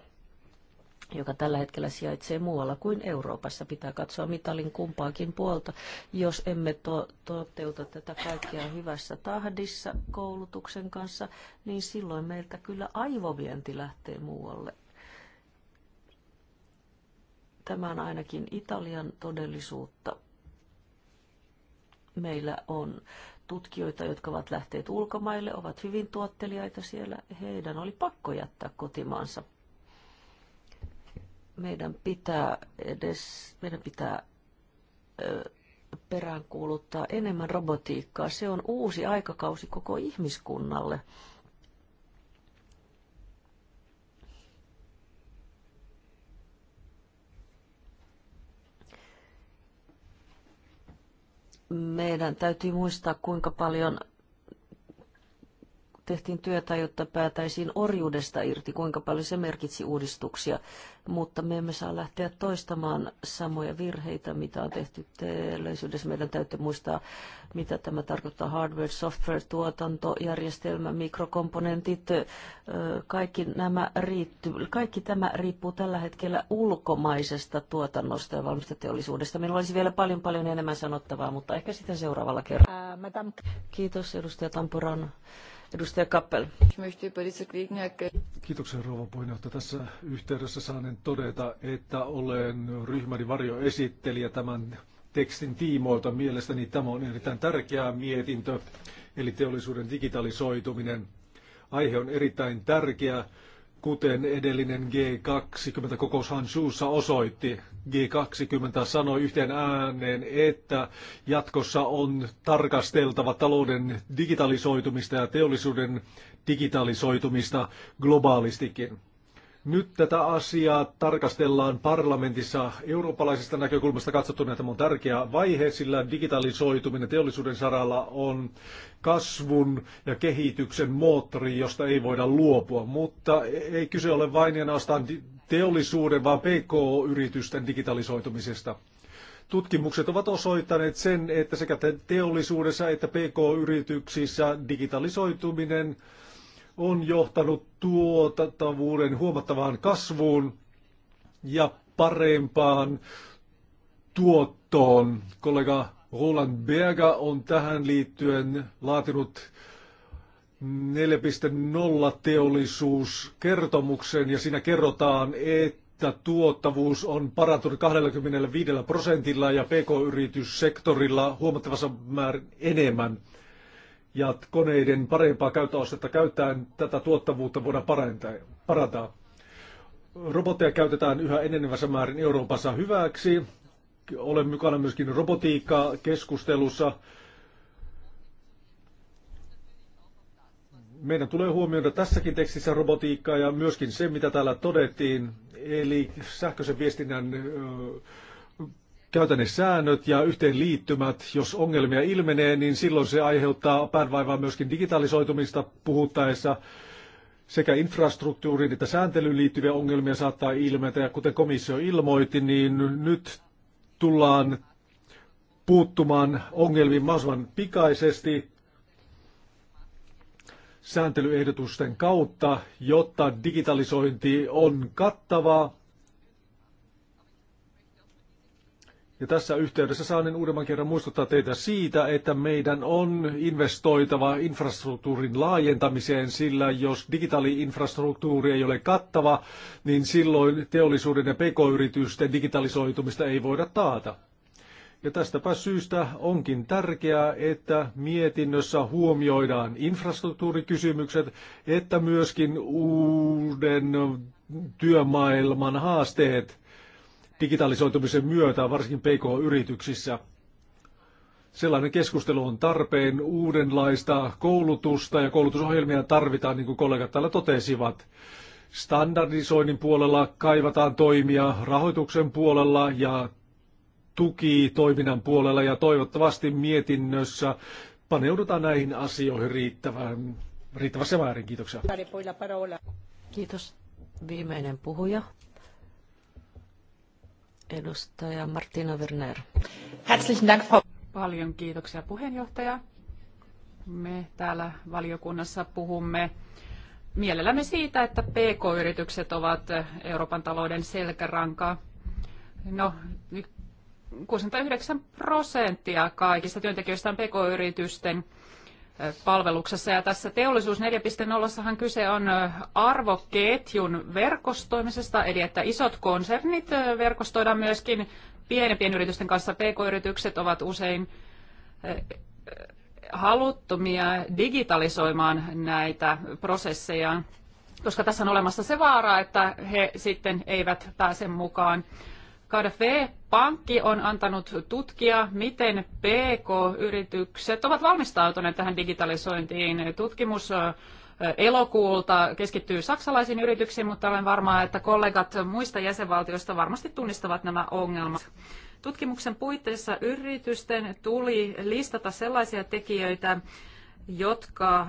joka tällä hetkellä sijaitsee muualla kuin Euroopassa. Pitää katsoa mitalin kumpaakin puolta. Jos emme to, toteuta tätä kaikkea hyvässä tahdissa koulutuksen kanssa, niin silloin meiltä kyllä aivovienti lähtee muualle. Tämä on ainakin Italian todellisuutta. Meillä on tutkijoita, jotka ovat lähteet ulkomaille, ovat hyvin tuotteliaita siellä. Heidän oli pakko jättää kotimaansa. Meidän pitää edes, meidän pitää peräänkuuluttaa enemmän robotiikkaa. Se on uusi aikakausi koko ihmiskunnalle. meidän täytyy muistaa, kuinka paljon tehtiin työtä, jotta päätäisiin orjuudesta irti, kuinka paljon se merkitsi uudistuksia. Mutta me emme saa lähteä toistamaan samoja virheitä, mitä on tehty teelleisyydessä. Meidän täytyy muistaa, mitä tämä tarkoittaa. Hardware, software, tuotanto, järjestelmä, mikrokomponentit, kaikki, nämä riittyy. kaikki tämä riippuu tällä hetkellä ulkomaisesta tuotannosta ja valmisteteollisuudesta. Minulla olisi vielä paljon paljon enemmän sanottavaa, mutta ehkä sitten seuraavalla kerralla. Kiitos edustaja Tampuran. Edustaja Kappel. Kiitoksia rouva puheenjohtaja. Tässä yhteydessä saanen todeta, että olen ryhmäni varjoesittelijä tämän tekstin tiimoilta. Mielestäni tämä on erittäin tärkeä mietintö, eli teollisuuden digitalisoituminen. Aihe on erittäin tärkeä kuten edellinen G20-kokous Hansuussa osoitti. G20 sanoi yhteen ääneen, että jatkossa on tarkasteltava talouden digitalisoitumista ja teollisuuden digitalisoitumista globaalistikin. Nyt tätä asiaa tarkastellaan parlamentissa eurooppalaisesta näkökulmasta katsottuna. Tämä on tärkeä vaihe, sillä digitalisoituminen teollisuuden saralla on kasvun ja kehityksen moottori, josta ei voida luopua. Mutta ei kyse ole vain ja ainoastaan teollisuuden, vaan PK-yritysten digitalisoitumisesta. Tutkimukset ovat osoittaneet sen, että sekä teollisuudessa että PK-yrityksissä digitalisoituminen – on johtanut tuotavuuden huomattavaan kasvuun ja parempaan tuottoon. Kollega Roland Berga on tähän liittyen laatinut 4.0 teollisuuskertomuksen ja siinä kerrotaan, että tuottavuus on parantunut 25 prosentilla ja pk-yrityssektorilla huomattavassa määrin enemmän ja koneiden parempaa käyttöastetta käyttäen tätä tuottavuutta voidaan parantaa. Robotteja käytetään yhä enenevässä määrin Euroopassa hyväksi. Olen mukana myöskin robotiikkaa keskustelussa. Meidän tulee huomioida tässäkin tekstissä robotiikkaa ja myöskin se, mitä täällä todettiin, eli sähköisen viestinnän käytännön säännöt ja yhteenliittymät. Jos ongelmia ilmenee, niin silloin se aiheuttaa päänvaivaa myöskin digitalisoitumista puhuttaessa. Sekä infrastruktuuriin että sääntelyyn liittyviä ongelmia saattaa ilmetä. Ja kuten komissio ilmoitti, niin nyt tullaan puuttumaan ongelmiin mahdollisimman pikaisesti sääntelyehdotusten kautta, jotta digitalisointi on kattavaa Ja tässä yhteydessä saanen niin uudemman kerran muistuttaa teitä siitä, että meidän on investoitava infrastruktuurin laajentamiseen, sillä jos digitaali-infrastruktuuri ei ole kattava, niin silloin teollisuuden ja pk-yritysten digitalisoitumista ei voida taata. Ja tästäpä syystä onkin tärkeää, että mietinnössä huomioidaan infrastruktuurikysymykset, että myöskin uuden työmaailman haasteet, digitalisoitumisen myötä, varsinkin PK-yrityksissä. Sellainen keskustelu on tarpeen, uudenlaista koulutusta ja koulutusohjelmia tarvitaan, niin kuin kollegat täällä totesivat. Standardisoinnin puolella kaivataan toimia, rahoituksen puolella ja tuki toiminnan puolella ja toivottavasti mietinnössä paneudutaan näihin asioihin riittävän, riittävässä määrin. Kiitoksia. Kiitos. Viimeinen puhuja Edustaja Martina Werner. Herzlichen Dank, Frau. Paljon kiitoksia puheenjohtaja. Me täällä valiokunnassa puhumme mielellämme siitä, että PK-yritykset ovat Euroopan talouden selkäranka. No, 69 prosenttia kaikista työntekijöistä on PK-yritysten palveluksessa. Ja tässä teollisuus 4.0-sahan kyse on arvoketjun verkostoimisesta, eli että isot konsernit verkostoidaan myöskin pienempien yritysten kanssa. PK-yritykset ovat usein haluttomia digitalisoimaan näitä prosesseja, koska tässä on olemassa se vaara, että he sitten eivät pääse mukaan KDF-pankki on antanut tutkia, miten PK-yritykset ovat valmistautuneet tähän digitalisointiin. Tutkimus elokuulta keskittyy saksalaisiin yrityksiin, mutta olen varma, että kollegat muista jäsenvaltioista varmasti tunnistavat nämä ongelmat. Tutkimuksen puitteissa yritysten tuli listata sellaisia tekijöitä, jotka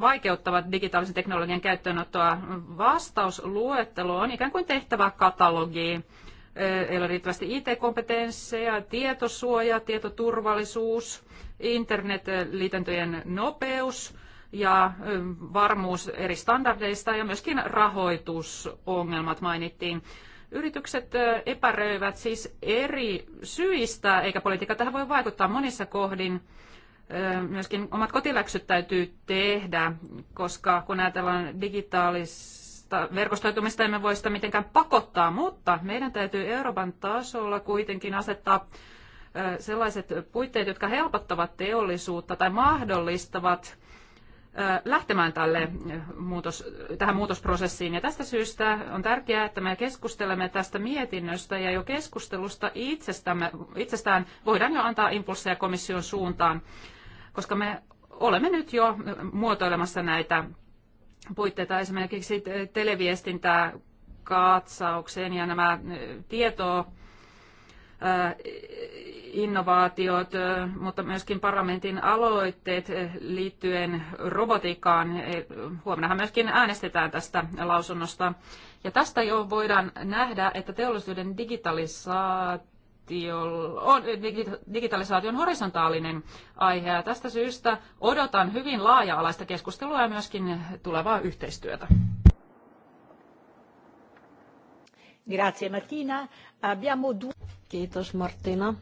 vaikeuttavat digitaalisen teknologian käyttöönottoa. Vastausluettelo on ikään kuin tehtävä katalogi ei ole riittävästi IT-kompetensseja, tietosuoja, tietoturvallisuus, internet-liitäntöjen nopeus ja mm, varmuus eri standardeista ja myöskin rahoitusongelmat mainittiin. Yritykset epäröivät siis eri syistä, eikä politiikka tähän voi vaikuttaa monissa kohdin myöskin omat kotiläksyt täytyy tehdä, koska kun ajatellaan digitaalis verkosta, verkostoitumista emme voi sitä mitenkään pakottaa, mutta meidän täytyy Euroopan tasolla kuitenkin asettaa sellaiset puitteet, jotka helpottavat teollisuutta tai mahdollistavat lähtemään tälle muutos, tähän muutosprosessiin. Ja tästä syystä on tärkeää, että me keskustelemme tästä mietinnöstä ja jo keskustelusta itsestään voidaan jo antaa impulsseja komission suuntaan, koska me olemme nyt jo muotoilemassa näitä puitteita esimerkiksi televiestintää katsaukseen ja nämä äh, tietoa äh, innovaatiot, äh, mutta myöskin parlamentin aloitteet liittyen robotiikkaan. Huomennahan myöskin äänestetään tästä lausunnosta. Ja tästä jo voidaan nähdä, että teollisuuden digitalisaatio on digitalisaation horisontaalinen aihe ja tästä syystä odotan hyvin laaja-alaista keskustelua ja myöskin tulevaa yhteistyötä. Grazie Martina. Abbiamo du- Kiitos Martina.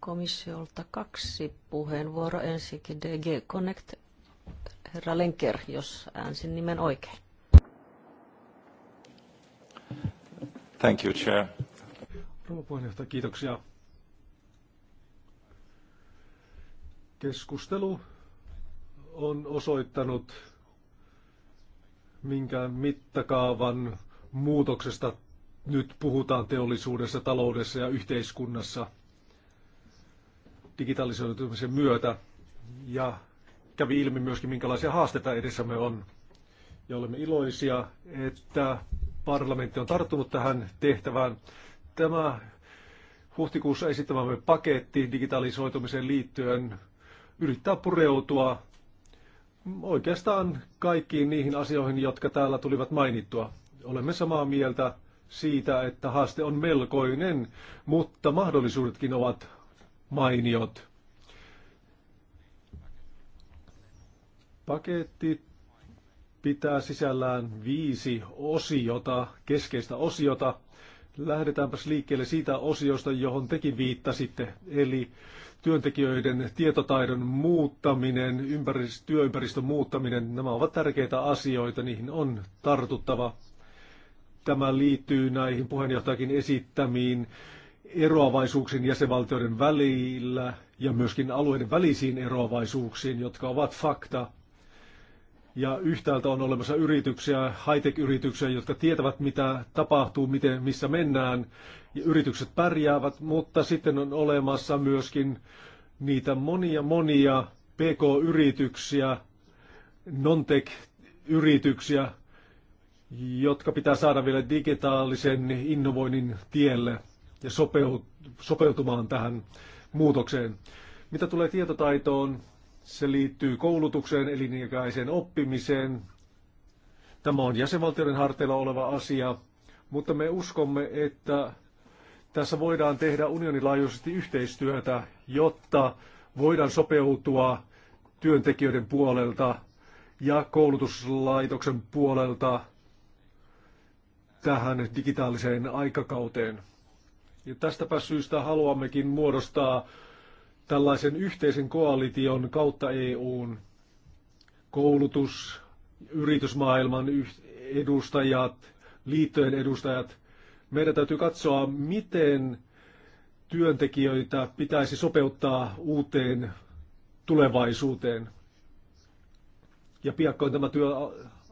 Komissiolta kaksi puheenvuoroa. Ensinnäkin DG Connect. Herra Lenker, jos äänsin nimen oikein. Thank you, Chair. Rouva puheenjohtaja, kiitoksia. Keskustelu on osoittanut, minkä mittakaavan muutoksesta nyt puhutaan teollisuudessa, taloudessa ja yhteiskunnassa digitalisoitumisen myötä. Ja kävi ilmi myöskin, minkälaisia haasteita edessämme on. Ja olemme iloisia, että parlamentti on tarttunut tähän tehtävään. Tämä huhtikuussa esittämämme paketti digitalisoitumiseen liittyen yrittää pureutua oikeastaan kaikkiin niihin asioihin, jotka täällä tulivat mainittua. Olemme samaa mieltä siitä, että haaste on melkoinen, mutta mahdollisuudetkin ovat mainiot. Paketti pitää sisällään viisi osiota, keskeistä osiota. Lähdetäänpäs liikkeelle siitä osiosta, johon tekin viittasitte, eli työntekijöiden tietotaidon muuttaminen, ympäristö, työympäristön muuttaminen, nämä ovat tärkeitä asioita, niihin on tartuttava. Tämä liittyy näihin puheenjohtajakin esittämiin eroavaisuuksiin jäsenvaltioiden välillä ja myöskin alueiden välisiin eroavaisuuksiin, jotka ovat fakta. Ja yhtäältä on olemassa yrityksiä, high-tech-yrityksiä, jotka tietävät, mitä tapahtuu, miten, missä mennään. Ja yritykset pärjäävät, mutta sitten on olemassa myöskin niitä monia monia PK-yrityksiä, non-tech-yrityksiä, jotka pitää saada vielä digitaalisen innovoinnin tielle ja sopeutumaan tähän muutokseen. Mitä tulee tietotaitoon, se liittyy koulutukseen, elinikäiseen oppimiseen. Tämä on jäsenvaltioiden harteilla oleva asia, mutta me uskomme, että tässä voidaan tehdä unioninlaajuisesti yhteistyötä, jotta voidaan sopeutua työntekijöiden puolelta ja koulutuslaitoksen puolelta tähän digitaaliseen aikakauteen. Ja tästäpä syystä haluammekin muodostaa tällaisen yhteisen koalition kautta EUn koulutus, yritysmaailman edustajat, liittojen edustajat. Meidän täytyy katsoa, miten työntekijöitä pitäisi sopeuttaa uuteen tulevaisuuteen. Ja piakkoin tämä työ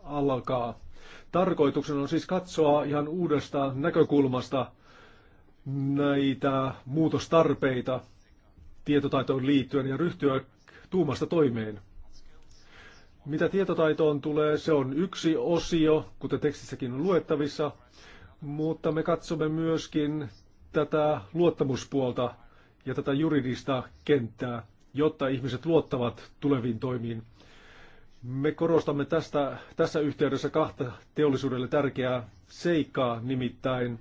alkaa. Tarkoituksena on siis katsoa ihan uudesta näkökulmasta näitä muutostarpeita – tietotaitoon liittyen ja ryhtyä tuumasta toimeen. Mitä tietotaitoon tulee, se on yksi osio, kuten tekstissäkin on luettavissa, mutta me katsomme myöskin tätä luottamuspuolta ja tätä juridista kenttää, jotta ihmiset luottavat tuleviin toimiin. Me korostamme tästä, tässä yhteydessä kahta teollisuudelle tärkeää seikkaa, nimittäin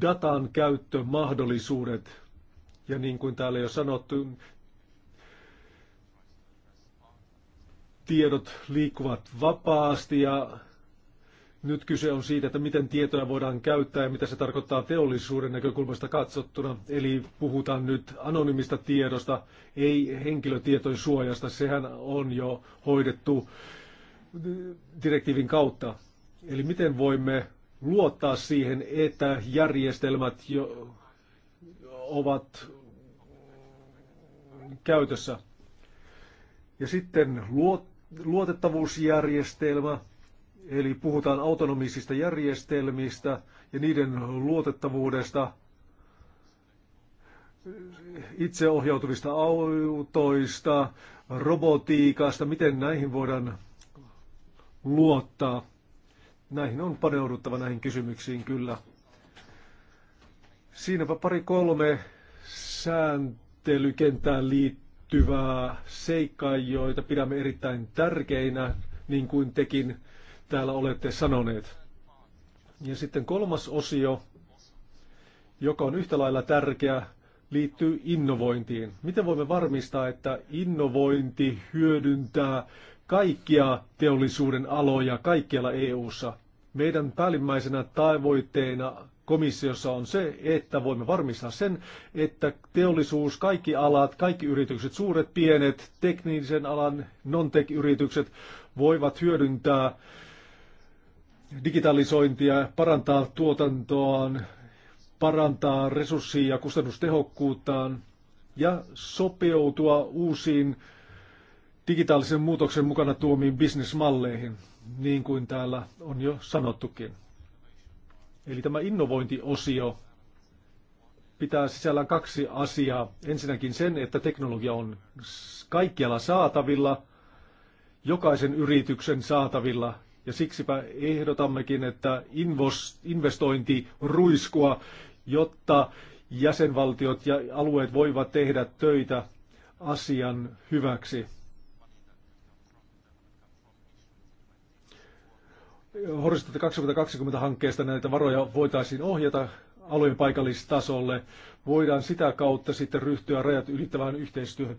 datan käyttömahdollisuudet ja niin kuin täällä jo sanottu, tiedot liikkuvat vapaasti ja nyt kyse on siitä, että miten tietoja voidaan käyttää ja mitä se tarkoittaa teollisuuden näkökulmasta katsottuna. Eli puhutaan nyt anonymista tiedosta, ei henkilötietojen suojasta. Sehän on jo hoidettu direktiivin kautta. Eli miten voimme luottaa siihen, että järjestelmät jo ovat käytössä. Ja sitten luotettavuusjärjestelmä, eli puhutaan autonomisista järjestelmistä ja niiden luotettavuudesta itseohjautuvista autoista, robotiikasta, miten näihin voidaan luottaa. Näihin on paneuduttava näihin kysymyksiin kyllä. Siinäpä pari kolme sääntöä sääntelykenttään liittyvää seikkaa, joita pidämme erittäin tärkeinä, niin kuin tekin täällä olette sanoneet. Ja sitten kolmas osio, joka on yhtä lailla tärkeä, liittyy innovointiin. Miten voimme varmistaa, että innovointi hyödyntää kaikkia teollisuuden aloja kaikkialla EU:ssa? Meidän päällimmäisenä tavoitteena komissiossa on se, että voimme varmistaa sen, että teollisuus, kaikki alat, kaikki yritykset, suuret, pienet, teknisen alan, non-tech-yritykset voivat hyödyntää digitalisointia, parantaa tuotantoaan, parantaa resurssia ja kustannustehokkuuttaan ja sopeutua uusiin digitaalisen muutoksen mukana tuomiin bisnesmalleihin, niin kuin täällä on jo sanottukin. Eli tämä innovointiosio pitää sisällään kaksi asiaa. Ensinnäkin sen, että teknologia on kaikkialla saatavilla, jokaisen yrityksen saatavilla. Ja siksipä ehdotammekin, että investointi ruiskua, jotta jäsenvaltiot ja alueet voivat tehdä töitä asian hyväksi. Horisontti 2020 hankkeesta näitä varoja voitaisiin ohjata alueen paikallistasolle. Voidaan sitä kautta sitten ryhtyä rajat ylittävään yhteistyöhön.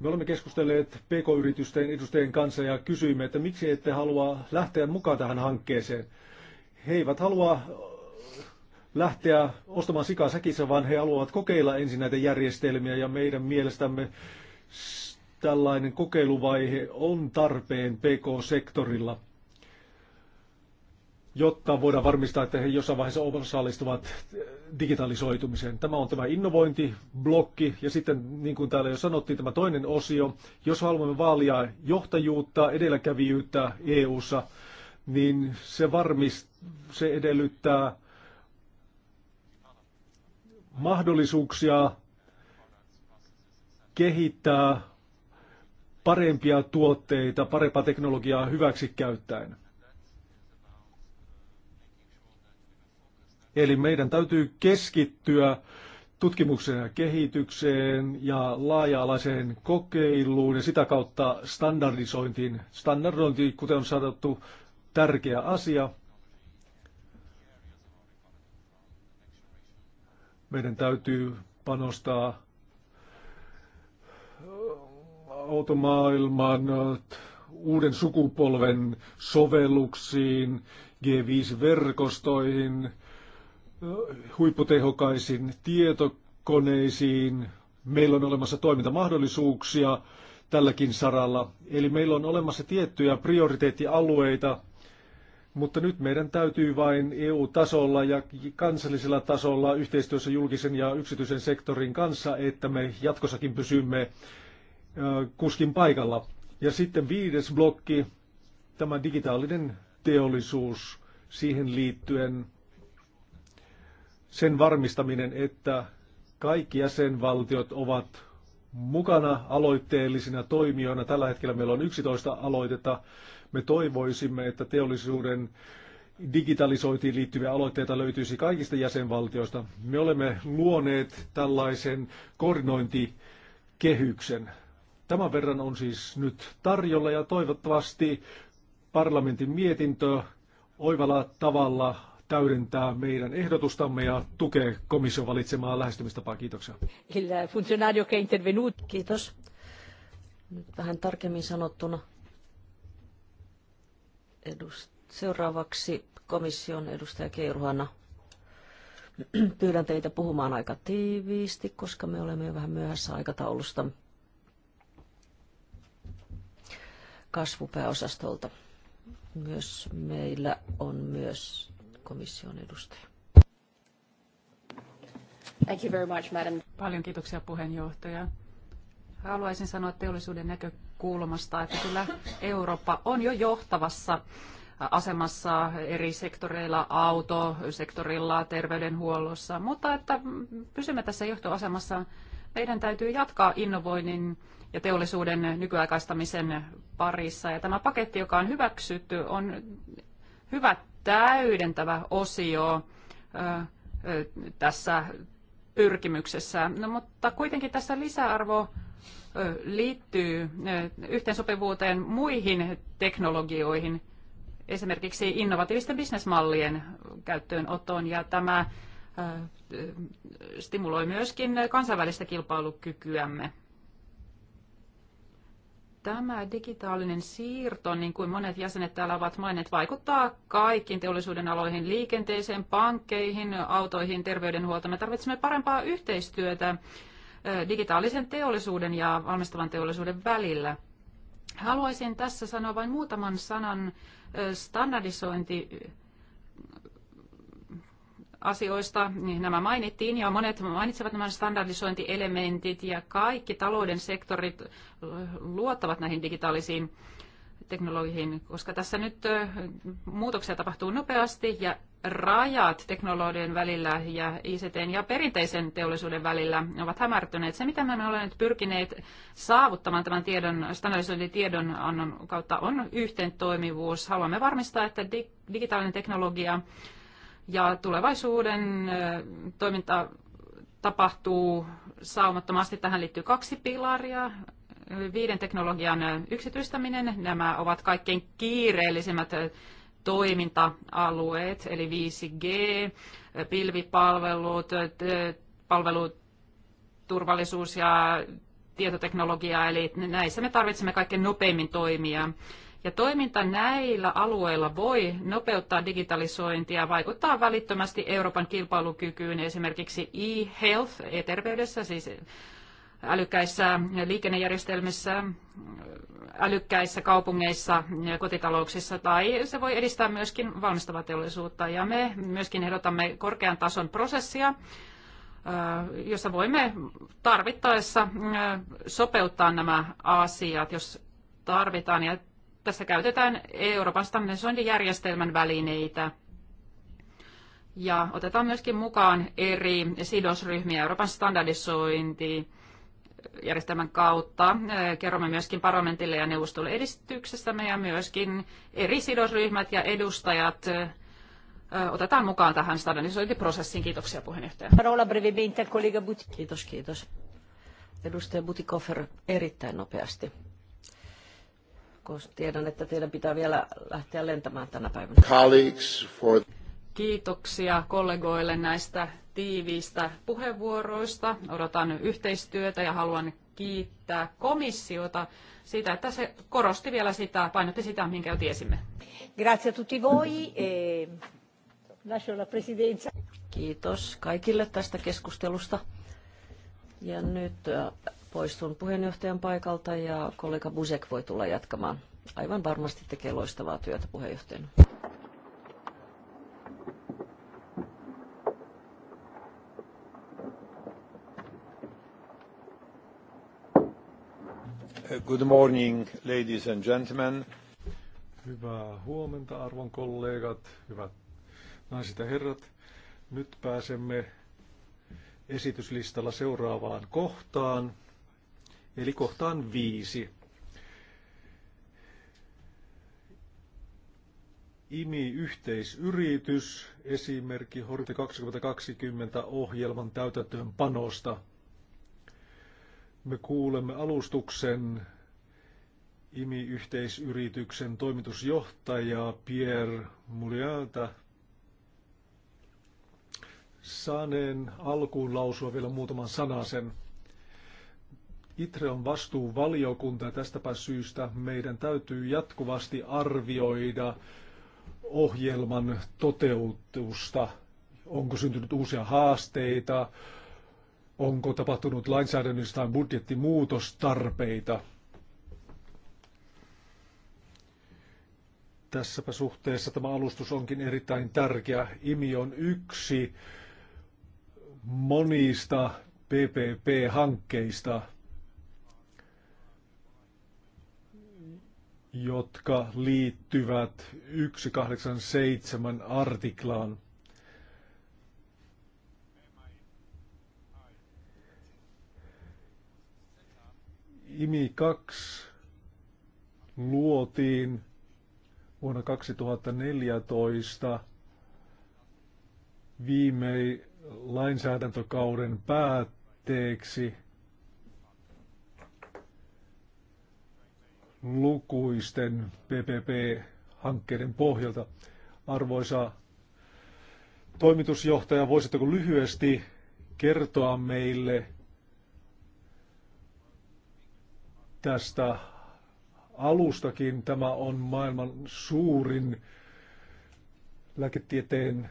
Me olemme keskustelleet PK-yritysten edustajien kanssa ja kysyimme, että miksi ette halua lähteä mukaan tähän hankkeeseen. He eivät halua lähteä ostamaan sikaa säkissä, vaan he haluavat kokeilla ensin näitä järjestelmiä ja meidän mielestämme tällainen kokeiluvaihe on tarpeen PK-sektorilla jotta voidaan varmistaa, että he jossain vaiheessa osallistuvat digitalisoitumiseen. Tämä on tämä innovointiblokki ja sitten, niin kuin täällä jo sanottiin, tämä toinen osio. Jos haluamme vaalia johtajuutta, edelläkävijyyttä EU-ssa, niin se, varmist, se edellyttää mahdollisuuksia kehittää parempia tuotteita, parempaa teknologiaa hyväksi käyttäen. Eli meidän täytyy keskittyä tutkimukseen ja kehitykseen ja laaja-alaiseen kokeiluun ja sitä kautta standardisointiin. Standardointi, kuten on sanottu, tärkeä asia. Meidän täytyy panostaa automaailman uuden sukupolven sovelluksiin, G5-verkostoihin, huipputehokaisiin tietokoneisiin. Meillä on olemassa toimintamahdollisuuksia tälläkin saralla. Eli meillä on olemassa tiettyjä prioriteettialueita, mutta nyt meidän täytyy vain EU-tasolla ja kansallisella tasolla yhteistyössä julkisen ja yksityisen sektorin kanssa, että me jatkossakin pysymme kuskin paikalla. Ja sitten viides blokki, tämä digitaalinen teollisuus siihen liittyen – sen varmistaminen, että kaikki jäsenvaltiot ovat mukana aloitteellisina toimijoina. Tällä hetkellä meillä on 11 aloitetta. Me toivoisimme, että teollisuuden digitalisointiin liittyviä aloitteita löytyisi kaikista jäsenvaltioista. Me olemme luoneet tällaisen koordinointikehyksen. Tämän verran on siis nyt tarjolla ja toivottavasti parlamentin mietintö oivalla tavalla täydentää meidän ehdotustamme ja tukee komission valitsemaa lähestymistapaa. Kiitoksia. Kiitos. Nyt vähän tarkemmin sanottuna. Edust- Seuraavaksi komission edustaja Keiruhana. Pyydän teitä puhumaan aika tiiviisti, koska me olemme jo vähän myöhässä aikataulusta kasvupääosastolta. Myös meillä on myös komission edustaja. Thank you very much, madam. Paljon kiitoksia puheenjohtaja. Haluaisin sanoa teollisuuden näkökulmasta, että kyllä Eurooppa on jo johtavassa asemassa eri sektoreilla, autosektorilla, terveydenhuollossa, mutta että pysymme tässä johtoasemassa, meidän täytyy jatkaa innovoinnin ja teollisuuden nykyaikaistamisen parissa. Ja tämä paketti, joka on hyväksytty, on hyvä täydentävä osio tässä pyrkimyksessä. No, mutta kuitenkin tässä lisäarvo liittyy yhteensopivuuteen muihin teknologioihin, esimerkiksi innovatiivisten bisnesmallien käyttöönottoon, ja tämä stimuloi myöskin kansainvälistä kilpailukykyämme. Tämä digitaalinen siirto, niin kuin monet jäsenet täällä ovat maineet, vaikuttaa kaikkiin teollisuuden aloihin, liikenteeseen, pankkeihin, autoihin, terveydenhuoltoon. Me tarvitsemme parempaa yhteistyötä digitaalisen teollisuuden ja valmistavan teollisuuden välillä. Haluaisin tässä sanoa vain muutaman sanan standardisointi asioista, niin nämä mainittiin ja monet mainitsevat nämä standardisointielementit ja kaikki talouden sektorit luottavat näihin digitaalisiin teknologioihin, koska tässä nyt muutoksia tapahtuu nopeasti ja rajat teknologian välillä ja ICT ja perinteisen teollisuuden välillä ovat hämärtyneet. Se, mitä me olemme nyt pyrkineet saavuttamaan tämän tiedon, standardisointitiedon annon kautta, on toimivuus. Haluamme varmistaa, että digitaalinen teknologia ja tulevaisuuden toiminta tapahtuu saumattomasti. Tähän liittyy kaksi pilaria. Viiden teknologian yksityistäminen, nämä ovat kaikkein kiireellisimmät toiminta-alueet, eli 5G, pilvipalvelut, palveluturvallisuus ja tietoteknologia, eli näissä me tarvitsemme kaikkein nopeimmin toimia. Ja toiminta näillä alueilla voi nopeuttaa digitalisointia ja vaikuttaa välittömästi Euroopan kilpailukykyyn esimerkiksi e-health, e-terveydessä, siis älykkäissä liikennejärjestelmissä, älykkäissä kaupungeissa, kotitalouksissa tai se voi edistää myöskin valmistavaa teollisuutta. Ja me myöskin ehdotamme korkean tason prosessia, äh, jossa voimme tarvittaessa äh, sopeuttaa nämä asiat, jos tarvitaan. Ja tässä käytetään Euroopan standardisointijärjestelmän välineitä. Ja otetaan myöskin mukaan eri sidosryhmiä Euroopan standardisointijärjestelmän kautta. Kerromme myöskin parlamentille ja neuvostolle edistyksestämme ja myöskin eri sidosryhmät ja edustajat otetaan mukaan tähän standardisointiprosessiin. Kiitoksia puheenjohtaja. Kiitos, kiitos. Edustaja Butikoffer erittäin nopeasti koska tiedän, että teidän pitää vielä lähteä lentämään tänä päivänä. Kiitoksia kollegoille näistä tiiviistä puheenvuoroista. Odotan yhteistyötä ja haluan kiittää komissiota siitä, että se korosti vielä sitä, painotti sitä, minkä jo tiesimme. Grazie a tutti voi. E lascio la presidenza. Kiitos kaikille tästä keskustelusta. Ja nyt poistun puheenjohtajan paikalta ja kollega Busek voi tulla jatkamaan. Aivan varmasti tekee loistavaa työtä puheenjohtajana. Good morning, ladies and gentlemen. Hyvää huomenta, arvon kollegat, hyvät naiset ja herrat. Nyt pääsemme esityslistalla seuraavaan kohtaan eli kohtaan viisi. IMI-yhteisyritys, esimerkki Horti 2020 ohjelman täytäntöön panosta. Me kuulemme alustuksen IMI-yhteisyrityksen toimitusjohtajaa Pierre Mulianta. Saaneen alkuun lausua vielä muutaman sanasen. sen. ITRE on vastuuvaliokunta ja tästäpä syystä meidän täytyy jatkuvasti arvioida ohjelman toteutusta. Onko syntynyt uusia haasteita? Onko tapahtunut lainsäädännöllistä tai budjettimuutostarpeita? Tässäpä suhteessa tämä alustus onkin erittäin tärkeä. IMI on yksi monista PPP-hankkeista – jotka liittyvät 187 artiklaan. IMI 2 luotiin vuonna 2014 viimein lainsäädäntökauden päätteeksi – lukuisten PPP-hankkeiden pohjalta. Arvoisa toimitusjohtaja, voisitteko lyhyesti kertoa meille tästä alustakin. Tämä on maailman suurin lääketieteen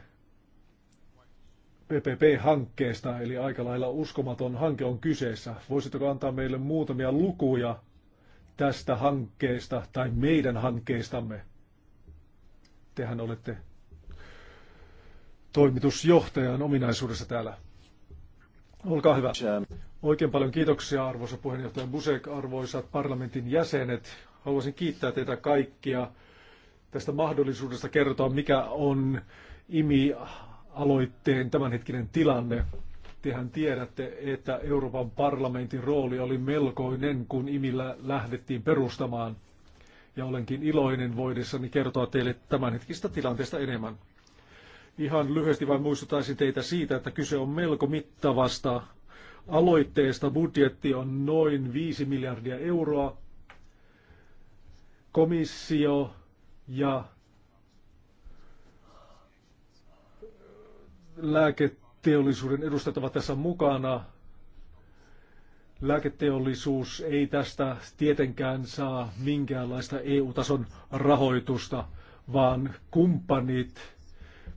PPP-hankkeesta, eli aika lailla uskomaton hanke on kyseessä. Voisitteko antaa meille muutamia lukuja tästä hankkeesta tai meidän hankkeestamme. Tehän olette toimitusjohtajan ominaisuudessa täällä. Olkaa hyvä. Oikein paljon kiitoksia arvoisa puheenjohtaja Busek, arvoisat parlamentin jäsenet. Haluaisin kiittää teitä kaikkia tästä mahdollisuudesta kertoa, mikä on IMI-aloitteen tämänhetkinen tilanne. Tehän tiedätte, että Euroopan parlamentin rooli oli melkoinen, kun imillä lähdettiin perustamaan. Ja olenkin iloinen voidessani kertoa teille tämänhetkistä tilanteesta enemmän. Ihan lyhyesti vain muistuttaisin teitä siitä, että kyse on melko mittavasta aloitteesta. Budjetti on noin 5 miljardia euroa. Komissio ja lääket teollisuuden edustajat ovat tässä mukana. Lääketeollisuus ei tästä tietenkään saa minkäänlaista EU-tason rahoitusta, vaan kumppanit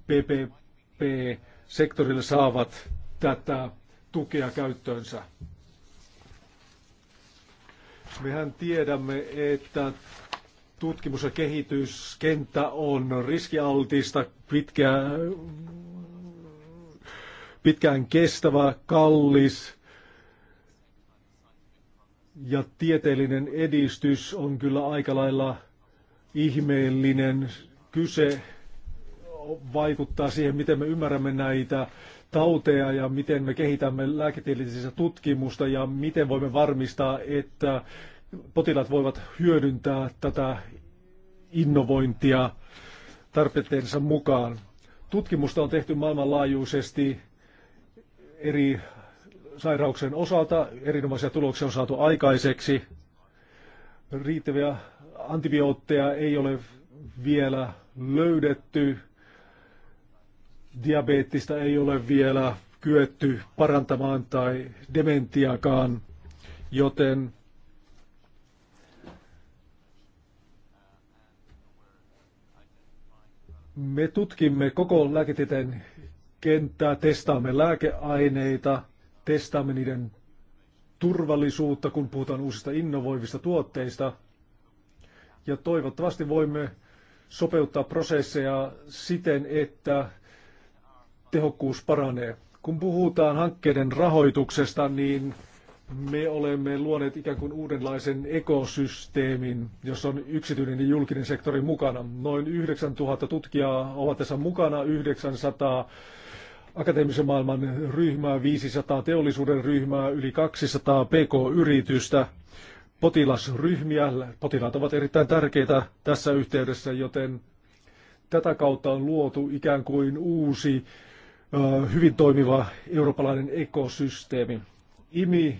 PPP-sektorille saavat tätä tukea käyttöönsä. Mehän tiedämme, että tutkimus- ja kehityskenttä on riskialtista, pitkä pitkään kestävä, kallis ja tieteellinen edistys on kyllä aika lailla ihmeellinen. Kyse vaikuttaa siihen, miten me ymmärrämme näitä tauteja ja miten me kehitämme lääketieteellisissä tutkimusta ja miten voimme varmistaa, että potilaat voivat hyödyntää tätä innovointia tarpeensa mukaan. Tutkimusta on tehty maailmanlaajuisesti eri sairauksien osalta. Erinomaisia tuloksia on saatu aikaiseksi. Riittäviä antibiootteja ei ole vielä löydetty. Diabeettista ei ole vielä kyetty parantamaan tai dementiakaan, joten me tutkimme koko lääketieteen kenttää, testaamme lääkeaineita, testaamme niiden turvallisuutta, kun puhutaan uusista innovoivista tuotteista. Ja toivottavasti voimme sopeuttaa prosesseja siten, että tehokkuus paranee. Kun puhutaan hankkeiden rahoituksesta, niin me olemme luoneet ikään kuin uudenlaisen ekosysteemin, jossa on yksityinen ja julkinen sektori mukana. Noin 9000 tutkijaa ovat tässä mukana, 900 akateemisen maailman ryhmää, 500 teollisuuden ryhmää, yli 200 pk-yritystä, potilasryhmiä. Potilaat ovat erittäin tärkeitä tässä yhteydessä, joten tätä kautta on luotu ikään kuin uusi, hyvin toimiva eurooppalainen ekosysteemi. IMI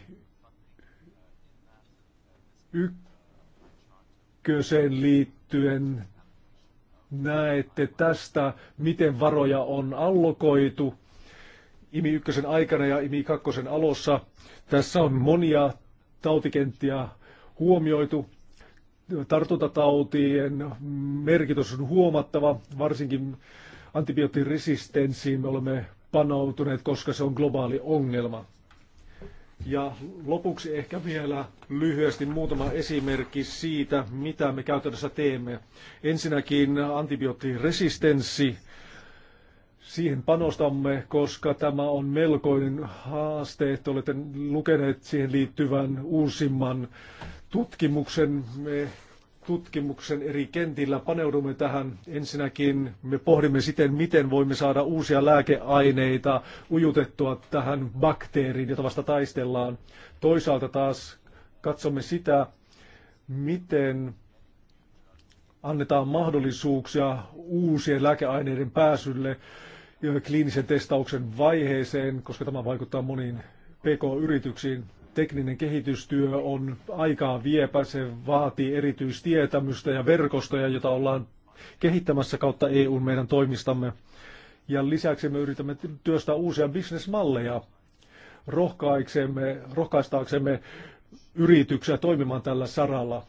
ykköseen liittyen näette tästä, miten varoja on allokoitu IMI ykkösen aikana ja IMI kakkosen alossa Tässä on monia tautikenttiä huomioitu. Tartuntatautien merkitys on huomattava, varsinkin antibioottiresistenssiin me olemme panoutuneet, koska se on globaali ongelma. Ja lopuksi ehkä vielä lyhyesti muutama esimerkki siitä, mitä me käytännössä teemme. Ensinnäkin antibioottiresistenssi. Siihen panostamme, koska tämä on melkoinen haaste. että olette lukeneet siihen liittyvän uusimman tutkimuksen. Me tutkimuksen eri kentillä paneudumme tähän. Ensinnäkin me pohdimme siten, miten voimme saada uusia lääkeaineita ujutettua tähän bakteeriin, jota vasta taistellaan. Toisaalta taas katsomme sitä, miten annetaan mahdollisuuksia uusien lääkeaineiden pääsylle kliinisen testauksen vaiheeseen, koska tämä vaikuttaa moniin PK-yrityksiin tekninen kehitystyö on aikaa viepä, se vaatii erityistietämystä ja verkostoja, jota ollaan kehittämässä kautta eu meidän toimistamme. Ja lisäksi me yritämme työstää uusia bisnesmalleja rohkaistaaksemme yrityksiä toimimaan tällä saralla.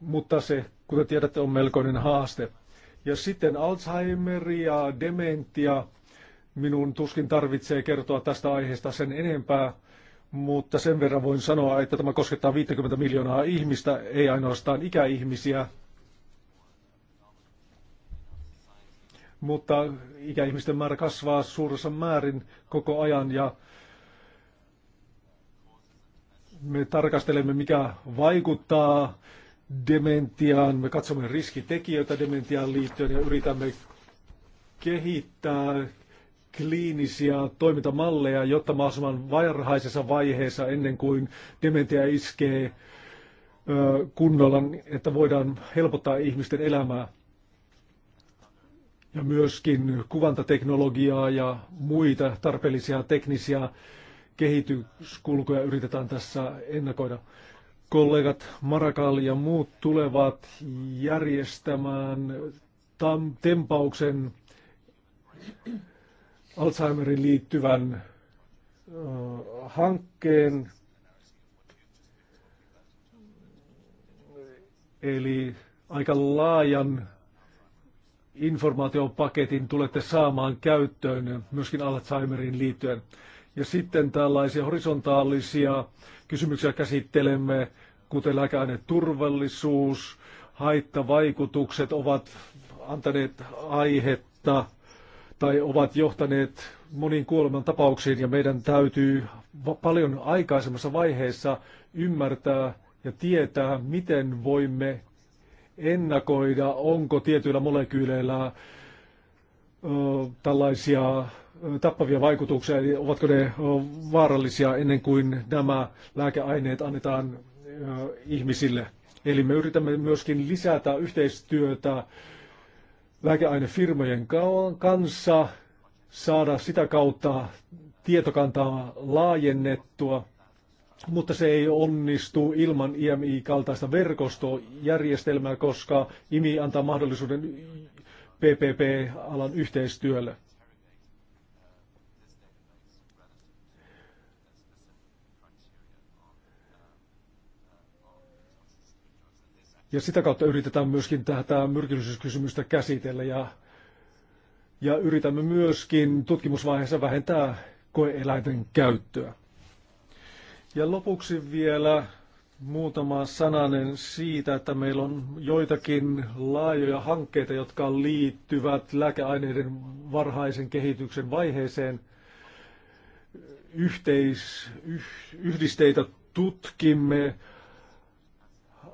Mutta se, kuten tiedätte, on melkoinen haaste. Ja sitten Alzheimeria, dementia. Minun tuskin tarvitsee kertoa tästä aiheesta sen enempää mutta sen verran voin sanoa, että tämä koskettaa 50 miljoonaa ihmistä, ei ainoastaan ikäihmisiä, mutta ikäihmisten määrä kasvaa suuressa määrin koko ajan ja me tarkastelemme, mikä vaikuttaa dementiaan, me katsomme riskitekijöitä dementiaan liittyen ja yritämme kehittää kliinisiä toimintamalleja, jotta mahdollisimman varhaisessa vaiheessa ennen kuin dementia iskee kunnolla, niin että voidaan helpottaa ihmisten elämää. Ja myöskin kuvantateknologiaa ja muita tarpeellisia teknisiä kehityskulkuja yritetään tässä ennakoida. Kollegat Marakal ja muut tulevat järjestämään tam- tempauksen Alzheimerin liittyvän hankkeen. Eli aika laajan informaatiopaketin tulette saamaan käyttöön myöskin Alzheimerin liittyen. Ja sitten tällaisia horisontaalisia kysymyksiä käsittelemme, kuten turvallisuus, haittavaikutukset ovat antaneet aihetta tai ovat johtaneet moniin kuoleman tapauksiin ja meidän täytyy paljon aikaisemmassa vaiheessa ymmärtää ja tietää, miten voimme ennakoida, onko tietyillä molekyyleillä ö, tällaisia tappavia vaikutuksia, eli ovatko ne vaarallisia ennen kuin nämä lääkeaineet annetaan ihmisille. Eli me yritämme myöskin lisätä yhteistyötä lääkeainefirmojen kanssa, saada sitä kautta tietokantaa laajennettua, mutta se ei onnistu ilman IMI-kaltaista verkostojärjestelmää, koska IMI antaa mahdollisuuden PPP-alan yhteistyölle. Ja sitä kautta yritetään myöskin tätä myrkyllisyyskysymystä käsitellä ja, ja yritämme myöskin tutkimusvaiheessa vähentää koeeläinten käyttöä. Ja lopuksi vielä muutama sananen siitä, että meillä on joitakin laajoja hankkeita, jotka liittyvät lääkeaineiden varhaisen kehityksen vaiheeseen. Yhteis, yh, yhdisteitä tutkimme,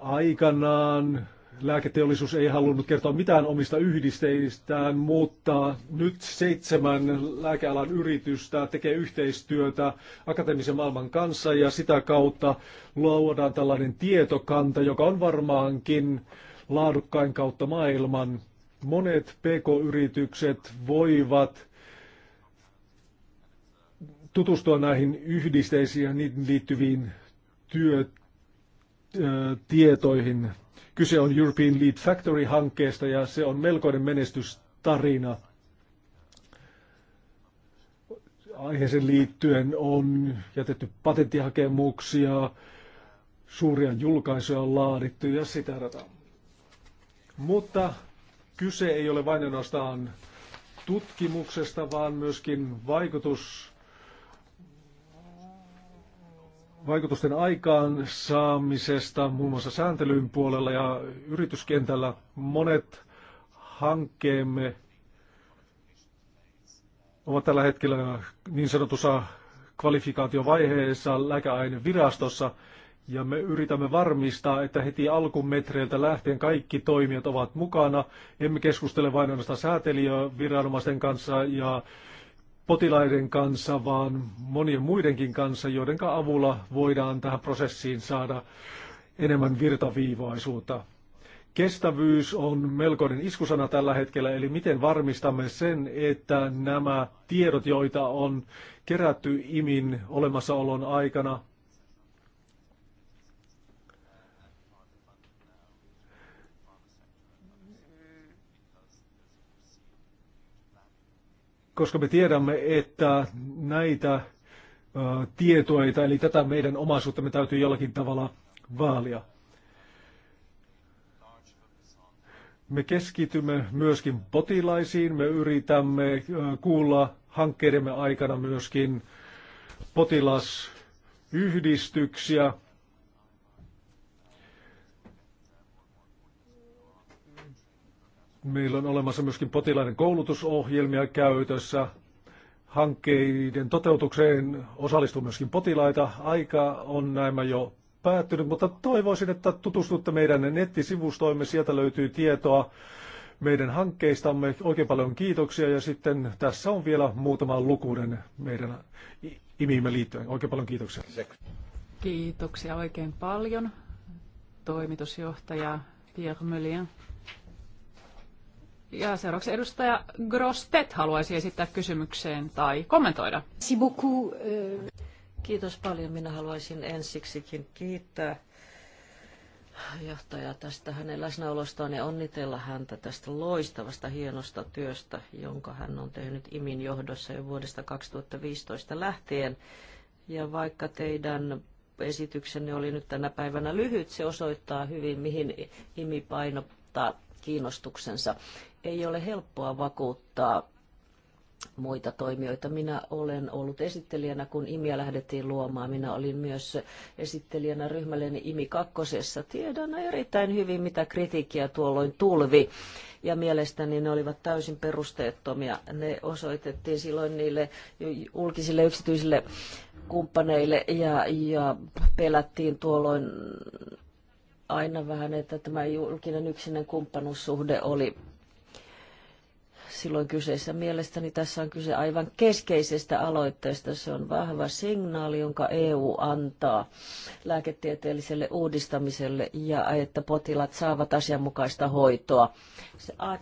Aikanaan lääketeollisuus ei halunnut kertoa mitään omista yhdisteistään, mutta nyt seitsemän lääkealan yritystä tekee yhteistyötä akateemisen maailman kanssa ja sitä kautta luodaan tällainen tietokanta, joka on varmaankin laadukkain kautta maailman. Monet pk-yritykset voivat tutustua näihin yhdisteisiin ja niihin liittyviin työt tietoihin. Kyse on European Lead Factory-hankkeesta ja se on melkoinen menestystarina. Aiheeseen liittyen on jätetty patenttihakemuksia, suuria julkaisuja on laadittu ja sitä rataa. Mutta kyse ei ole vain ainoastaan tutkimuksesta, vaan myöskin vaikutus vaikutusten aikaan saamisesta muun muassa sääntelyn puolella ja yrityskentällä monet hankkeemme ovat tällä hetkellä niin sanotussa kvalifikaatiovaiheessa lääkeainevirastossa ja me yritämme varmistaa, että heti alkumetreiltä lähtien kaikki toimijat ovat mukana. Emme keskustele vain ainoastaan säätelijöviranomaisten kanssa ja potilaiden kanssa, vaan monien muidenkin kanssa, joiden avulla voidaan tähän prosessiin saada enemmän virtaviivaisuutta. Kestävyys on melkoinen iskusana tällä hetkellä, eli miten varmistamme sen, että nämä tiedot, joita on kerätty IMIN olemassaolon aikana, koska me tiedämme, että näitä tietoita, eli tätä meidän omaisuutta me täytyy jollakin tavalla vaalia. Me keskitymme myöskin potilaisiin, me yritämme kuulla hankkeidemme aikana myöskin potilasyhdistyksiä, Meillä on olemassa myöskin potilaiden koulutusohjelmia käytössä. Hankkeiden toteutukseen osallistuu myöskin potilaita. Aika on näemmä jo päättynyt, mutta toivoisin, että tutustutte meidän nettisivustoimme. Sieltä löytyy tietoa meidän hankkeistamme. Oikein paljon kiitoksia ja sitten tässä on vielä muutama lukuinen meidän imiimme liittyen. Oikein paljon kiitoksia. Kiitoksia oikein paljon toimitusjohtaja Pierre Mölien. Ja seuraavaksi edustaja Grostet haluaisi esittää kysymykseen tai kommentoida. Euh, Kiitos paljon. Minä haluaisin ensiksikin kiittää johtajaa tästä hänen läsnäolostaan ja onnitella häntä tästä loistavasta hienosta työstä, jonka hän on tehnyt IMIN johdossa jo vuodesta 2015 lähtien. Ja vaikka teidän esityksenne oli nyt tänä päivänä lyhyt, se osoittaa hyvin, mihin IMI painottaa kiinnostuksensa. Ei ole helppoa vakuuttaa muita toimijoita. Minä olen ollut esittelijänä, kun IMIä lähdettiin luomaan. Minä olin myös esittelijänä ryhmälleni IMI kakkosessa. Tiedän erittäin hyvin, mitä kritiikkiä tuolloin tulvi. Ja mielestäni ne olivat täysin perusteettomia. Ne osoitettiin silloin niille julkisille yksityisille kumppaneille ja, ja pelättiin tuolloin aina vähän, että tämä julkinen yksinen kumppanuussuhde oli silloin kyseessä. Mielestäni tässä on kyse aivan keskeisestä aloitteesta. Se on vahva signaali, jonka EU antaa lääketieteelliselle uudistamiselle ja että potilaat saavat asianmukaista hoitoa.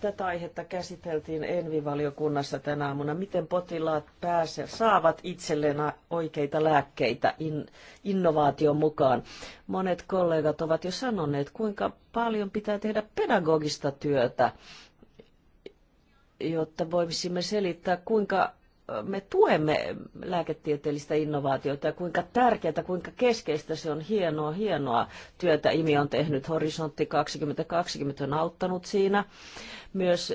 Tätä aihetta käsiteltiin Envivaliokunnassa tänä aamuna. Miten potilaat pääse, saavat itselleen oikeita lääkkeitä in, innovaation mukaan? Monet kollegat ovat jo sanoneet, kuinka paljon pitää tehdä pedagogista työtä jotta voisimme selittää, kuinka me tuemme lääketieteellistä innovaatiota ja kuinka tärkeää, kuinka keskeistä se on. Hienoa, hienoa työtä IMI on tehnyt. Horisontti 2020 on auttanut siinä myös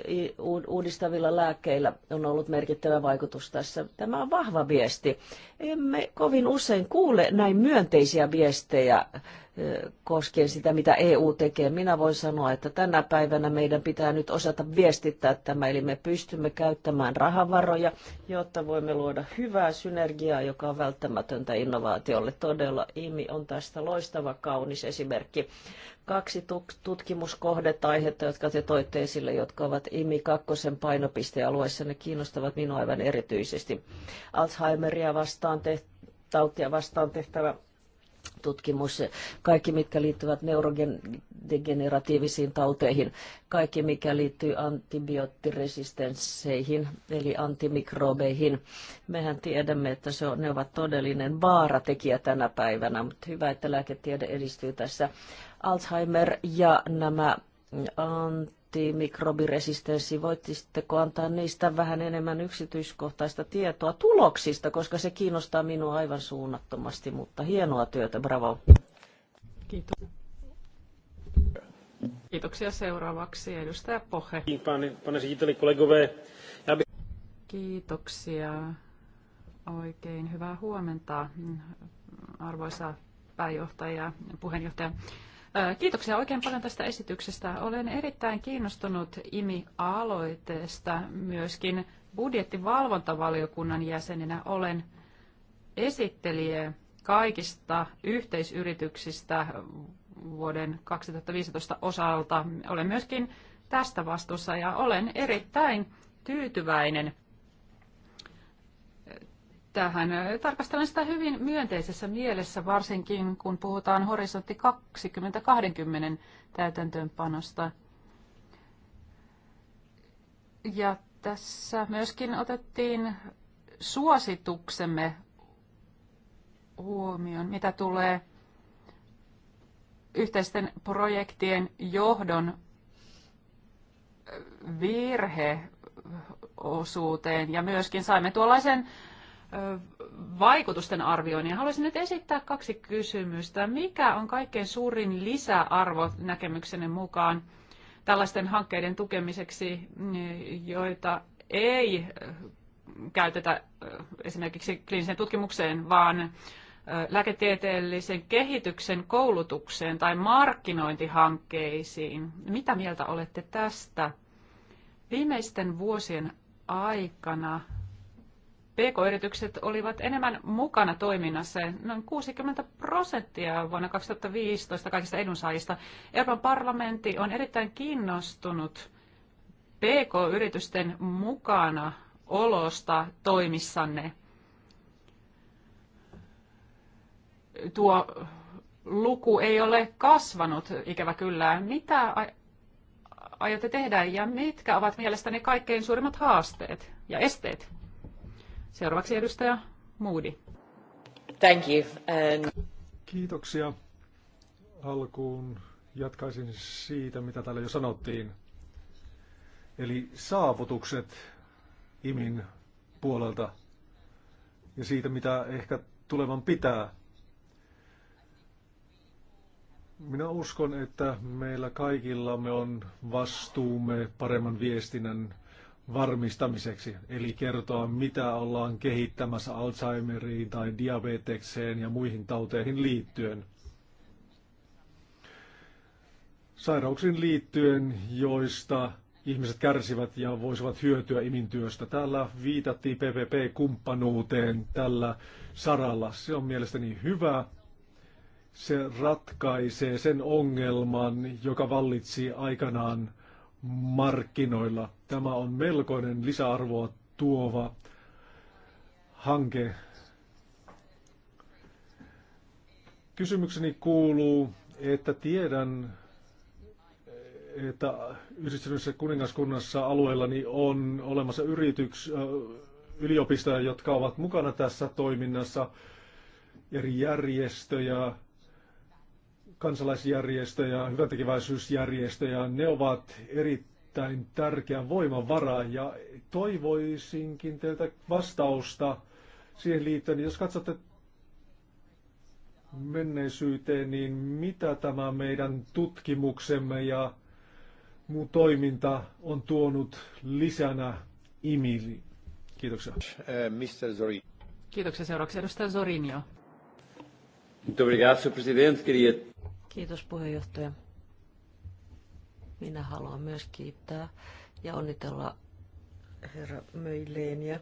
uudistavilla lääkkeillä on ollut merkittävä vaikutus tässä. Tämä on vahva viesti. Emme kovin usein kuule näin myönteisiä viestejä koskien sitä, mitä EU tekee. Minä voin sanoa, että tänä päivänä meidän pitää nyt osata viestittää tämä, eli me pystymme käyttämään rahavaroja, jotta voimme luoda hyvää synergiaa, joka on välttämätöntä innovaatiolle. Todella IMI on tästä loistava, kaunis esimerkki kaksi tutkimuskohdetta aihetta, jotka te toitte esille, jotka ovat IMI 2 painopistealueessa. Ne kiinnostavat minua aivan erityisesti. Alzheimeria vastaan tehtävä, tautia vastaan tehtävä tutkimus, kaikki mitkä liittyvät neurodegeneratiivisiin tauteihin, kaikki mikä liittyy antibioottiresistensseihin eli antimikrobeihin. Mehän tiedämme, että se on, ne ovat todellinen vaaratekijä tänä päivänä, mutta hyvä, että lääketiede edistyy tässä. Alzheimer ja nämä puhuttiin, mikrobiresistenssi. Voittisitteko antaa niistä vähän enemmän yksityiskohtaista tietoa tuloksista, koska se kiinnostaa minua aivan suunnattomasti, mutta hienoa työtä, bravo. Kiitos. Kiitoksia seuraavaksi edustaja Pohe. Kiitoksia. Oikein hyvää huomenta, arvoisa pääjohtaja ja puheenjohtaja. Kiitoksia oikein paljon tästä esityksestä. Olen erittäin kiinnostunut IMI-aloitteesta. Myöskin budjettivalvontavaliokunnan jäsenenä olen esittelijä kaikista yhteisyrityksistä vuoden 2015 osalta. Olen myöskin tästä vastuussa ja olen erittäin tyytyväinen tähän. Tarkastelen sitä hyvin myönteisessä mielessä, varsinkin kun puhutaan horisontti 2020 täytäntöönpanosta. Ja tässä myöskin otettiin suosituksemme huomioon, mitä tulee yhteisten projektien johdon virheosuuteen. Ja myöskin saimme tuollaisen vaikutusten arvioinnin. Haluaisin nyt esittää kaksi kysymystä. Mikä on kaikkein suurin lisäarvo näkemyksenne mukaan tällaisten hankkeiden tukemiseksi, joita ei käytetä esimerkiksi kliiniseen tutkimukseen, vaan lääketieteellisen kehityksen koulutukseen tai markkinointihankkeisiin. Mitä mieltä olette tästä? Viimeisten vuosien aikana PK-yritykset olivat enemmän mukana toiminnassa, noin 60 prosenttia vuonna 2015 kaikista edunsaajista. Euroopan parlamentti on erittäin kiinnostunut PK-yritysten mukana olosta toimissanne. Tuo luku ei ole kasvanut, ikävä kyllä. Mitä aiotte tehdä ja mitkä ovat mielestäni kaikkein suurimmat haasteet ja esteet? Seuraavaksi edustaja Moody. Thank you. And... Um, Kiitoksia. Alkuun jatkaisin siitä, mitä täällä jo sanottiin. Eli saavutukset IMIN puolelta ja siitä, mitä ehkä tulevan pitää. Minä uskon, että meillä kaikilla me on vastuumme paremman viestinnän varmistamiseksi, eli kertoa mitä ollaan kehittämässä Alzheimeriin tai diabetekseen ja muihin tauteihin liittyen. Sairauksiin liittyen, joista ihmiset kärsivät ja voisivat hyötyä imin työstä. Täällä viitattiin PPP-kumppanuuteen tällä saralla. Se on mielestäni hyvä. Se ratkaisee sen ongelman, joka vallitsi aikanaan markkinoilla. Tämä on melkoinen lisäarvoa tuova hanke. Kysymykseni kuuluu, että tiedän, että yhdistyneessä kuningaskunnassa alueellani on olemassa yrityks, yliopistoja, jotka ovat mukana tässä toiminnassa, eri järjestöjä, kansalaisjärjestöjä, hyväntekeväisyysjärjestöjä, ne ovat erittäin tärkeä voimavara, ja toivoisinkin teiltä vastausta siihen liittyen, jos katsotte menneisyyteen, niin mitä tämä meidän tutkimuksemme ja muu toiminta on tuonut lisänä IMILI? Kiitoksia. Eh, Mr. Zori. Kiitoksia seuraavaksi edustaja Zorinio. Kiitos puheenjohtaja. Minä haluan myös kiittää ja onnitella herra ja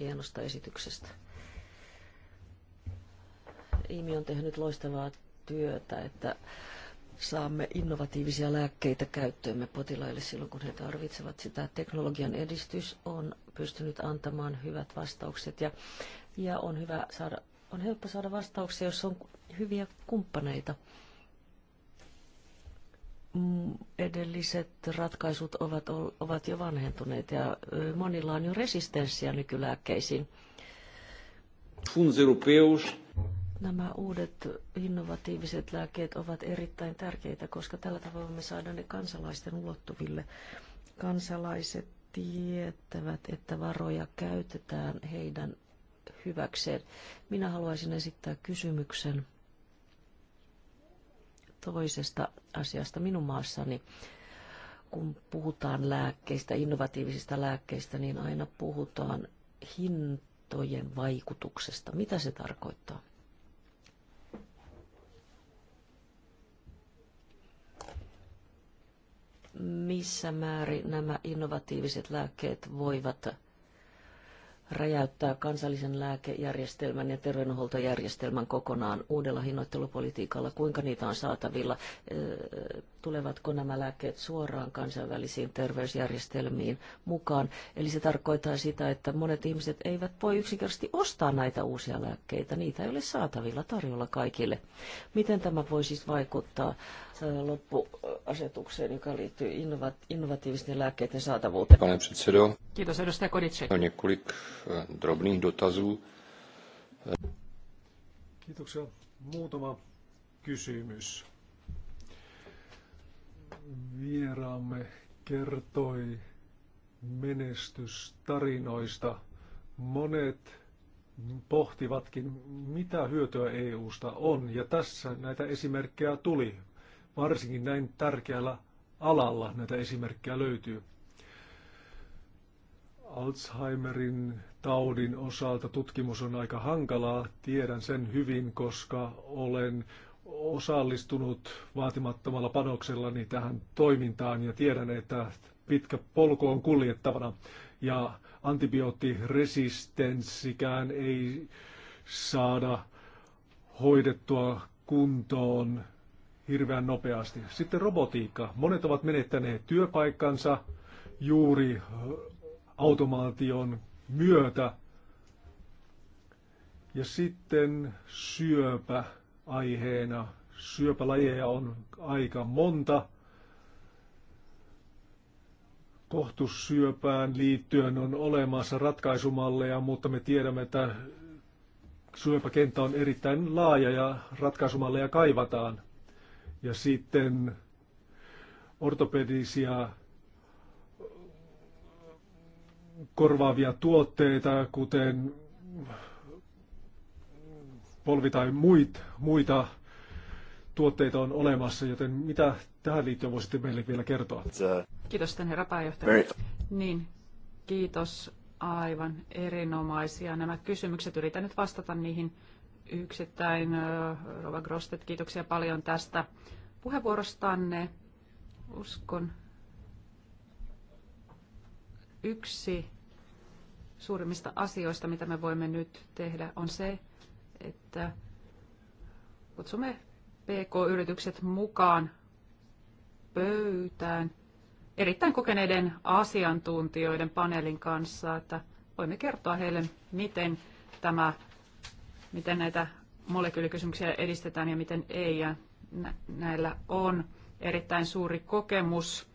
hienosta esityksestä. Imi on tehnyt loistavaa työtä, että saamme innovatiivisia lääkkeitä käyttöömme potilaille silloin, kun he tarvitsevat sitä. Teknologian edistys on pystynyt antamaan hyvät vastaukset ja, ja on, hyvä saada, on helppo saada vastauksia, jos on hyviä kumppaneita Mm, edelliset ratkaisut ovat, ovat jo vanhentuneet ja monilla on jo resistenssiä nykylääkkeisiin. Nämä uudet innovatiiviset lääkkeet ovat erittäin tärkeitä, koska tällä tavalla me saadaan ne kansalaisten ulottuville. Kansalaiset tietävät, että varoja käytetään heidän hyväkseen. Minä haluaisin esittää kysymyksen toisesta asiasta minun maassani. Kun puhutaan lääkkeistä, innovatiivisista lääkkeistä, niin aina puhutaan hintojen vaikutuksesta. Mitä se tarkoittaa? Missä määrin nämä innovatiiviset lääkkeet voivat räjäyttää kansallisen lääkejärjestelmän ja terveydenhuoltojärjestelmän kokonaan uudella hinnoittelupolitiikalla? Kuinka niitä on saatavilla? Tulevatko nämä lääkkeet suoraan kansainvälisiin terveysjärjestelmiin mukaan? Eli se tarkoittaa sitä, että monet ihmiset eivät voi yksinkertaisesti ostaa näitä uusia lääkkeitä. Niitä ei ole saatavilla tarjolla kaikille. Miten tämä voi siis vaikuttaa loppuasetukseen, joka liittyy innovatiivisten lääkkeiden saatavuuteen? Kiitos edustaja drobných dotazů. Kiitoksia. Muutama kysymys. Vieraamme kertoi menestystarinoista. Monet pohtivatkin, mitä hyötyä EUsta on. Ja tässä näitä esimerkkejä tuli. Varsinkin näin tärkeällä alalla näitä esimerkkejä löytyy. Alzheimerin taudin osalta tutkimus on aika hankalaa. Tiedän sen hyvin, koska olen osallistunut vaatimattomalla panoksellani tähän toimintaan ja tiedän, että pitkä polku on kuljettavana ja antibioottiresistenssikään ei saada hoidettua kuntoon hirveän nopeasti. Sitten robotiikka. Monet ovat menettäneet työpaikkansa juuri automaation myötä. Ja sitten syöpä aiheena. Syöpälajeja on aika monta. Kohtussyöpään liittyen on olemassa ratkaisumalleja, mutta me tiedämme, että syöpäkenttä on erittäin laaja ja ratkaisumalleja kaivataan. Ja sitten ortopedisia korvaavia tuotteita, kuten polvi tai muit, muita tuotteita on olemassa, joten mitä tähän liittyen voisitte meille vielä kertoa? Kiitos tämän herra pääjohtaja. Niin, kiitos. Aivan erinomaisia nämä kysymykset. Yritän nyt vastata niihin yksittäin. Rova Grostet, kiitoksia paljon tästä puheenvuorostanne. Uskon, Yksi suurimmista asioista, mitä me voimme nyt tehdä, on se, että kutsumme PK-yritykset mukaan pöytään erittäin kokeneiden asiantuntijoiden paneelin kanssa, että voimme kertoa heille, miten, tämä, miten näitä molekyylikysymyksiä edistetään ja miten ei. Ja näillä on erittäin suuri kokemus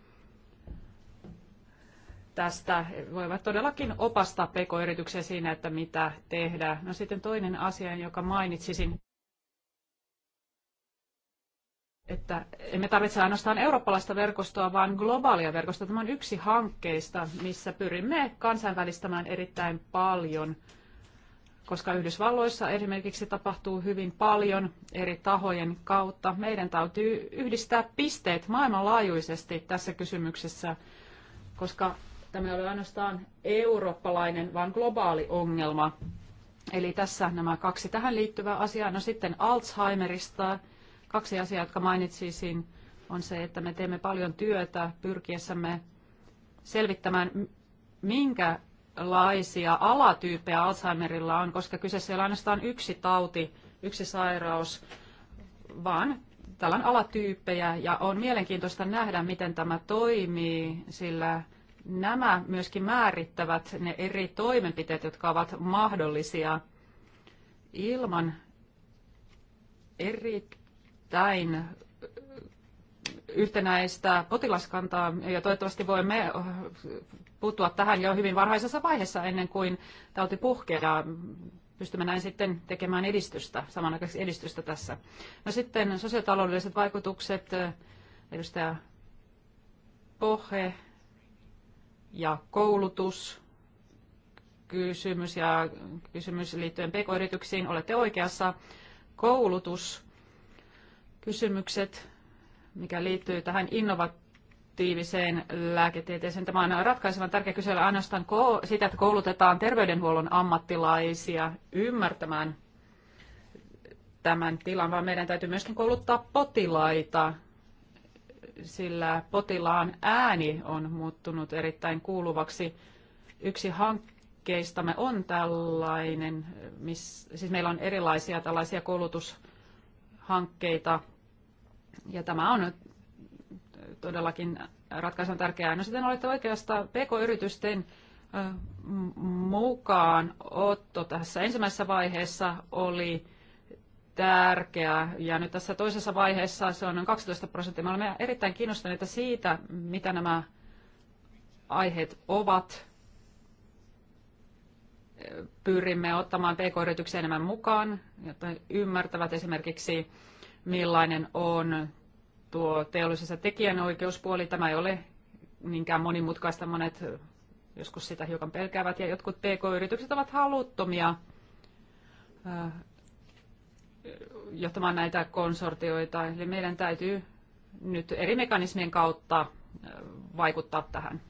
tästä voivat todellakin opastaa pk-yrityksiä siinä, että mitä tehdä. No sitten toinen asia, joka mainitsisin, että emme tarvitse ainoastaan eurooppalaista verkostoa, vaan globaalia verkostoa. Tämä on yksi hankkeista, missä pyrimme kansainvälistämään erittäin paljon, koska Yhdysvalloissa esimerkiksi tapahtuu hyvin paljon eri tahojen kautta. Meidän täytyy yhdistää pisteet maailmanlaajuisesti tässä kysymyksessä, koska tämä ei ole ainoastaan eurooppalainen, vaan globaali ongelma. Eli tässä nämä kaksi tähän liittyvää asiaa. No sitten Alzheimerista. Kaksi asiaa, jotka mainitsisin, on se, että me teemme paljon työtä pyrkiessämme selvittämään, minkälaisia alatyyppejä Alzheimerilla on, koska kyseessä ei ole ainoastaan yksi tauti, yksi sairaus, vaan tällä on alatyyppejä ja on mielenkiintoista nähdä, miten tämä toimii, sillä nämä myöskin määrittävät ne eri toimenpiteet, jotka ovat mahdollisia ilman erittäin yhtenäistä potilaskantaa ja toivottavasti voimme puuttua tähän jo hyvin varhaisessa vaiheessa ennen kuin tauti puhkeaa. Pystymme näin sitten tekemään edistystä, samanaikaisesti edistystä tässä. No sitten sosiaalitaloudelliset vaikutukset. Edustaja Pohe ja koulutus kysymys ja kysymys liittyen pk-yrityksiin. Olette oikeassa. Koulutuskysymykset, mikä liittyy tähän innovatiiviseen lääketieteeseen. Tämä on ratkaisevan tärkeä kysellä ainoastaan sitä, että koulutetaan terveydenhuollon ammattilaisia ymmärtämään tämän tilan, vaan meidän täytyy myöskin kouluttaa potilaita sillä potilaan ääni on muuttunut erittäin kuuluvaksi. Yksi hankkeistamme on tällainen, miss, siis meillä on erilaisia tällaisia koulutushankkeita, ja tämä on todellakin ratkaisun tärkeää. No sitten olette oikeastaan PK-yritysten mukaan otto tässä ensimmäisessä vaiheessa oli tärkeä. Ja nyt tässä toisessa vaiheessa se on noin 12 prosenttia. Me olemme erittäin kiinnostuneita siitä, mitä nämä aiheet ovat. Pyrimme ottamaan pk-yrityksiä enemmän mukaan, jotta he ymmärtävät esimerkiksi, millainen on tuo teollisuus- ja tekijänoikeuspuoli. Tämä ei ole niinkään monimutkaista. Monet joskus sitä hiukan pelkäävät ja jotkut pk-yritykset ovat haluttomia johtamaan näitä konsortioita. Eli meidän täytyy nyt eri mekanismien kautta vaikuttaa tähän.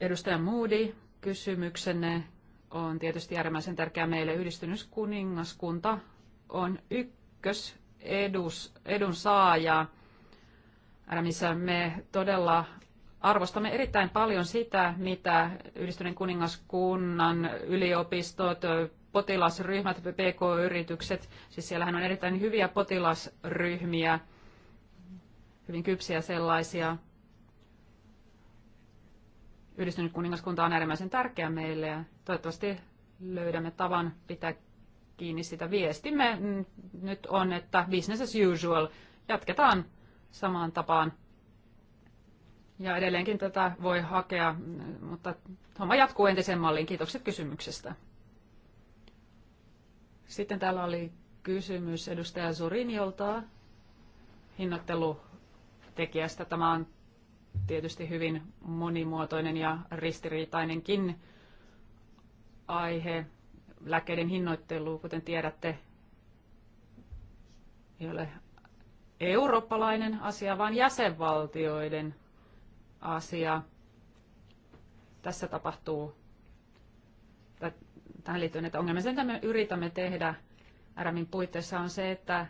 Edustaja Moody, kysymyksenne on tietysti äärimmäisen tärkeä meille. Yhdistyneskuningaskunta on ykkös edus, edun saaja, missä me todella arvostamme erittäin paljon sitä, mitä Yhdistyneen kuningaskunnan yliopistot, potilasryhmät, PK-yritykset, siis siellähän on erittäin hyviä potilasryhmiä, hyvin kypsiä sellaisia. Yhdistynyt kuningaskunta on äärimmäisen tärkeä meille ja toivottavasti löydämme tavan pitää kiinni sitä viestimme. Nyt on, että business as usual. Jatketaan samaan tapaan ja edelleenkin tätä voi hakea, mutta homma jatkuu entisen malliin. Kiitokset kysymyksestä. Sitten täällä oli kysymys edustaja Zurinjolta hinnoittelutekijästä. Tämä on tietysti hyvin monimuotoinen ja ristiriitainenkin aihe. Lääkkeiden hinnoittelu, kuten tiedätte, ei ole eurooppalainen asia, vaan jäsenvaltioiden asia. Tässä tapahtuu, tähän liittyen, että ongelma sen, mitä me yritämme tehdä RMin puitteissa, on se, että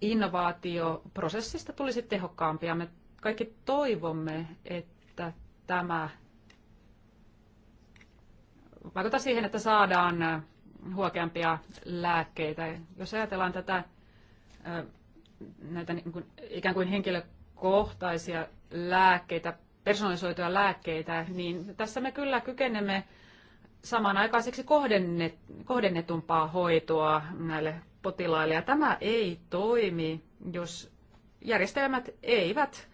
innovaatioprosessista tulisi tehokkaampia. Me kaikki toivomme, että tämä vaikuttaa siihen, että saadaan huokeampia lääkkeitä. Jos ajatellaan tätä näitä niin kuin, ikään kuin henkilökohtaisia lääkkeitä personalisoituja lääkkeitä, niin tässä me kyllä kykenemme samanaikaiseksi kohdennet, kohdennetumpaa hoitoa näille potilaille. Ja tämä ei toimi, jos järjestelmät eivät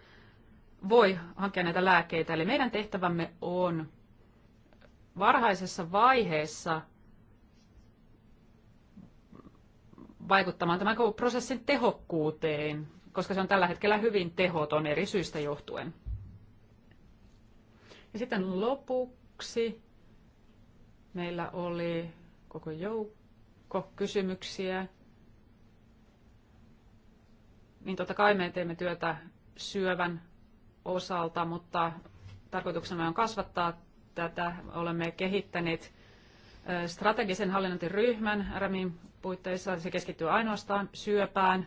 voi hankkia näitä lääkkeitä. Eli meidän tehtävämme on varhaisessa vaiheessa vaikuttamaan tämän prosessin tehokkuuteen, koska se on tällä hetkellä hyvin tehoton eri syistä johtuen. Ja sitten lopuksi meillä oli koko joukko kysymyksiä. Niin totta kai me teemme työtä syövän osalta, mutta tarkoituksena on kasvattaa tätä. Olemme kehittäneet strategisen hallinnointiryhmän RMin puitteissa. Se keskittyy ainoastaan syöpään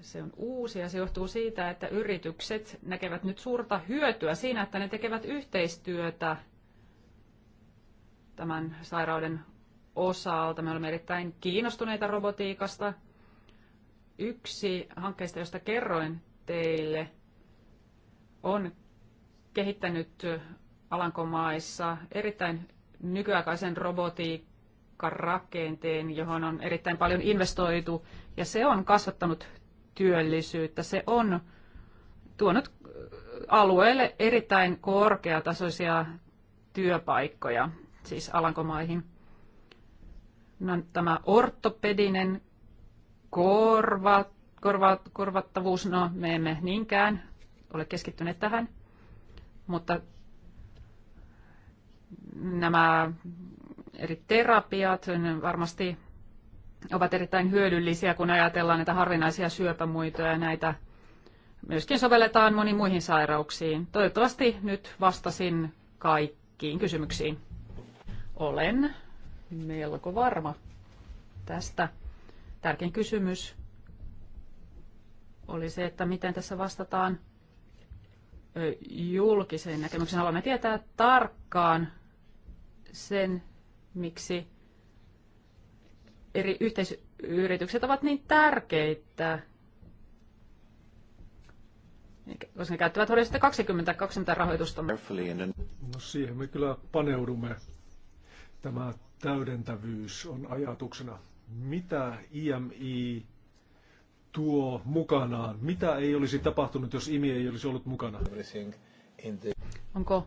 se on uusi ja se johtuu siitä, että yritykset näkevät nyt suurta hyötyä siinä, että ne tekevät yhteistyötä tämän sairauden osalta. Me olemme erittäin kiinnostuneita robotiikasta. Yksi hankkeista, josta kerroin teille, on kehittänyt Alankomaissa erittäin nykyaikaisen robotiikan rakenteen, johon on erittäin paljon investoitu, ja se on kasvattanut työllisyyttä. Se on tuonut alueelle erittäin korkeatasoisia työpaikkoja, siis Alankomaihin. No, tämä ortopedinen korva, korva, korvattavuus, no me emme niinkään ole keskittyneet tähän, mutta nämä eri terapiat varmasti ovat erittäin hyödyllisiä, kun ajatellaan näitä harvinaisia syöpämuitoja ja näitä myöskin sovelletaan moniin muihin sairauksiin. Toivottavasti nyt vastasin kaikkiin kysymyksiin. Olen melko varma tästä. Tärkein kysymys oli se, että miten tässä vastataan julkiseen näkemykseen. Haluamme tietää tarkkaan sen, miksi eri yhteisyritykset ovat niin tärkeitä, koska ne käyttävät hoidosta 20, 20 rahoitusta. No siihen me kyllä paneudumme. Tämä täydentävyys on ajatuksena. Mitä IMI tuo mukanaan? Mitä ei olisi tapahtunut, jos IMI ei olisi ollut mukana? Onko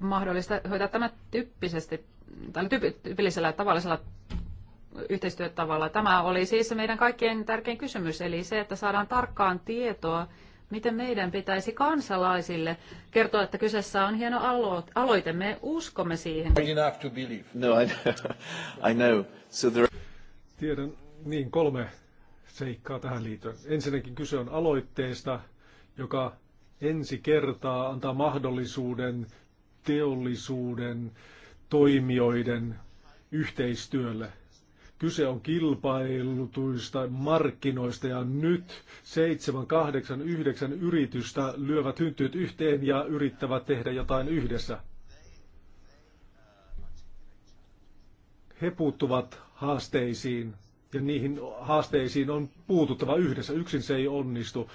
mahdollista hoitaa tämä tyyppisesti, tai tyypillisellä tavallisella yhteistyötavalla. Tämä oli siis meidän kaikkien tärkein kysymys, eli se, että saadaan tarkkaan tietoa, miten meidän pitäisi kansalaisille kertoa, että kyseessä on hieno alo- aloite. Me uskomme siihen. No, I know. I know. So there... Tiedän niin kolme seikkaa tähän liittyen. Ensinnäkin kyse on aloitteesta, joka ensi kertaa antaa mahdollisuuden teollisuuden, toimijoiden yhteistyölle. Kyse on kilpailutuista markkinoista ja nyt 7, 8, 9 yritystä lyövät hyntyyt yhteen ja yrittävät tehdä jotain yhdessä. He puuttuvat haasteisiin ja niihin haasteisiin on puututtava yhdessä. Yksin se ei onnistu.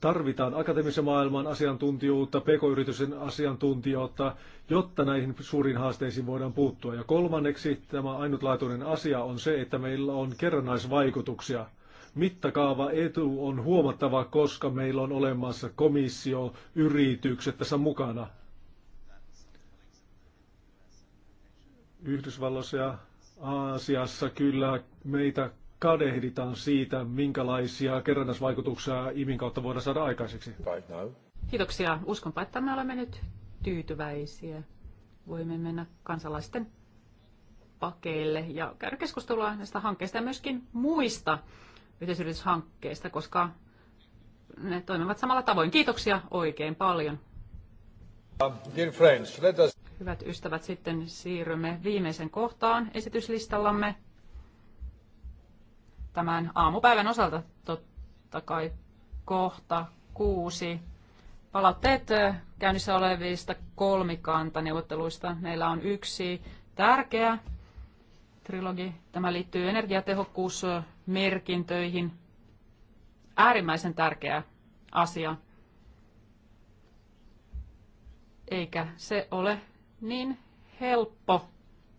Tarvitaan akateemisen maailman asiantuntijuutta, pk-yritysten asiantuntijuutta, jotta näihin suuriin haasteisiin voidaan puuttua. Ja kolmanneksi tämä ainutlaatuinen asia on se, että meillä on kerrannaisvaikutuksia. Mittakaava etu on huomattava, koska meillä on olemassa komissio, yritykset tässä mukana. Yhdysvalloissa ja Aasiassa kyllä meitä kadehditaan siitä, minkälaisia kerrannaisvaikutuksia IMIN kautta voidaan saada aikaiseksi. Kiitoksia. Uskonpa, että me olemme nyt tyytyväisiä. Voimme mennä kansalaisten pakeille ja käydä keskustelua näistä hankkeista ja myöskin muista yhteisyrityshankkeista, koska ne toimivat samalla tavoin. Kiitoksia oikein paljon. Um, dear friends, let us... Hyvät ystävät, sitten siirrymme viimeisen kohtaan esityslistallamme tämän aamupäivän osalta totta kai kohta kuusi. Palautteet käynnissä olevista kolmikantaneuvotteluista. Meillä on yksi tärkeä trilogi. Tämä liittyy energiatehokkuusmerkintöihin. Äärimmäisen tärkeä asia. Eikä se ole niin helppo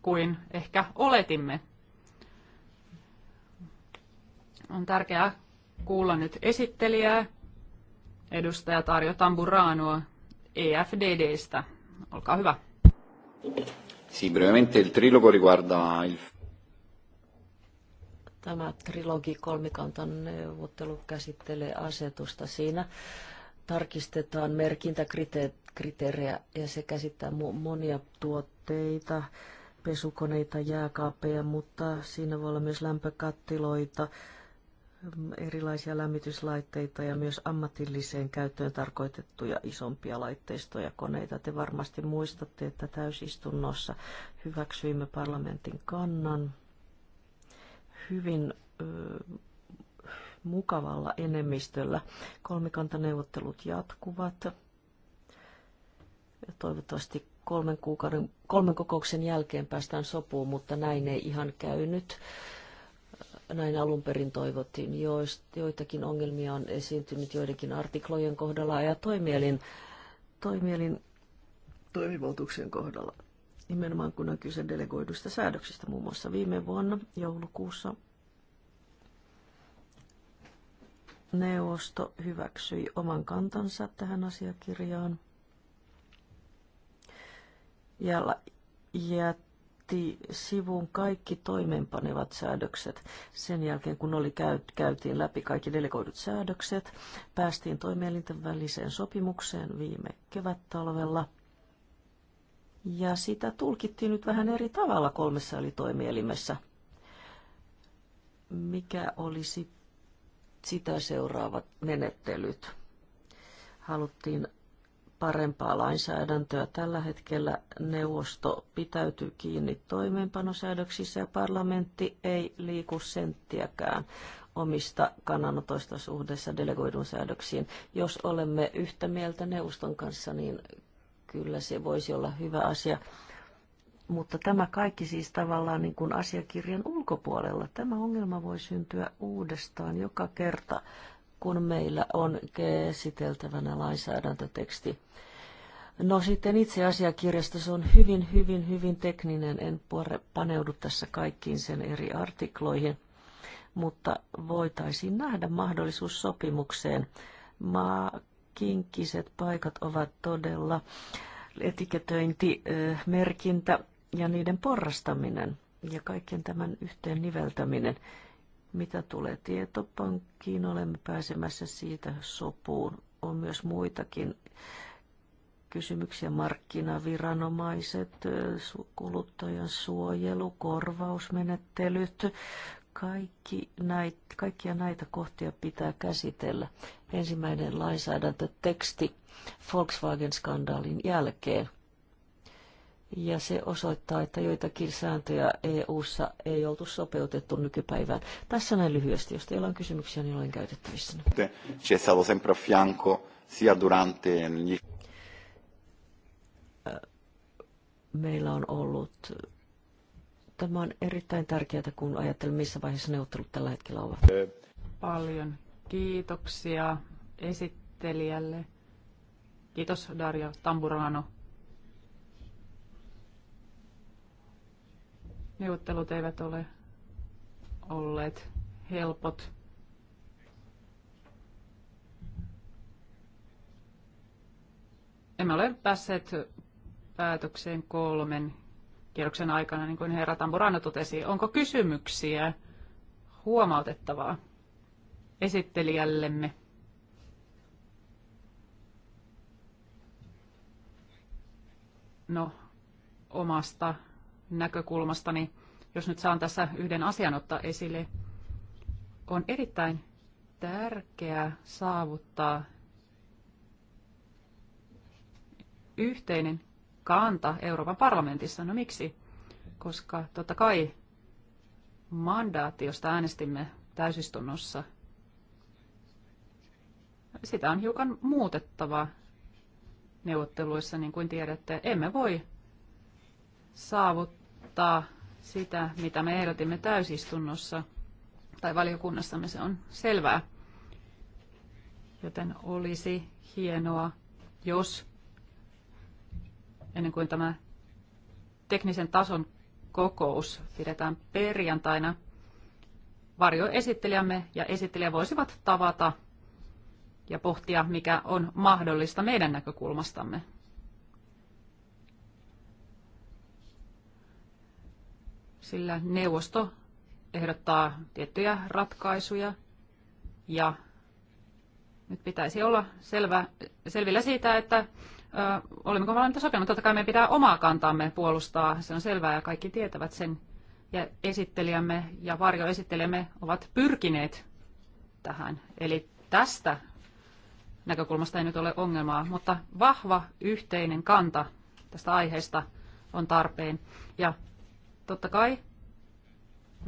kuin ehkä oletimme. On tärkeää kuulla nyt esittelijää, edustaja Tarjo Tamburanoa EFDDstä. Olkaa hyvä. Sì, brevemente il trilogo riguarda il... Tämä trilogi kolmikantan neuvottelu käsittelee asetusta. Siinä tarkistetaan merkintäkriteerejä ja se käsittää monia tuotteita, pesukoneita, jääkaapeja, mutta siinä voi olla myös lämpökattiloita, erilaisia lämmityslaitteita ja myös ammatilliseen käyttöön tarkoitettuja isompia laitteistoja koneita. Te varmasti muistatte, että täysistunnossa hyväksyimme parlamentin kannan hyvin ö, mukavalla enemmistöllä. Kolmikantaneuvottelut jatkuvat. ja Toivottavasti kolmen, kuukauden, kolmen kokouksen jälkeen päästään sopuun, mutta näin ei ihan käynyt näin alun perin toivottiin. Joitakin ongelmia on esiintynyt joidenkin artiklojen kohdalla ja toimielin, toimielin toimivaltuuksien kohdalla. Nimenomaan kun on kyse delegoiduista säädöksistä, muun muassa viime vuonna joulukuussa neuvosto hyväksyi oman kantansa tähän asiakirjaan. Ja, ja jätti sivuun kaikki toimeenpanevat säädökset. Sen jälkeen, kun oli käy, käytiin läpi kaikki delegoidut säädökset, päästiin toimielinten väliseen sopimukseen viime kevättalvella. Ja sitä tulkittiin nyt vähän eri tavalla kolmessa eli toimielimessä. Mikä olisi sitä seuraavat menettelyt? Haluttiin parempaa lainsäädäntöä. Tällä hetkellä neuvosto pitäytyy kiinni toimeenpanosäädöksissä ja parlamentti ei liiku senttiäkään omista kannanotoista suhdessa delegoidun säädöksiin. Jos olemme yhtä mieltä neuvoston kanssa, niin kyllä se voisi olla hyvä asia. Mutta tämä kaikki siis tavallaan niin kuin asiakirjan ulkopuolella. Tämä ongelma voi syntyä uudestaan joka kerta kun meillä on käsiteltävänä lainsäädäntöteksti. No sitten itse asiakirjasta se on hyvin, hyvin, hyvin tekninen. En paneudu tässä kaikkiin sen eri artikloihin, mutta voitaisiin nähdä mahdollisuus sopimukseen. Maakinkiset paikat ovat todella etiketöintimerkintä ja niiden porrastaminen ja kaiken tämän yhteen niveltäminen. Mitä tulee tietopankkiin, olemme pääsemässä siitä sopuun. On myös muitakin kysymyksiä. Markkinaviranomaiset, kuluttajan suojelu, korvausmenettelyt, kaikki näit, kaikkia näitä kohtia pitää käsitellä. Ensimmäinen lainsäädäntöteksti Volkswagen-skandaalin jälkeen ja se osoittaa, että joitakin sääntöjä EU-ssa ei oltu sopeutettu nykypäivään. Tässä näin lyhyesti. Jos teillä on kysymyksiä, niin olen käytettävissä. Meillä on ollut... Tämä on erittäin tärkeää, kun ajattelemme, missä vaiheessa neuvottelut tällä hetkellä ovat. Paljon kiitoksia esittelijälle. Kiitos Dario Tamburano Neuvottelut eivät ole olleet helpot. Emme ole päässeet päätökseen kolmen kierroksen aikana, niin kuin herra Tamburano totesi. Onko kysymyksiä huomautettavaa esittelijällemme? No, omasta näkökulmastani, jos nyt saan tässä yhden asian ottaa esille, on erittäin tärkeää saavuttaa yhteinen kanta Euroopan parlamentissa. No miksi? Koska totta kai mandaatti, josta äänestimme täysistunnossa, sitä on hiukan muutettava neuvotteluissa, niin kuin tiedätte. Emme voi saavuttaa noudattaa sitä, mitä me ehdotimme täysistunnossa tai valiokunnassamme, se on selvää. Joten olisi hienoa, jos ennen kuin tämä teknisen tason kokous pidetään perjantaina, varjoesittelijämme ja esittelijä voisivat tavata ja pohtia, mikä on mahdollista meidän näkökulmastamme. sillä neuvosto ehdottaa tiettyjä ratkaisuja ja nyt pitäisi olla selvä, selvillä siitä, että ö, olemmeko valmiita sopimaan. Totta kai meidän pitää omaa kantaamme puolustaa, se on selvää ja kaikki tietävät sen. Ja esittelijämme ja varjoesittelijämme ovat pyrkineet tähän. Eli tästä näkökulmasta ei nyt ole ongelmaa, mutta vahva yhteinen kanta tästä aiheesta on tarpeen. Ja Totta kai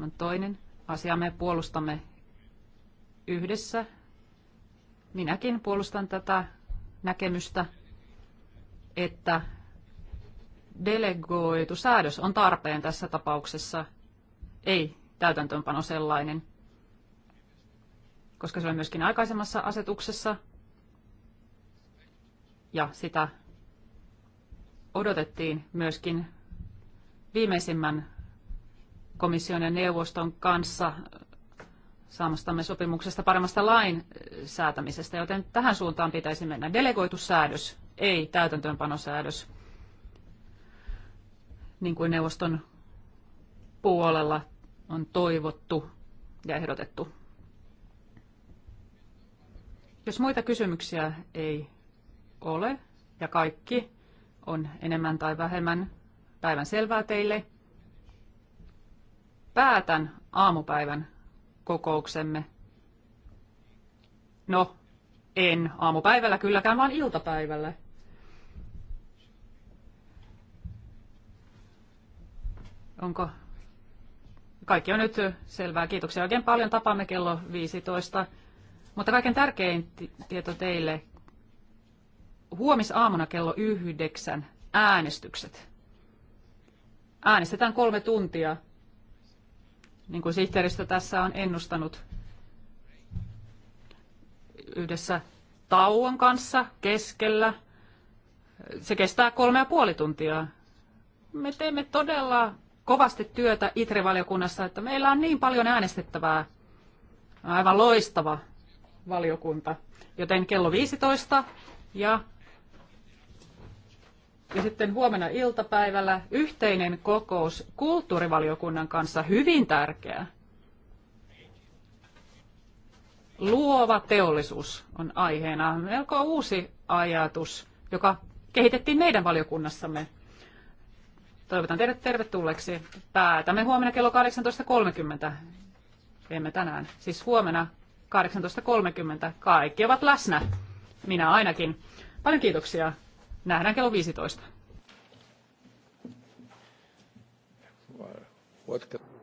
on toinen asia. Me puolustamme yhdessä. Minäkin puolustan tätä näkemystä, että delegoitu säädös on tarpeen tässä tapauksessa, ei täytäntöönpano sellainen, koska se on myöskin aikaisemmassa asetuksessa ja sitä odotettiin myöskin viimeisimmän komission ja neuvoston kanssa saamastamme sopimuksesta paremmasta lain säätämisestä, joten tähän suuntaan pitäisi mennä. Delegoitu säädös, ei täytäntöönpanosäädös, niin kuin neuvoston puolella on toivottu ja ehdotettu. Jos muita kysymyksiä ei ole ja kaikki on enemmän tai vähemmän päivän selvää teille. Päätän aamupäivän kokouksemme. No, en aamupäivällä kylläkään, vaan iltapäivällä. Onko? Kaikki on nyt selvää. Kiitoksia oikein paljon. Tapaamme kello 15. Mutta kaiken tärkein tieto teille. Huomisaamuna kello yhdeksän äänestykset. Äänestetään kolme tuntia, niin kuin sihteeristö tässä on ennustanut yhdessä tauon kanssa keskellä. Se kestää kolme ja puoli tuntia. Me teemme todella kovasti työtä ITRE-valiokunnassa, että meillä on niin paljon äänestettävää. Aivan loistava valiokunta. Joten kello 15 ja ja sitten huomenna iltapäivällä yhteinen kokous kulttuurivaliokunnan kanssa, hyvin tärkeä. Luova teollisuus on aiheena, melko uusi ajatus, joka kehitettiin meidän valiokunnassamme. Toivotan teidät tervetulleeksi. Päätämme huomenna kello 18.30. Emme tänään, siis huomenna 18.30. Kaikki ovat läsnä, minä ainakin. Paljon kiitoksia. Nähdään kello 15. What